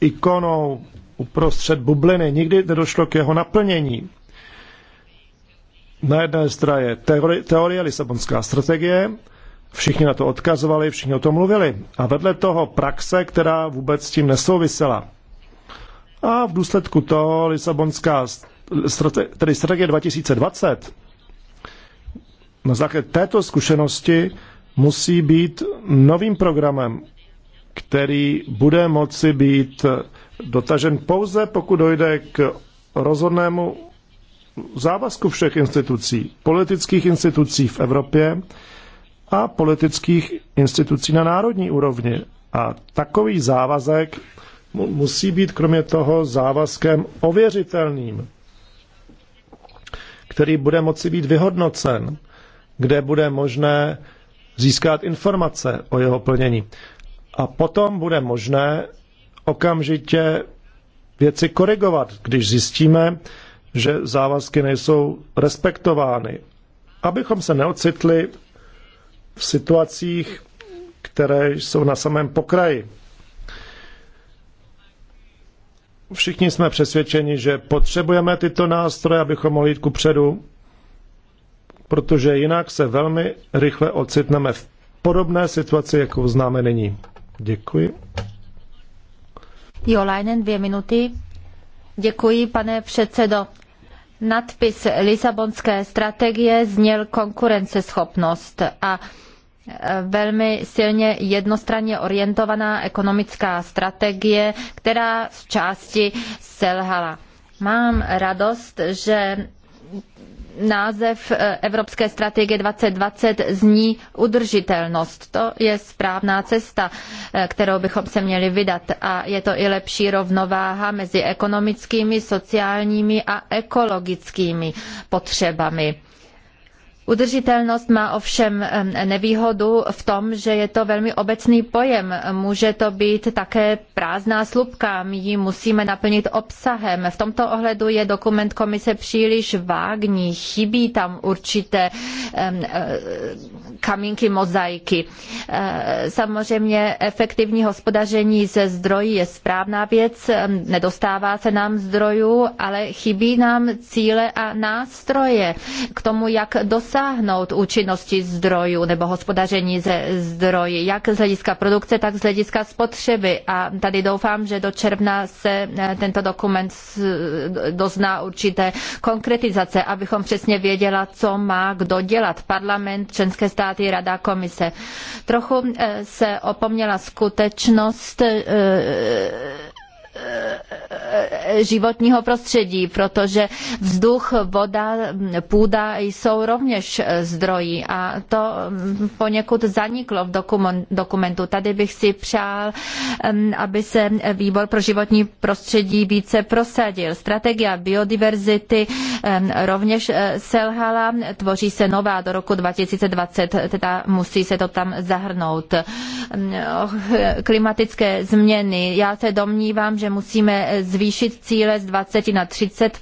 ikonou uprostřed bubliny. Nikdy nedošlo k jeho naplnění. Na jedné straně teori, teorie Lisabonská strategie, všichni na to odkazovali, všichni o tom mluvili. A vedle toho praxe, která vůbec s tím nesouvisela. A v důsledku toho Lisabonská strategie, tedy strategie 2020 na základě této zkušenosti musí být novým programem, který bude moci být dotažen pouze, pokud dojde k rozhodnému závazku všech institucí, politických institucí v Evropě a politických institucí na národní úrovni. A takový závazek musí být kromě toho závazkem ověřitelným, který bude moci být vyhodnocen kde bude možné získat informace o jeho plnění. A potom bude možné okamžitě věci korigovat, když zjistíme, že závazky nejsou respektovány. Abychom se neocitli v situacích, které jsou na samém pokraji. Všichni jsme přesvědčeni, že potřebujeme tyto nástroje, abychom mohli jít ku předu protože jinak se velmi rychle ocitneme v podobné situaci, jakou známe nyní. Děkuji. Leinen, dvě minuty. Děkuji, pane předsedo. Nadpis Lisabonské strategie zněl konkurenceschopnost a e, velmi silně jednostranně orientovaná ekonomická strategie, která z části selhala. Mám radost, že název eh, Evropské strategie 2020 zní udržitelnost. To je správná cesta, eh, kterou bychom se měli vydat a je to i lepší rovnováha mezi ekonomickými, sociálními a ekologickými potřebami. Udržitelnost má ovšem nevýhodu v tom, že je to velmi obecný pojem. Může to být také prázdná slupka, my ji musíme naplnit obsahem. V tomto ohledu je dokument komise příliš vágní, chybí tam určité e, kamínky mozaiky. E, samozřejmě efektivní hospodaření ze zdrojí je správná věc, nedostává se nám zdrojů, ale chybí nám cíle a nástroje k tomu, jak dosáhnout dosáhnout účinnosti zdrojů nebo hospodaření ze zdroji, jak z hlediska produkce, tak z hlediska spotřeby. A tady doufám, že do června se eh, tento dokument dozná určité konkretizace, abychom přesně věděla, co má kdo dělat. Parlament, členské státy, rada, komise. Trochu eh, se opomněla skutečnost, eh, Eh, životního prostředí, protože vzduch, voda, půda jsou rovněž eh, zdroji a to mm, poněkud zaniklo v dokumentu. Tady bych si přál, aby se výbor pro životní prostředí více prosadil. Strategie biodiverzity rovněž eh, selhala, tvoří se nová do roku 2020, teda musí se to tam zahrnout. Klimatické změny, já se domnívám, že že musíme zvýšit cíle z 20 na 30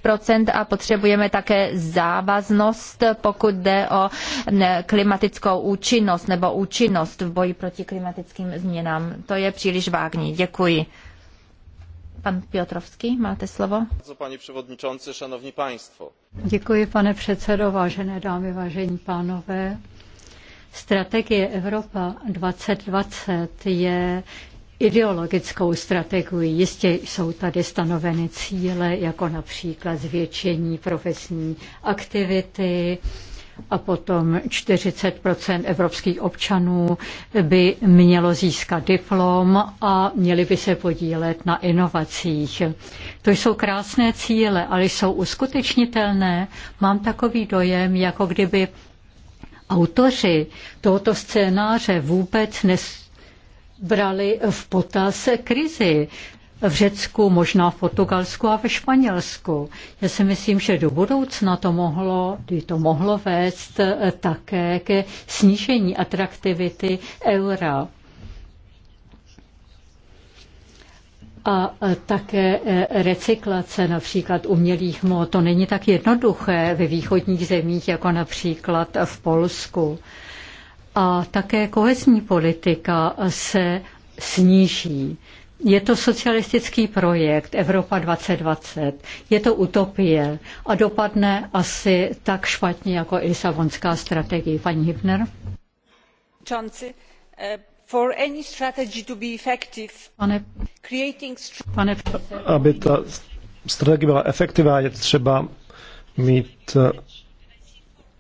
a potřebujeme také závaznost, pokud jde o klimatickou účinnost nebo účinnost v boji proti klimatickým změnám. To je příliš vágní. Děkuji. Pan Piotrovský, máte slovo. Pani předsedající, šanovní państwo. Děkuji, pane předsedo, vážené dámy, vážení pánové. Strategie Evropa 2020 je ideologickou strategii. Jistě jsou tady stanoveny cíle, jako například zvětšení profesní aktivity, a potom 40 evropských občanů by mělo získat diplom a měli by se podílet na inovacích. To jsou krásné cíle, ale jsou uskutečnitelné. Mám takový dojem, jako kdyby autoři tohoto scénáře vůbec nes brali v potaz krizi v Řecku, možná v Portugalsku a ve Španělsku. Já si myslím, že do budoucna to mohlo, to mohlo vést eh, také ke snížení atraktivity eura. A eh, také eh, recyklace například umělých mod, To není tak jednoduché ve východních zemích, jako například v Polsku a také kohesní politika se sníží. Je to socialistický projekt Evropa 2020, je to utopie a dopadne asi tak špatně jako i savonská strategie. Paní Hibner? Eh, pane, pane, aby ta strategie byla efektivá, je třeba mít eh,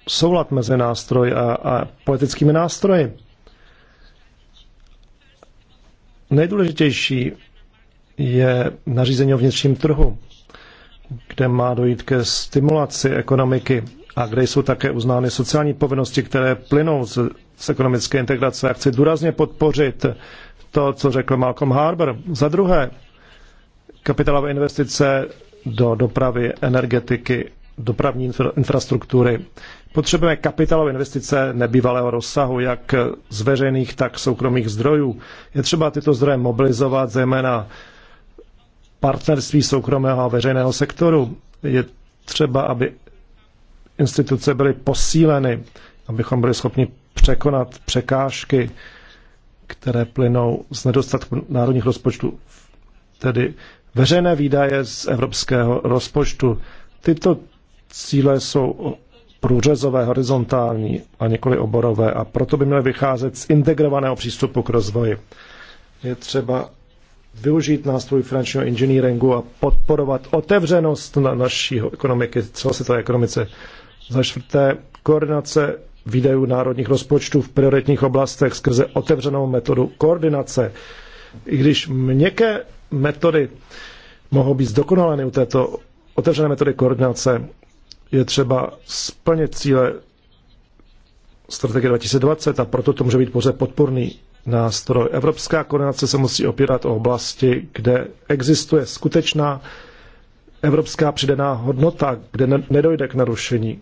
soulad mezi nástroj a, a politickými nástroji. Nejdůležitější je nařízení o vnitřním trhu, kde má dojít ke stimulaci ekonomiky a kde jsou také uznány sociální povinnosti, které plynou z, z ekonomické integrace. Já chci důrazně podpořit to, co řekl Malcolm Harbour. Za druhé, kapitálové investice do dopravy, energetiky, dopravní infrastruktury. Potřebujeme kapitálové investice nebývalého rozsahu, jak z veřejných, tak soukromých zdrojů. Je třeba tyto zdroje mobilizovat, zejména partnerství soukromého a veřejného sektoru. Je třeba, aby instituce byly posíleny, abychom byli schopni překonat překážky, které plynou z nedostatku národních rozpočtů, tedy veřejné výdaje z evropského rozpočtu. Tyto cíle jsou průřezové, horizontální a několik oborové a proto by měly vycházet z integrovaného přístupu k rozvoji. Je třeba využít nástroj finančního inženýringu a podporovat otevřenost na naší ekonomiky, celosvětové ekonomice. Za čtvrté, koordinace výdajů národních rozpočtů v prioritních oblastech skrze otevřenou metodu koordinace. I když měkké metody mohou být zdokonaleny u této otevřené metody koordinace, je třeba splnit cíle strategie 2020 a proto to může být pouze podporný nástroj. Evropská koordinace se musí opírat o oblasti, kde existuje skutečná evropská přidaná hodnota, kde nedojde k narušení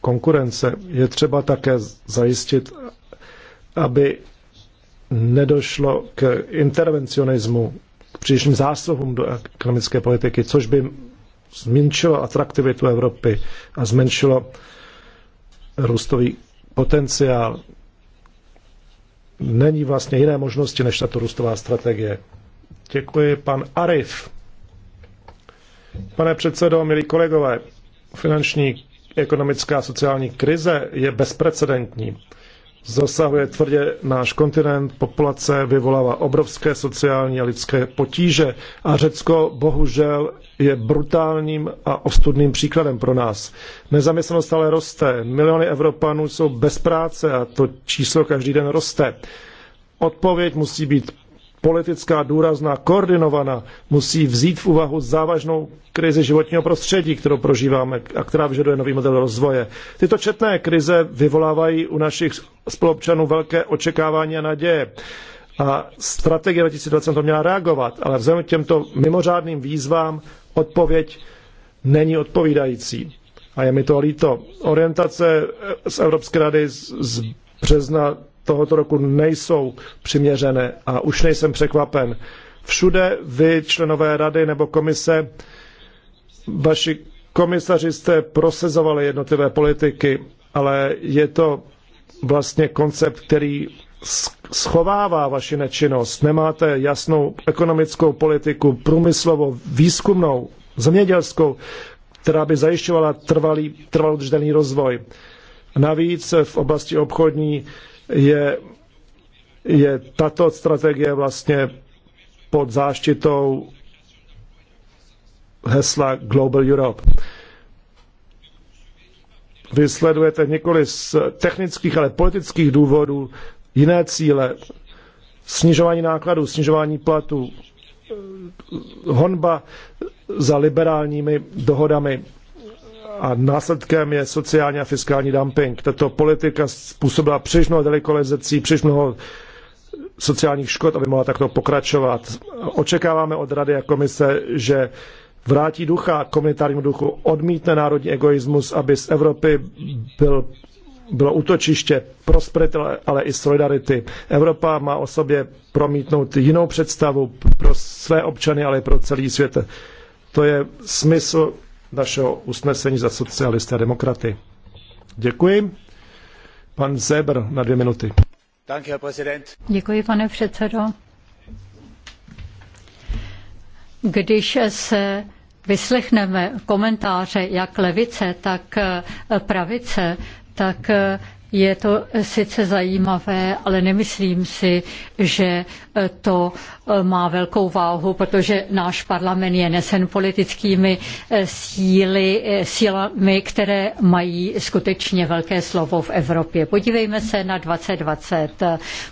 konkurence. Je třeba také zajistit, aby nedošlo k intervencionismu, k přílišným zásluhům do ekonomické politiky, což by zmenšilo atraktivitu Evropy a zmenšilo růstový potenciál. Není vlastně jiné možnosti než tato růstová strategie. Děkuji, pan Arif. Pane předsedo, milí kolegové, finanční, ekonomická a sociální krize je bezprecedentní zasahuje tvrdě náš kontinent, populace vyvolává obrovské sociální a lidské potíže a Řecko bohužel je brutálním a ostudným příkladem pro nás. Nezaměstnanost stále roste, miliony Evropanů jsou bez práce a to číslo každý den roste. Odpověď musí být politická, důrazná, koordinovaná, musí vzít v úvahu závažnou krizi životního prostředí, kterou prožíváme a která vyžaduje nový model rozvoje. Tyto četné krize vyvolávají u našich spolupčanů velké očekávání a naděje. A strategie 2020 to měla reagovat, ale vzhledem k těmto mimořádným výzvám odpověď není odpovídající. A je mi to líto. Orientace z Evropské rady z, z března tohoto roku nejsou přiměřené a už nejsem překvapen. Všude vy, členové rady nebo komise, vaši komisaři jste prosezovali jednotlivé politiky, ale je to vlastně koncept, který schovává vaši nečinnost. Nemáte jasnou ekonomickou politiku, průmyslovou, výzkumnou, zemědělskou, která by zajišťovala trvalý, trvalý rozvoj. Navíc v oblasti obchodní je, je tato strategie vlastně pod záštitou hesla Global Europe. Vy sledujete nikoli z technických, ale politických důvodů jiné cíle. Snižování nákladů, snižování platů, honba za liberálními dohodami a následkem je sociální a fiskální dumping. Tato politika způsobila příliš mnoho delikolizací, příliš mnoho sociálních škod, aby mohla takto pokračovat. Očekáváme od Rady a komise, že vrátí ducha komunitárnímu duchu, odmítne národní egoismus, aby z Evropy byl, bylo útočiště prosperity, ale i solidarity. Evropa má o sobě promítnout jinou představu pro své občany, ale i pro celý svět. To je smysl našeho usnesení za socialisté a demokraty. Děkuji. Pan Zebr na dvě minuty. Děkuji, pane předsedo. Když se vyslechneme komentáře jak levice, tak pravice, tak je to sice zajímavé, ale nemyslím si, že eh, to eh, má velkou váhu, protože náš parlament je nesen politickými eh, síly, sílami, které mají skutečně velké slovo v Evropě. Podívejme se na 2020,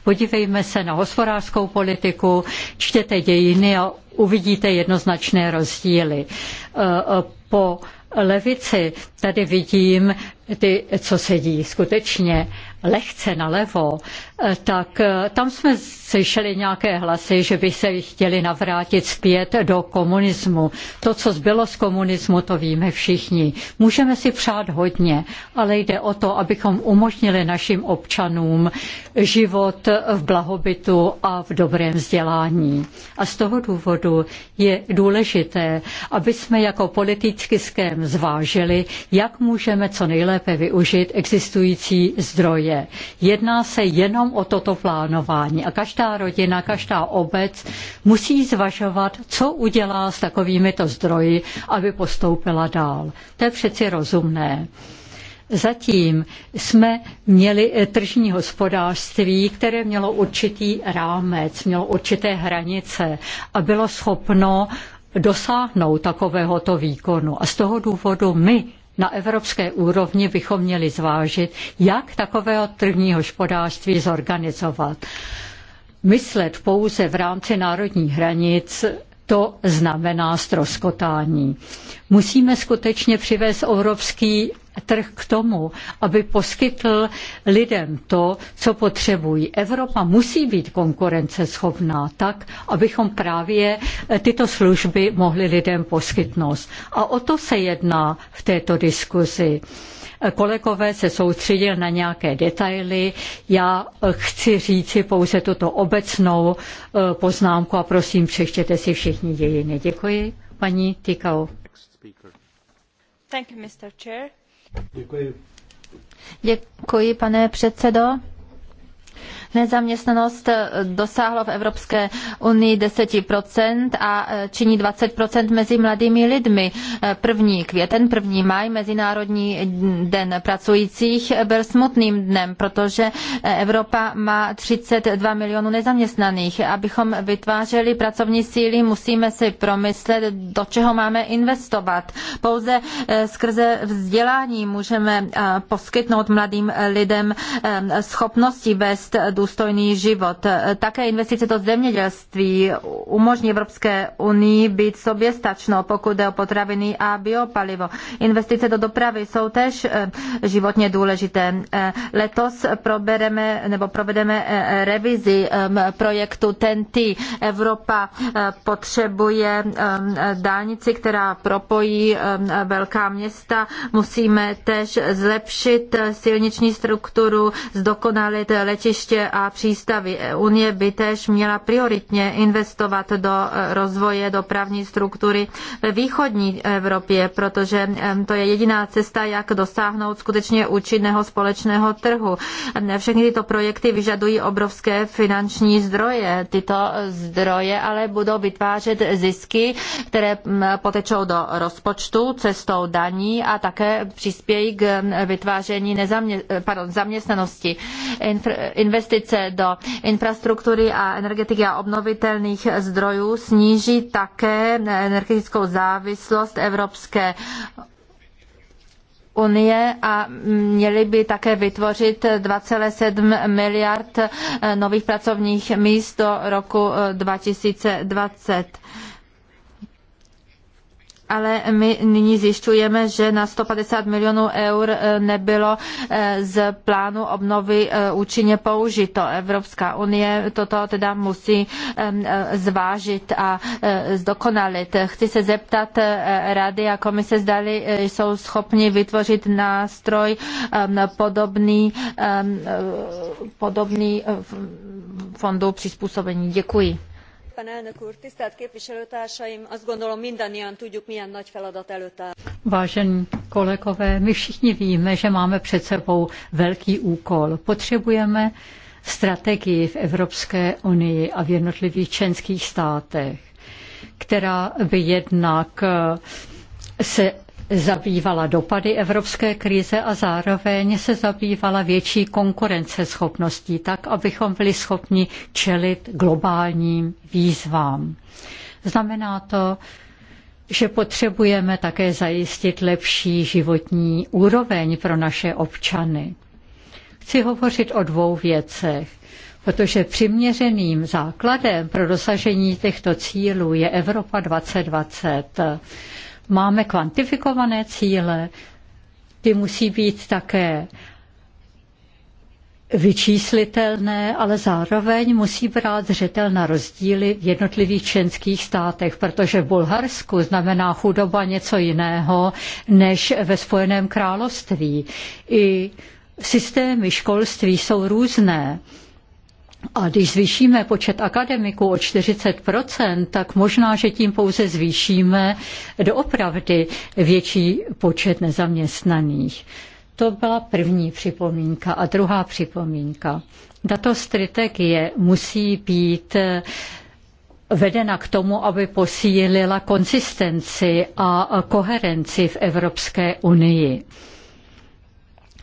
podívejme se na hospodářskou politiku, čtěte dějiny a uvidíte jednoznačné rozdíly. Po levici tady vidím ty, co sedí skutečně lehce nalevo, eh, tak eh, tam jsme slyšeli nějaké hlasy, že by se chtěli navrátit zpět do komunismu. To, co zbylo z komunismu, to víme všichni. Můžeme si přát hodně, ale jde o to, abychom umožnili našim občanům život v blahobytu a v dobrém vzdělání. A z toho důvodu je důležité, aby jsme jako politicky zvážili, jak můžeme co nejlépe nejlépe využít existující zdroje. Jedná se jenom o toto plánování a každá rodina, každá obec musí zvažovat, co udělá s takovýmito zdroji, aby postoupila dál. To je přeci rozumné. Zatím jsme měli eh, tržní hospodářství, které mělo určitý rámec, mělo určité hranice a bylo schopno dosáhnout takovéhoto výkonu. A z toho důvodu my na evropské úrovni bychom měli zvážit, jak takového trvního hospodářství zorganizovat. Myslet pouze v rámci národních hranic to znamená stroskotání. Musíme skutečně přivést evropský trh k tomu, aby poskytl lidem to, co potřebují. Evropa musí být konkurenceschopná tak, abychom právě eh, tyto služby mohli lidem poskytnout. A o to se jedná v této diskuzi. Kolegové se soustředili na nějaké detaily. Já eh, chci říci pouze tuto obecnou eh, poznámku a prosím, přečtěte si všichni dějiny. Děkuji, paní Tikau. Děkuji. Děkuji, pane předsedo. Nezaměstnanost eh, dosáhla v Evropské unii 10% a eh, činí 20% mezi mladými lidmi. Eh, první květen, první maj, Mezinárodní den pracujících, byl smutným dnem, protože Evropa má 32 milionů nezaměstnaných. Abychom vytvářeli pracovní síly, musíme si promyslet, do čeho máme investovat. Pouze skrze vzdělání můžeme poskytnout mladým lidem schopnosti vést důležitosti důstojný život. Také investice do zemědělství umožní Evropské unii být soběstačnou, pokud jde o potraviny a biopalivo. Investice do dopravy jsou též eh, životně důležité. Eh, letos probereme nebo provedeme eh, revizi ehm, projektu TNT. Evropa potřebuje ehm, dálnici, která propojí ehm, velká města. Musíme též zlepšit silniční strukturu, zdokonalit letiště a přístavy. Unie by též měla prioritně investovat do rozvoje dopravní struktury ve východní Evropě, protože to je jediná cesta, jak dosáhnout skutečně účinného společného trhu. Všechny tyto projekty vyžadují obrovské finanční zdroje. Tyto zdroje ale budou vytvářet zisky, které potečou do rozpočtu cestou daní a také přispějí k vytváření nezamě, pardon, zaměstnanosti. Investi investice do infrastruktury a energetiky a obnovitelných zdrojů sníží také energetickou závislost Evropské unie a měli by také vytvořit 2,7 miliard nových pracovních míst do roku 2020 ale my nyní zjišťujeme, že na 150 milionů eur eh, nebylo eh, z plánu obnovy eh, účinně použito. Evropská unie toto teda musí zvážit a zdokonalit. Chci se zeptat rady a komise, zdali jsou schopni vytvořit nástroj podobný, podobný fondu přizpůsobení. Děkuji tisztelt képviselőtársaim! azt gondolom mindannyian tudjuk milyen nagy feladat előtt áll. vážení kolegové my všichni víme že máme před sebou velký úkol. potřebujeme strategii v evropské unii a v jednotlivých členských státech která by jednak se zabývala dopady evropské krize a zároveň se zabývala větší konkurenceschopností, tak abychom byli schopni čelit globálním výzvám. Znamená to, že potřebujeme také zajistit lepší životní úroveň pro naše občany. Chci hovořit o dvou věcech protože přiměřeným základem pro dosažení těchto cílů je Evropa 2020. Máme kvantifikované cíle, ty musí být také vyčíslitelné, ale zároveň musí brát zřetel na rozdíly v jednotlivých členských státech, protože v Bulharsku znamená chudoba něco jiného než ve Spojeném království. I systémy školství jsou různé. A když zvýšíme počet akademiků o 40%, tak možná, že tím pouze zvýšíme doopravdy větší počet nezaměstnaných. To byla první připomínka. A druhá připomínka. Tato strategie musí být eh, vedena k tomu, aby posílila konsistenci a koherenci v Evropské unii.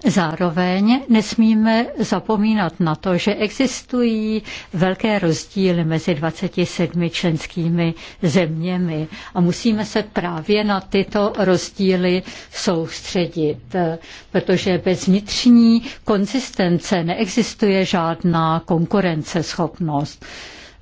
Zároveň nesmíme zapomínat na to, že existují velké rozdíly mezi 27 členskými zeměmi a musíme se právě na tyto rozdíly soustředit, protože bez vnitřní konzistence neexistuje žádná konkurenceschopnost.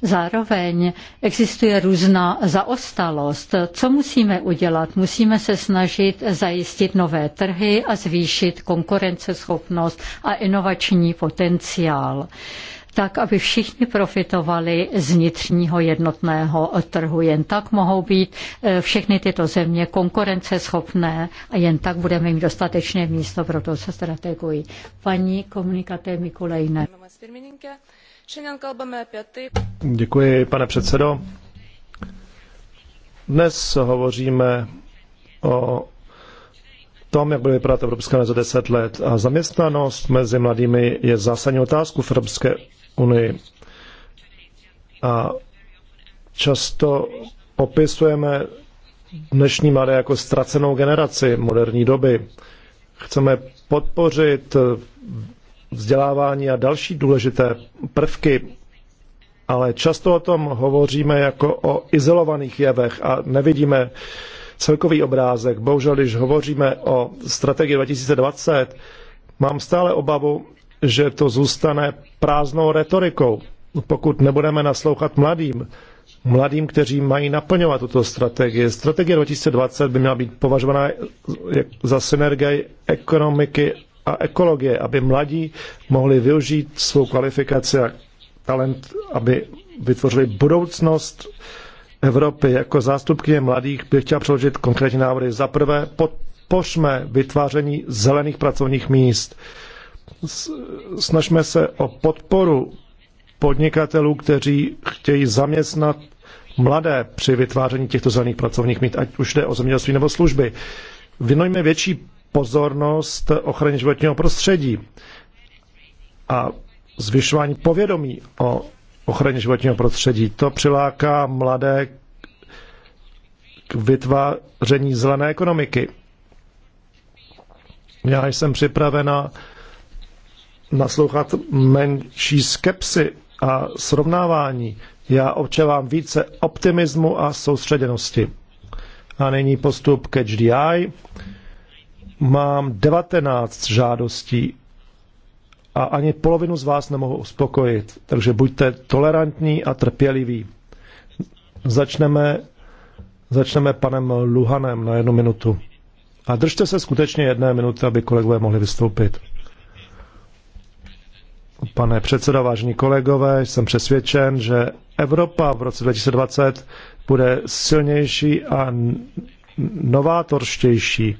Zároveň existuje různá zaostalost. Co musíme udělat? Musíme se snažit zajistit nové trhy a zvýšit konkurenceschopnost a inovační potenciál tak, aby všichni profitovali z vnitřního jednotného trhu. Jen tak mohou být eh, všechny tyto země konkurenceschopné a jen tak budeme mít dostatečné místo pro to strategii. Paní komunikaté Mikulejne. Děkuji, pane předsedo. Dnes hovoříme o tom, jak bude vypadat Evropská unie za deset let. A zaměstnanost mezi mladými je zásadní otázku v Evropské unii. A často popisujeme dnešní mladé jako ztracenou generaci moderní doby. Chceme podpořit vzdělávání a další důležité prvky, ale často o tom hovoříme jako o izolovaných jevech a nevidíme celkový obrázek. Bohužel, když hovoříme o strategii 2020, mám stále obavu, že to zůstane prázdnou retorikou, pokud nebudeme naslouchat mladým, mladým, kteří mají naplňovat tuto strategii. Strategie 2020 by měla být považovaná za synergii ekonomiky a ekologie, aby mladí mohli využít svou kvalifikaci a talent, aby vytvořili budoucnost Evropy. Jako zástupkyně mladých bych chtěla předložit konkrétní návrhy. Za prvé, podpořme vytváření zelených pracovních míst. Snažme se o podporu podnikatelů, kteří chtějí zaměstnat mladé při vytváření těchto zelených pracovních míst, ať už jde o zemědělství nebo služby. Vynojme větší pozornost ochraně životního prostředí a zvyšování povědomí o ochraně životního prostředí. To přiláká mladé k vytváření zelené ekonomiky. Já jsem připravena naslouchat menší skepsy a srovnávání. Já občevám více optimismu a soustředěnosti. A nyní postup ke HDI. Mám 19 žádostí a ani polovinu z vás nemohu uspokojit, takže buďte tolerantní a trpěliví. Začneme, začneme panem Luhanem na jednu minutu. A držte se skutečně jedné minuty, aby kolegové mohli vystoupit. Pane předsedo, vážení kolegové, jsem přesvědčen, že Evropa v roce 2020 bude silnější a novátorštější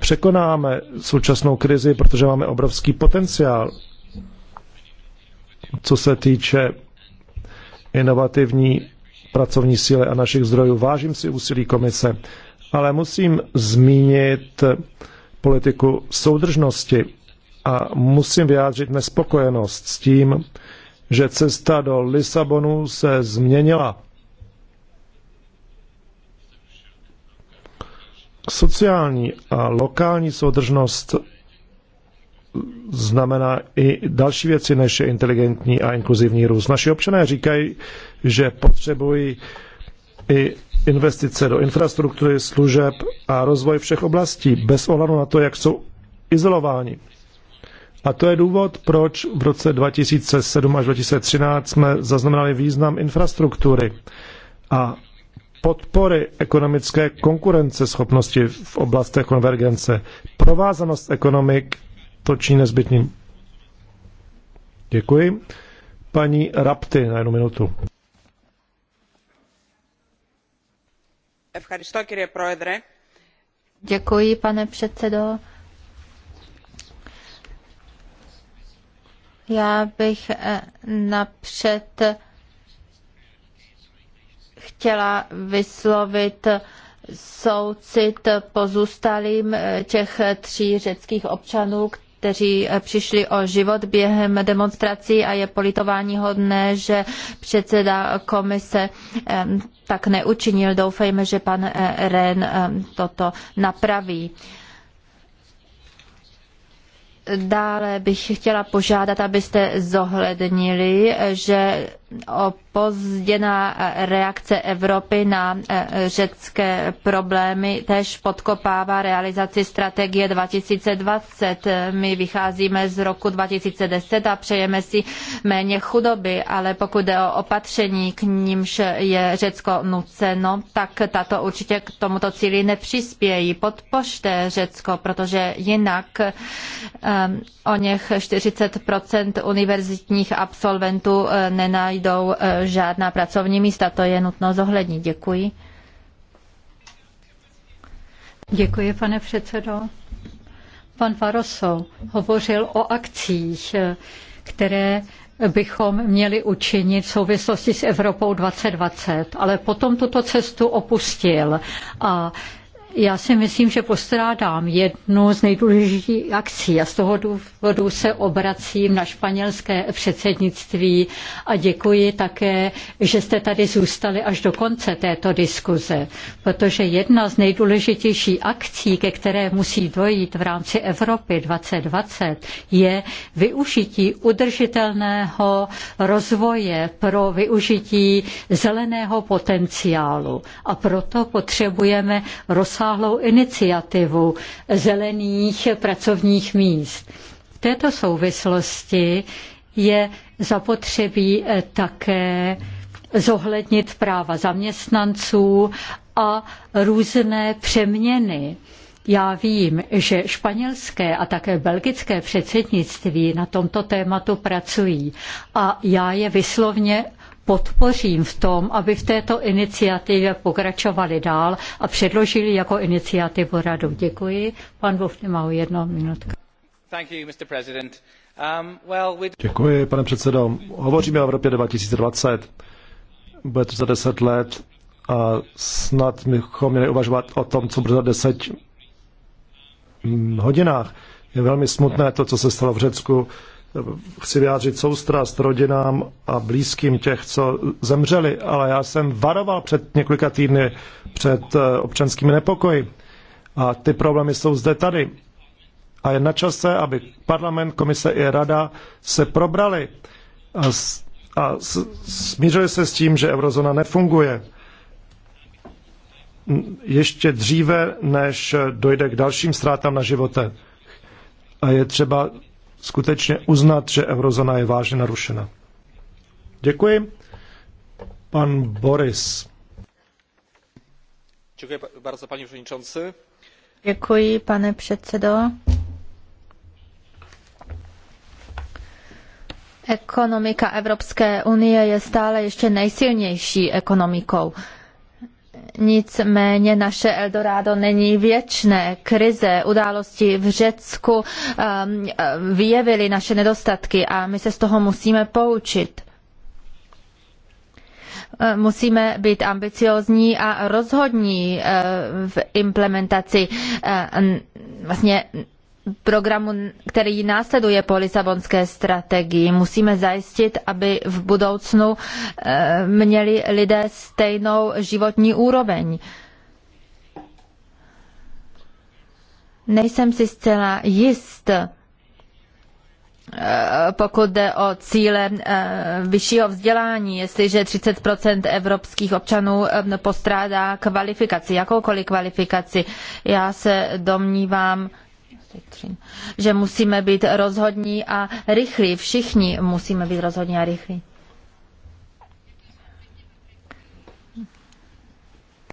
překonáme současnou krizi, protože máme obrovský potenciál, co se týče inovativní pracovní síly a našich zdrojů. Vážím si úsilí komise, ale musím zmínit politiku soudržnosti a musím vyjádřit nespokojenost s tím, že cesta do Lisabonu se změnila Sociální a lokální soudržnost znamená i další věci, než je inteligentní a inkluzivní růst. Naši občané říkají, že potřebují i investice do infrastruktury, služeb a rozvoj všech oblastí, bez ohledu na to, jak jsou izolováni. A to je důvod, proč v roce 2007 až 2013 jsme zaznamenali význam infrastruktury a podpory ekonomické konkurenceschopnosti v oblastech konvergence. Provázanost ekonomik točí nezbytným. Děkuji. Paní Rapty na jednu minutu. Děkuji, pane předsedo. Já bych eh, napřed chtěla vyslovit soucit pozůstalým těch tří řeckých občanů, kteří přišli o život během demonstrací a je politování hodné, že předseda komise tak neučinil. Doufejme, že pan eh, Ren toto napraví. Dále bych chtěla požádat, abyste zohlednili, že opozděná reakce Evropy na eh, řecké problémy též podkopává realizaci strategie 2020. My vycházíme z roku 2010 a přejeme si méně chudoby, ale pokud jde o opatření, k nímž je Řecko nuceno, tak tato určitě k tomuto cíli nepřispějí. Podpořte Řecko, protože jinak um, o něch 40 univerzitních absolventů eh, nenajde nenajdou e, žádná pracovní místa. To je nutno zohlednit. Děkuji. Děkuji, pane předsedo. Pan Varoso hovořil o akcích, e, které bychom měli učinit v souvislosti s Evropou 2020, ale potom tuto cestu opustil a já si myslím, že postrádám jednu z nejdůležitějších akcí a z toho důvodu se obracím na španělské předsednictví a děkuji také, že jste tady zůstali až do konce této diskuze, protože jedna z nejdůležitějších akcí, ke které musí dojít v rámci Evropy 2020, je využití udržitelného rozvoje pro využití zeleného potenciálu. A proto potřebujeme rozsahovat rozsáhlou iniciativu zelených pracovních míst. V této souvislosti je zapotřebí eh, také zohlednit práva zaměstnanců a různé přeměny. Já vím, že španělské a také belgické předsednictví na tomto tématu pracují a já je vyslovně podpořím v tom, aby v této iniciativě pokračovali dál a předložili jako iniciativu radu. Děkuji. Pan Wolf nemá jedno minutku. Um, Děkuji, pane předsedo. Hovoříme o Evropě 2020. Bude to za deset let a snad bychom měli uvažovat o tom, co bude za deset hodinách. Je velmi smutné to, co se stalo v Řecku chci vyjádřit soustrast rodinám a blízkým těch, co zemřeli, ale já jsem varoval před několika týdny před eh, občanskými nepokoji. A ty problémy jsou zde tady. A je na čase, aby parlament, komise i rada se probrali a, a smířili se s tím, že eurozona nefunguje. Ještě dříve, než dojde k dalším ztrátám na životě. A je třeba skutečně uznat, že eurozona je vážně narušena. Děkuji. Pan Boris. Děkuji bardzo, paní Děkuji, pane předsedo. Ekonomika Evropské unie je stále ještě nejsilnější ekonomikou Nicméně naše Eldorado není věčné. Krize, události v Řecku um, um, vyjevily naše nedostatky a my se z toho musíme poučit uh, musíme být ambiciózní a rozhodní uh, v implementaci uh, vlastně programu, který následuje po Lisabonské strategii. Musíme zajistit, aby v budoucnu eh, měli lidé stejnou životní úroveň. Nejsem si zcela jist, eh, pokud jde o cíle eh, vyššího vzdělání, jestliže 30 evropských občanů postrádá kvalifikaci, jakoukoliv kvalifikaci. Já se domnívám, že musíme být rozhodní a rychlí. Všichni musíme být rozhodní a rychlí.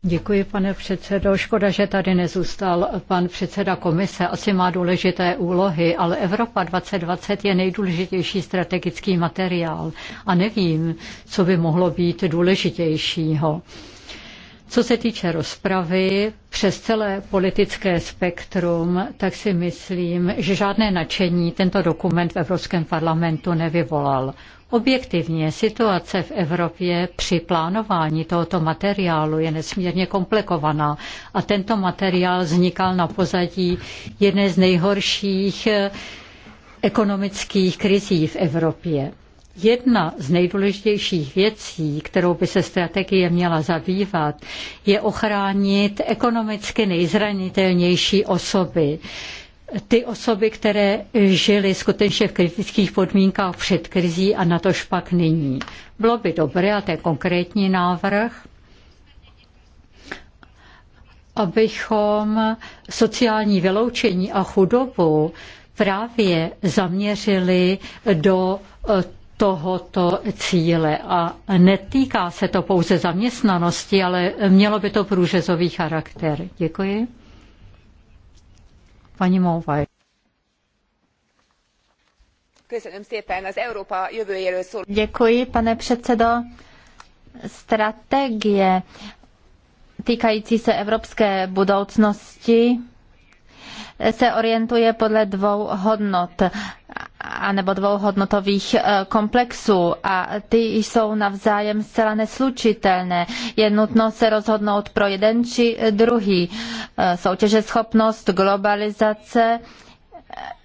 Děkuji, pane předsedo. Škoda, že tady nezůstal pan předseda komise. Asi má důležité úlohy, ale Evropa 2020 je nejdůležitější strategický materiál a nevím, co by mohlo být důležitějšího. Co se týče rozpravy přes celé politické spektrum, tak si myslím, že žádné nadšení tento dokument v Evropském parlamentu nevyvolal. Objektivně situace v Evropě při plánování tohoto materiálu je nesmírně komplikovaná a tento materiál vznikal na pozadí jedné z nejhorších eh, ekonomických krizí v Evropě. Jedna z nejdůležitějších věcí, kterou by se strategie měla zabývat, je ochránit ekonomicky nejzranitelnější osoby ty osoby, které žily skutečně v kritických podmínkách před krizí a na to špak nyní. Bylo by dobré, a to je konkrétní návrh, abychom sociální vyloučení a chudobu právě zaměřili do eh, tohoto cíle. A netýká se to pouze zaměstnanosti, ale mělo by to průřezový charakter. Děkuji. Paní Mouvaj. Děkuji, pane předsedo. Strategie týkající se evropské budoucnosti se orientuje podle dvou hodnot anebo dvouhodnotových eh, komplexů a ty jsou navzájem zcela neslučitelné. Je nutno se rozhodnout pro jeden či druhý. Eh, soutěžeschopnost, globalizace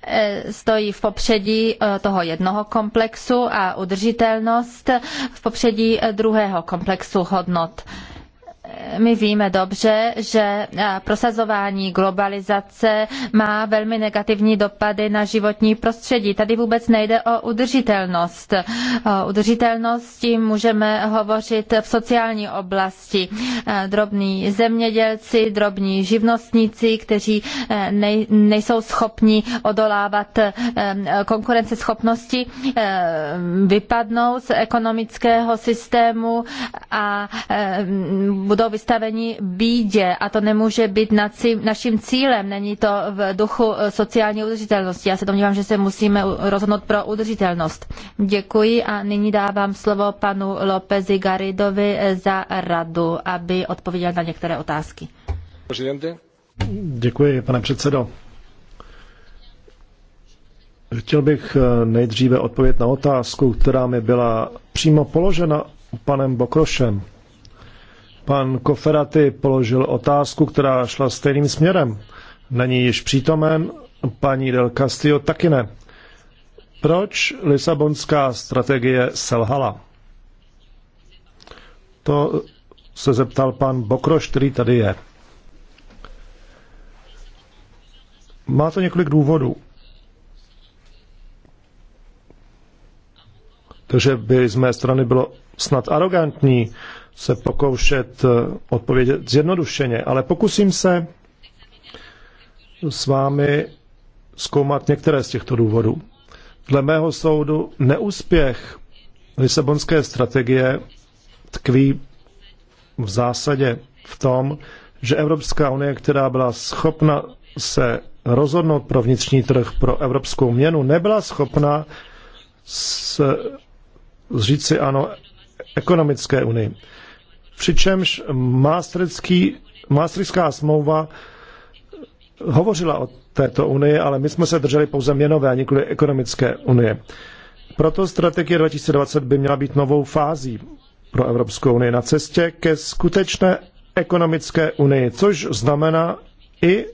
eh, stojí v popředí toho jednoho komplexu a udržitelnost v popředí druhého komplexu hodnot my víme dobře, že eh, prosazování globalizace má velmi negativní dopady na životní prostředí. Tady vůbec nejde o udržitelnost. O udržitelnosti můžeme hovořit v sociální oblasti. Eh, drobní zemědělci, drobní živnostníci, kteří eh, nejsou schopni odolávat konkurenceschopnosti, vypadnou z ekonomického systému a budou budou vystaveni bídě a to nemůže být naším cílem, není to v duchu eh, sociální udržitelnosti. Já se domnívám, že se musíme rozhodnout pro udržitelnost. Děkuji a nyní dávám slovo panu Lópezi Garidovi eh, za radu, aby odpověděl na některé otázky. Děkuji, pane předsedo. Chtěl bych eh, nejdříve odpovědět na otázku, která mi byla přímo položena panem Bokrošem. Pan Koferaty položil otázku, která šla stejným směrem. Není již přítomen, paní Del Castillo taky ne. Proč Lisabonská strategie selhala? To se zeptal pan Bokroš, který tady je. Má to několik důvodů. Takže by z mé strany bylo snad arrogantní se pokoušet eh, odpovědět zjednodušeně, ale pokusím se s vámi zkoumat některé z těchto důvodů. Dle mého soudu neúspěch Lisabonské strategie tkví v zásadě v tom, že Evropská unie, která byla schopna se rozhodnout pro vnitřní trh, pro evropskou měnu, nebyla schopna s, říct si ano ekonomické unii přičemž Maastrichtská smlouva hovořila o této unii, ale my jsme se drželi pouze měnové a nikoli ekonomické unie. Proto strategie 2020 by měla být novou fází pro Evropskou unii na cestě ke skutečné ekonomické unii, což znamená i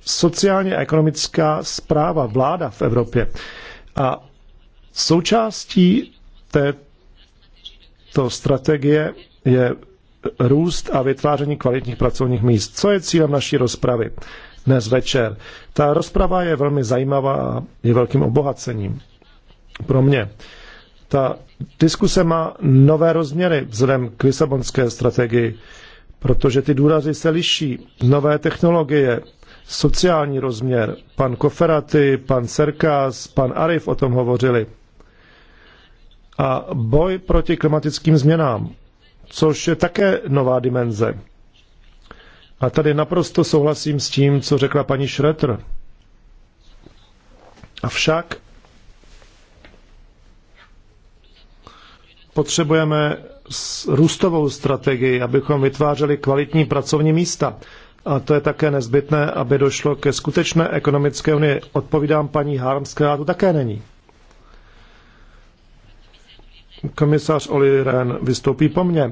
sociálně a ekonomická zpráva, vláda v Evropě. A součástí této strategie je růst a vytváření kvalitních pracovních míst, co je cílem naší rozpravy dnes večer. Ta rozprava je velmi zajímavá a je velkým obohacením pro mě. Ta diskuse má nové rozměry vzhledem k Lisabonské strategii, protože ty důrazy se liší. Nové technologie, sociální rozměr, pan Koferaty, pan Serkas, pan Arif o tom hovořili. A boj proti klimatickým změnám, což je také nová dimenze. A tady naprosto souhlasím s tím, co řekla paní Schroeter. Avšak potřebujeme růstovou strategii, abychom vytvářeli kvalitní pracovní místa. A to je také nezbytné, aby došlo ke skutečné ekonomické unii. Odpovídám paní Harms, která také není. Komisař Oli Ren vystoupí po mně.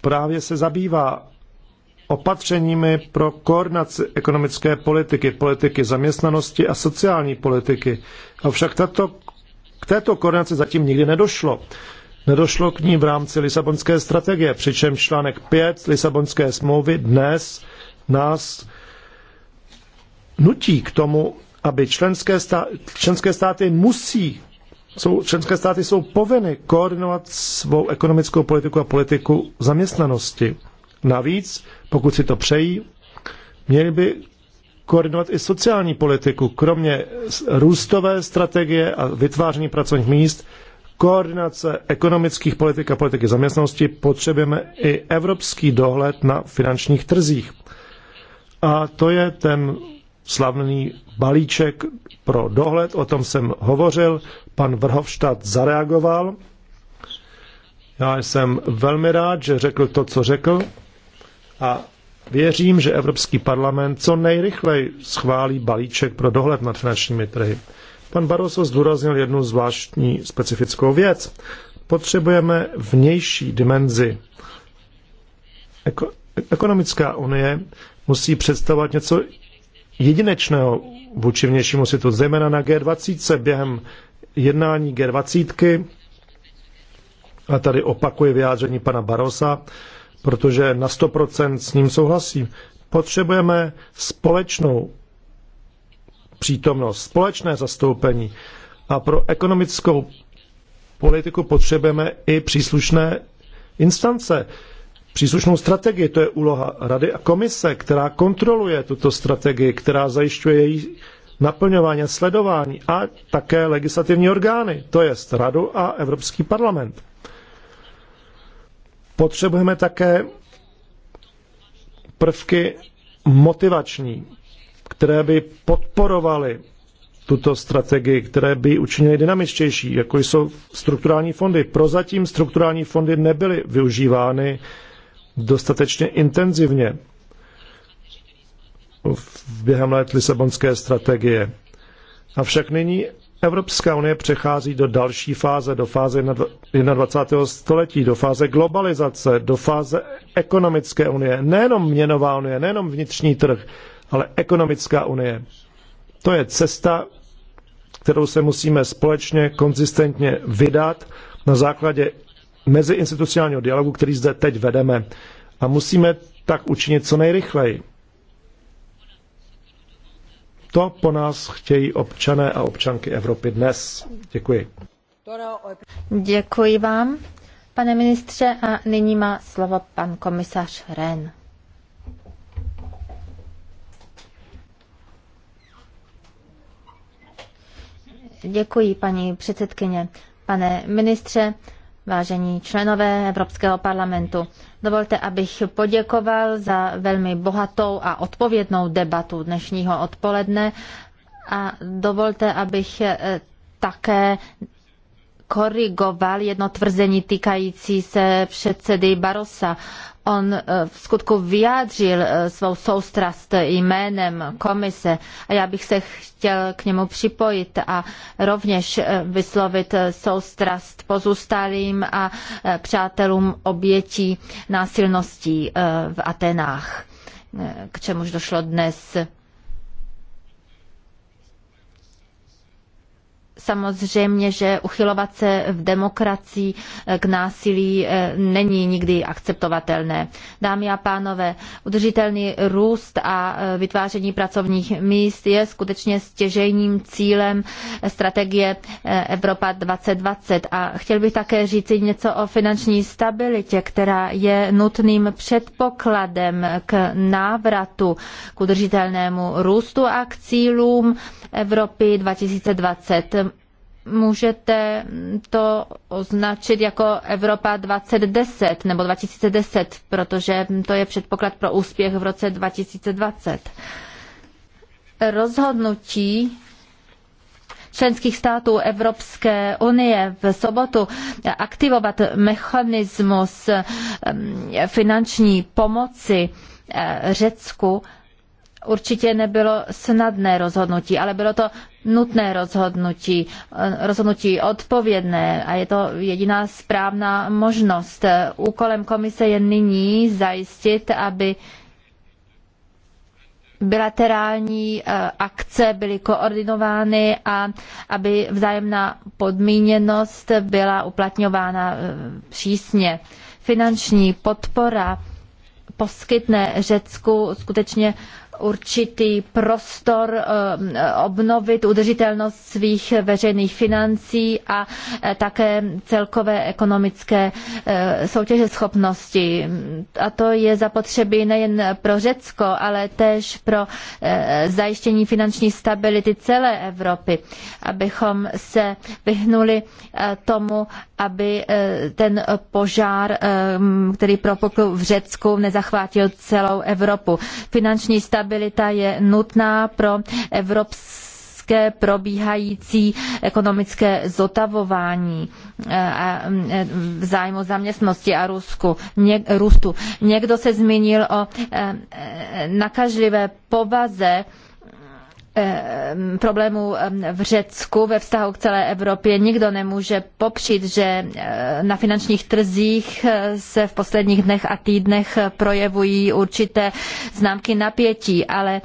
Právě se zabývá opatřeními pro koordinaci ekonomické politiky, politiky zaměstnanosti a sociální politiky. Avšak tato, k této koordinaci zatím nikdy nedošlo. Nedošlo k ní v rámci Lisabonské strategie, přičemž článek 5 Lisabonské smlouvy dnes nás nutí k tomu, aby členské, stá, členské státy musí jsou, členské státy jsou povinny koordinovat svou ekonomickou politiku a politiku zaměstnanosti. Navíc, pokud si to přejí, měli by koordinovat i sociální politiku, kromě růstové strategie a vytváření pracovních míst, koordinace ekonomických politik a politiky zaměstnanosti potřebujeme i evropský dohled na finančních trzích. A to je ten slavný balíček pro dohled, o tom jsem hovořil, pan Vrhovštát zareagoval. Já jsem velmi rád, že řekl to, co řekl a věřím, že Evropský parlament co nejrychleji schválí balíček pro dohled nad finančními trhy. Pan Barroso zdůraznil jednu zvláštní specifickou věc. Potřebujeme vnější dimenzi. Eko, ekonomická unie musí představovat něco jedinečného vůči vnějšímu světu, zejména na G20 během jednání G20. A tady opakuje vyjádření pana Barosa, protože na 100% s ním souhlasím. Potřebujeme společnou přítomnost, společné zastoupení. A pro ekonomickou politiku potřebujeme i příslušné instance, příslušnou strategii. To je úloha Rady a komise, která kontroluje tuto strategii, která zajišťuje její naplňování a sledování a také legislativní orgány, to je Radu a Evropský parlament. Potřebujeme také prvky motivační, které by podporovaly tuto strategii, které by ji učinily dynamičtější, jako jsou strukturální fondy. Prozatím strukturální fondy nebyly využívány dostatečně intenzivně v během let Lisabonské strategie. Avšak nyní Evropská unie přechází do další fáze, do fáze 21. století, do fáze globalizace, do fáze ekonomické unie. Nejenom měnová unie, nejenom vnitřní trh, ale ekonomická unie. To je cesta, kterou se musíme společně, konzistentně vydat na základě meziinstitucionálního dialogu, který zde teď vedeme. A musíme tak učinit co nejrychleji. To po nás chtějí občané a občanky Evropy dnes. Děkuji. Děkuji vám, pane ministře, a nyní má slovo pan komisař Ren. Děkuji, paní předsedkyně, pane ministře, vážení členové Evropského parlamentu. Dovolte, abych poděkoval za velmi bohatou a odpovědnou debatu dnešního odpoledne a dovolte, abych eh, také korigoval jedno tvrzení týkající se předsedy Barosa. On eh, v skutku vyjádřil eh, svou soustrast jménem komise a já bych se chtěl k němu připojit a rovněž eh, vyslovit soustrast pozůstalým a přátelům obětí násilností v Atenách, k čemuž došlo dnes samozřejmě, že uchylovat se v demokracii eh, k násilí eh, není nikdy akceptovatelné. Dámy a pánové, udržitelný růst a eh, vytváření pracovních míst je skutečně stěžejním cílem strategie Evropa 2020. A chtěl bych také říci něco o finanční stabilitě, která je nutným předpokladem k návratu k udržitelnému růstu a k cílům Evropy 2020 můžete to označit jako Evropa 2010 nebo 2010, protože to je předpoklad pro úspěch v roce 2020. Rozhodnutí členských států Evropské unie v sobotu aktivovat mechanismus finanční pomoci eh, Řecku určitě nebylo snadné rozhodnutí, ale bylo to nutné rozhodnutí, rozhodnutí odpovědné a je to jediná správná možnost. Úkolem komise je nyní zajistit, aby bilaterální e, akce byly koordinovány a aby vzájemná podmíněnost byla uplatňována e, přísně. Finanční podpora poskytne Řecku skutečně určitý prostor eh, obnovit udržitelnost svých veřejných financí a eh, také celkové ekonomické eh, soutěžeschopnosti. A to je zapotřebí nejen pro Řecko, ale též pro zajištění finanční stability celé Evropy, abychom se vyhnuli tomu, aby ten požár, který propukl v Řecku, nezachvátil celou Evropu. Finanční stabilita stabilita je nutná pro evropské probíhající ekonomické zotavování eh, a eh, v zájmu zaměstnosti a Rusku, ně, růstu. Někdo se zmínil o eh, nakažlivé povaze Eh, problémů eh, v Řecku ve vztahu k celé Evropě. Nikdo nemůže popřít, že eh, na finančních trzích se v posledních dnech a týdnech projevují určité známky napětí, ale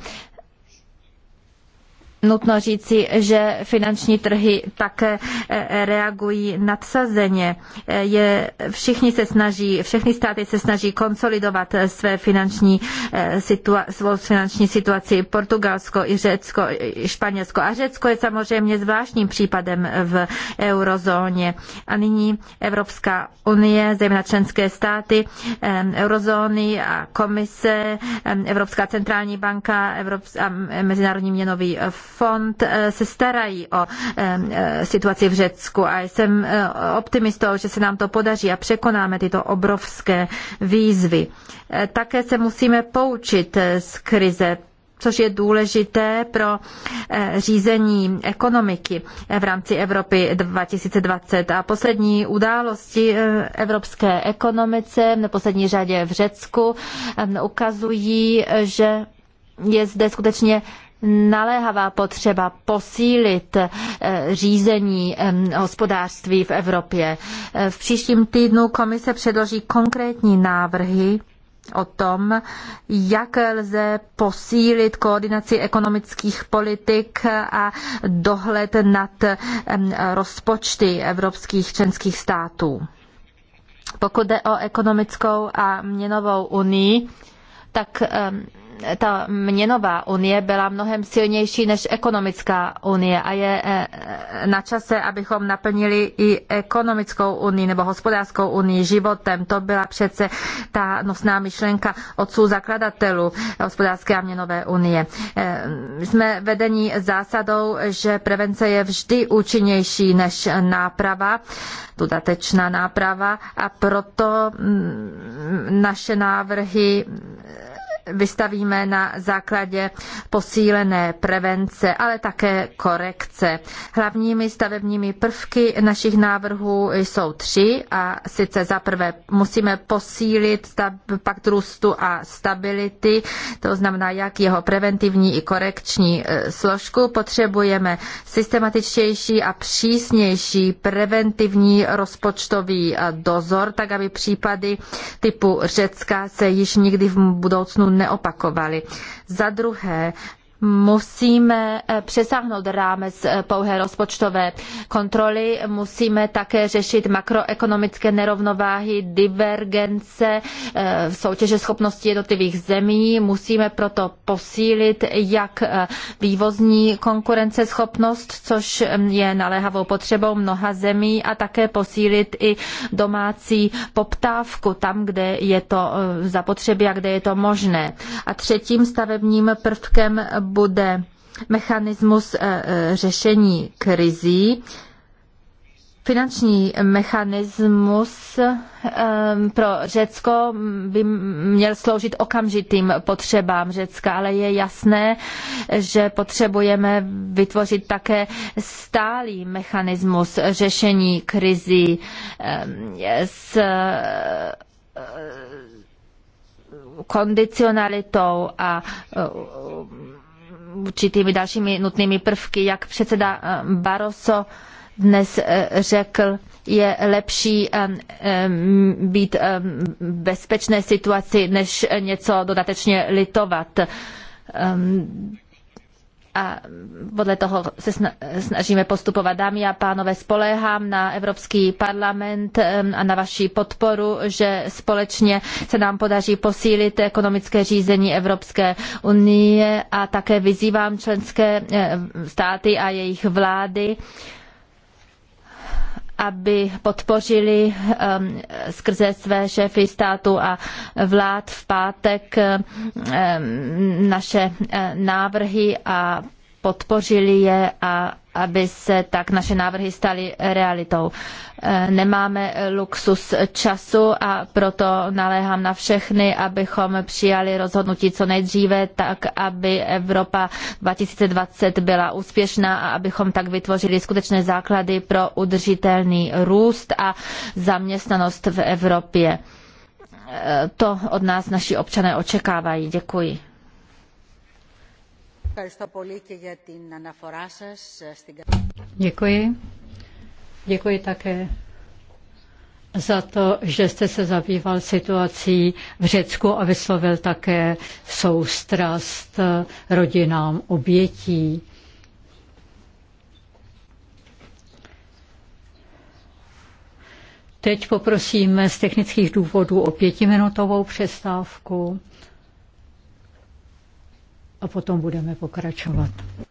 Nutno říci, že finanční trhy také eh, reagují nadsazeně. Eh, je, všichni se snaží, všechny státy se snaží konsolidovat eh, své finanční, situa, svou finanční situaci. Portugalsko i Řecko, i Španělsko. A Řecko je samozřejmě zvláštním případem v eurozóně. A nyní Evropská unie, zejména členské státy, eurozóny a komise, Evropská centrální banka, Evropská, Mezinárodní měnový fond fond eh, se starají o eh, eh, situaci v Řecku a jsem optimistou, že se nám to podaří a překonáme tyto obrovské výzvy. Také se musíme poučit z krize což je důležité pro řízení ekonomiky v rámci Evropy 2020. A poslední události evropské ekonomice, v neposlední řadě v Řecku, ukazují, že je zde skutečně naléhavá potřeba posílit eh, řízení hospodářství v Evropě. Eh, v příštím týdnu komise předloží konkrétní návrhy o tom, jak lze posílit koordinaci ekonomických politik a dohled nad rozpočty evropských členských států. Pokud jde o ekonomickou a měnovou unii, tak ta měnová unie byla mnohem silnější než ekonomická unie a je eh, na čase, abychom naplnili i ekonomickou unii nebo hospodářskou unii životem. To byla přece ta nosná myšlenka otců zakladatelů hospodářské a měnové unie. Eh, jsme vedení zásadou, že prevence je vždy účinnější než náprava, dodatečná náprava a proto mm, naše návrhy vystavíme na základě posílené prevence, ale také korekce. Hlavními stavebními prvky našich návrhů jsou tři a sice za prvé musíme posílit pakt růstu a stability, to znamená jak jeho preventivní i korekční e, složku. Potřebujeme systematičtější a přísnější preventivní rozpočtový e, dozor, tak aby případy typu Řecka se již nikdy v budoucnu neopakovaly. Za druhé, musíme eh, přesáhnout rámec eh, pouhé rozpočtové kontroly, musíme také řešit makroekonomické nerovnováhy, divergence, eh, soutěže schopnosti jednotlivých zemí, musíme proto posílit jak vývozní konkurenceschopnost, což mm, je naléhavou potřebou mnoha zemí a také posílit i domácí poptávku tam, kde je to zapotřebí a kde je to možné. A třetím stavebním prvkem bude mechanismus eh, eh, řešení krizí, finanční mechanismus ehm, pro Řecko by měl sloužit okamžitým potřebám Řecka, ale je jasné, že potřebujeme vytvořit také stálý mechanismus řešení krizí ehm, s eh, kondicionalitou a určitými dalšími nutnými prvky. Jak předseda eh, Barroso dnes eh, řekl, je lepší eh, být v bezpečné situaci, než něco dodatečně litovat a podle toho se snažíme postupovat. Dámy a pánové, spoléhám na Evropský parlament a na vaši podporu, že společně se nám podaří posílit ekonomické řízení Evropské unie a také vyzývám členské eh, státy a jejich vlády, aby podpořili um, skrze své šéfy státu a vlád v pátek um, naše eh, návrhy a podpořili je a aby se tak naše návrhy staly realitou. E, nemáme luxus času a proto naléhám na všechny, abychom přijali rozhodnutí co nejdříve, tak aby Evropa 2020 byla úspěšná a abychom tak vytvořili skutečné základy pro udržitelný růst a zaměstnanost v Evropě. E, to od nás naši občané očekávají. Děkuji. Děkuji. Děkuji také za to, že jste se zabýval situací v Řecku a vyslovil také soustrast eh, rodinám obětí. Teď poprosíme z technických důvodů o pětiminutovou přestávku a potom budeme pokračovat.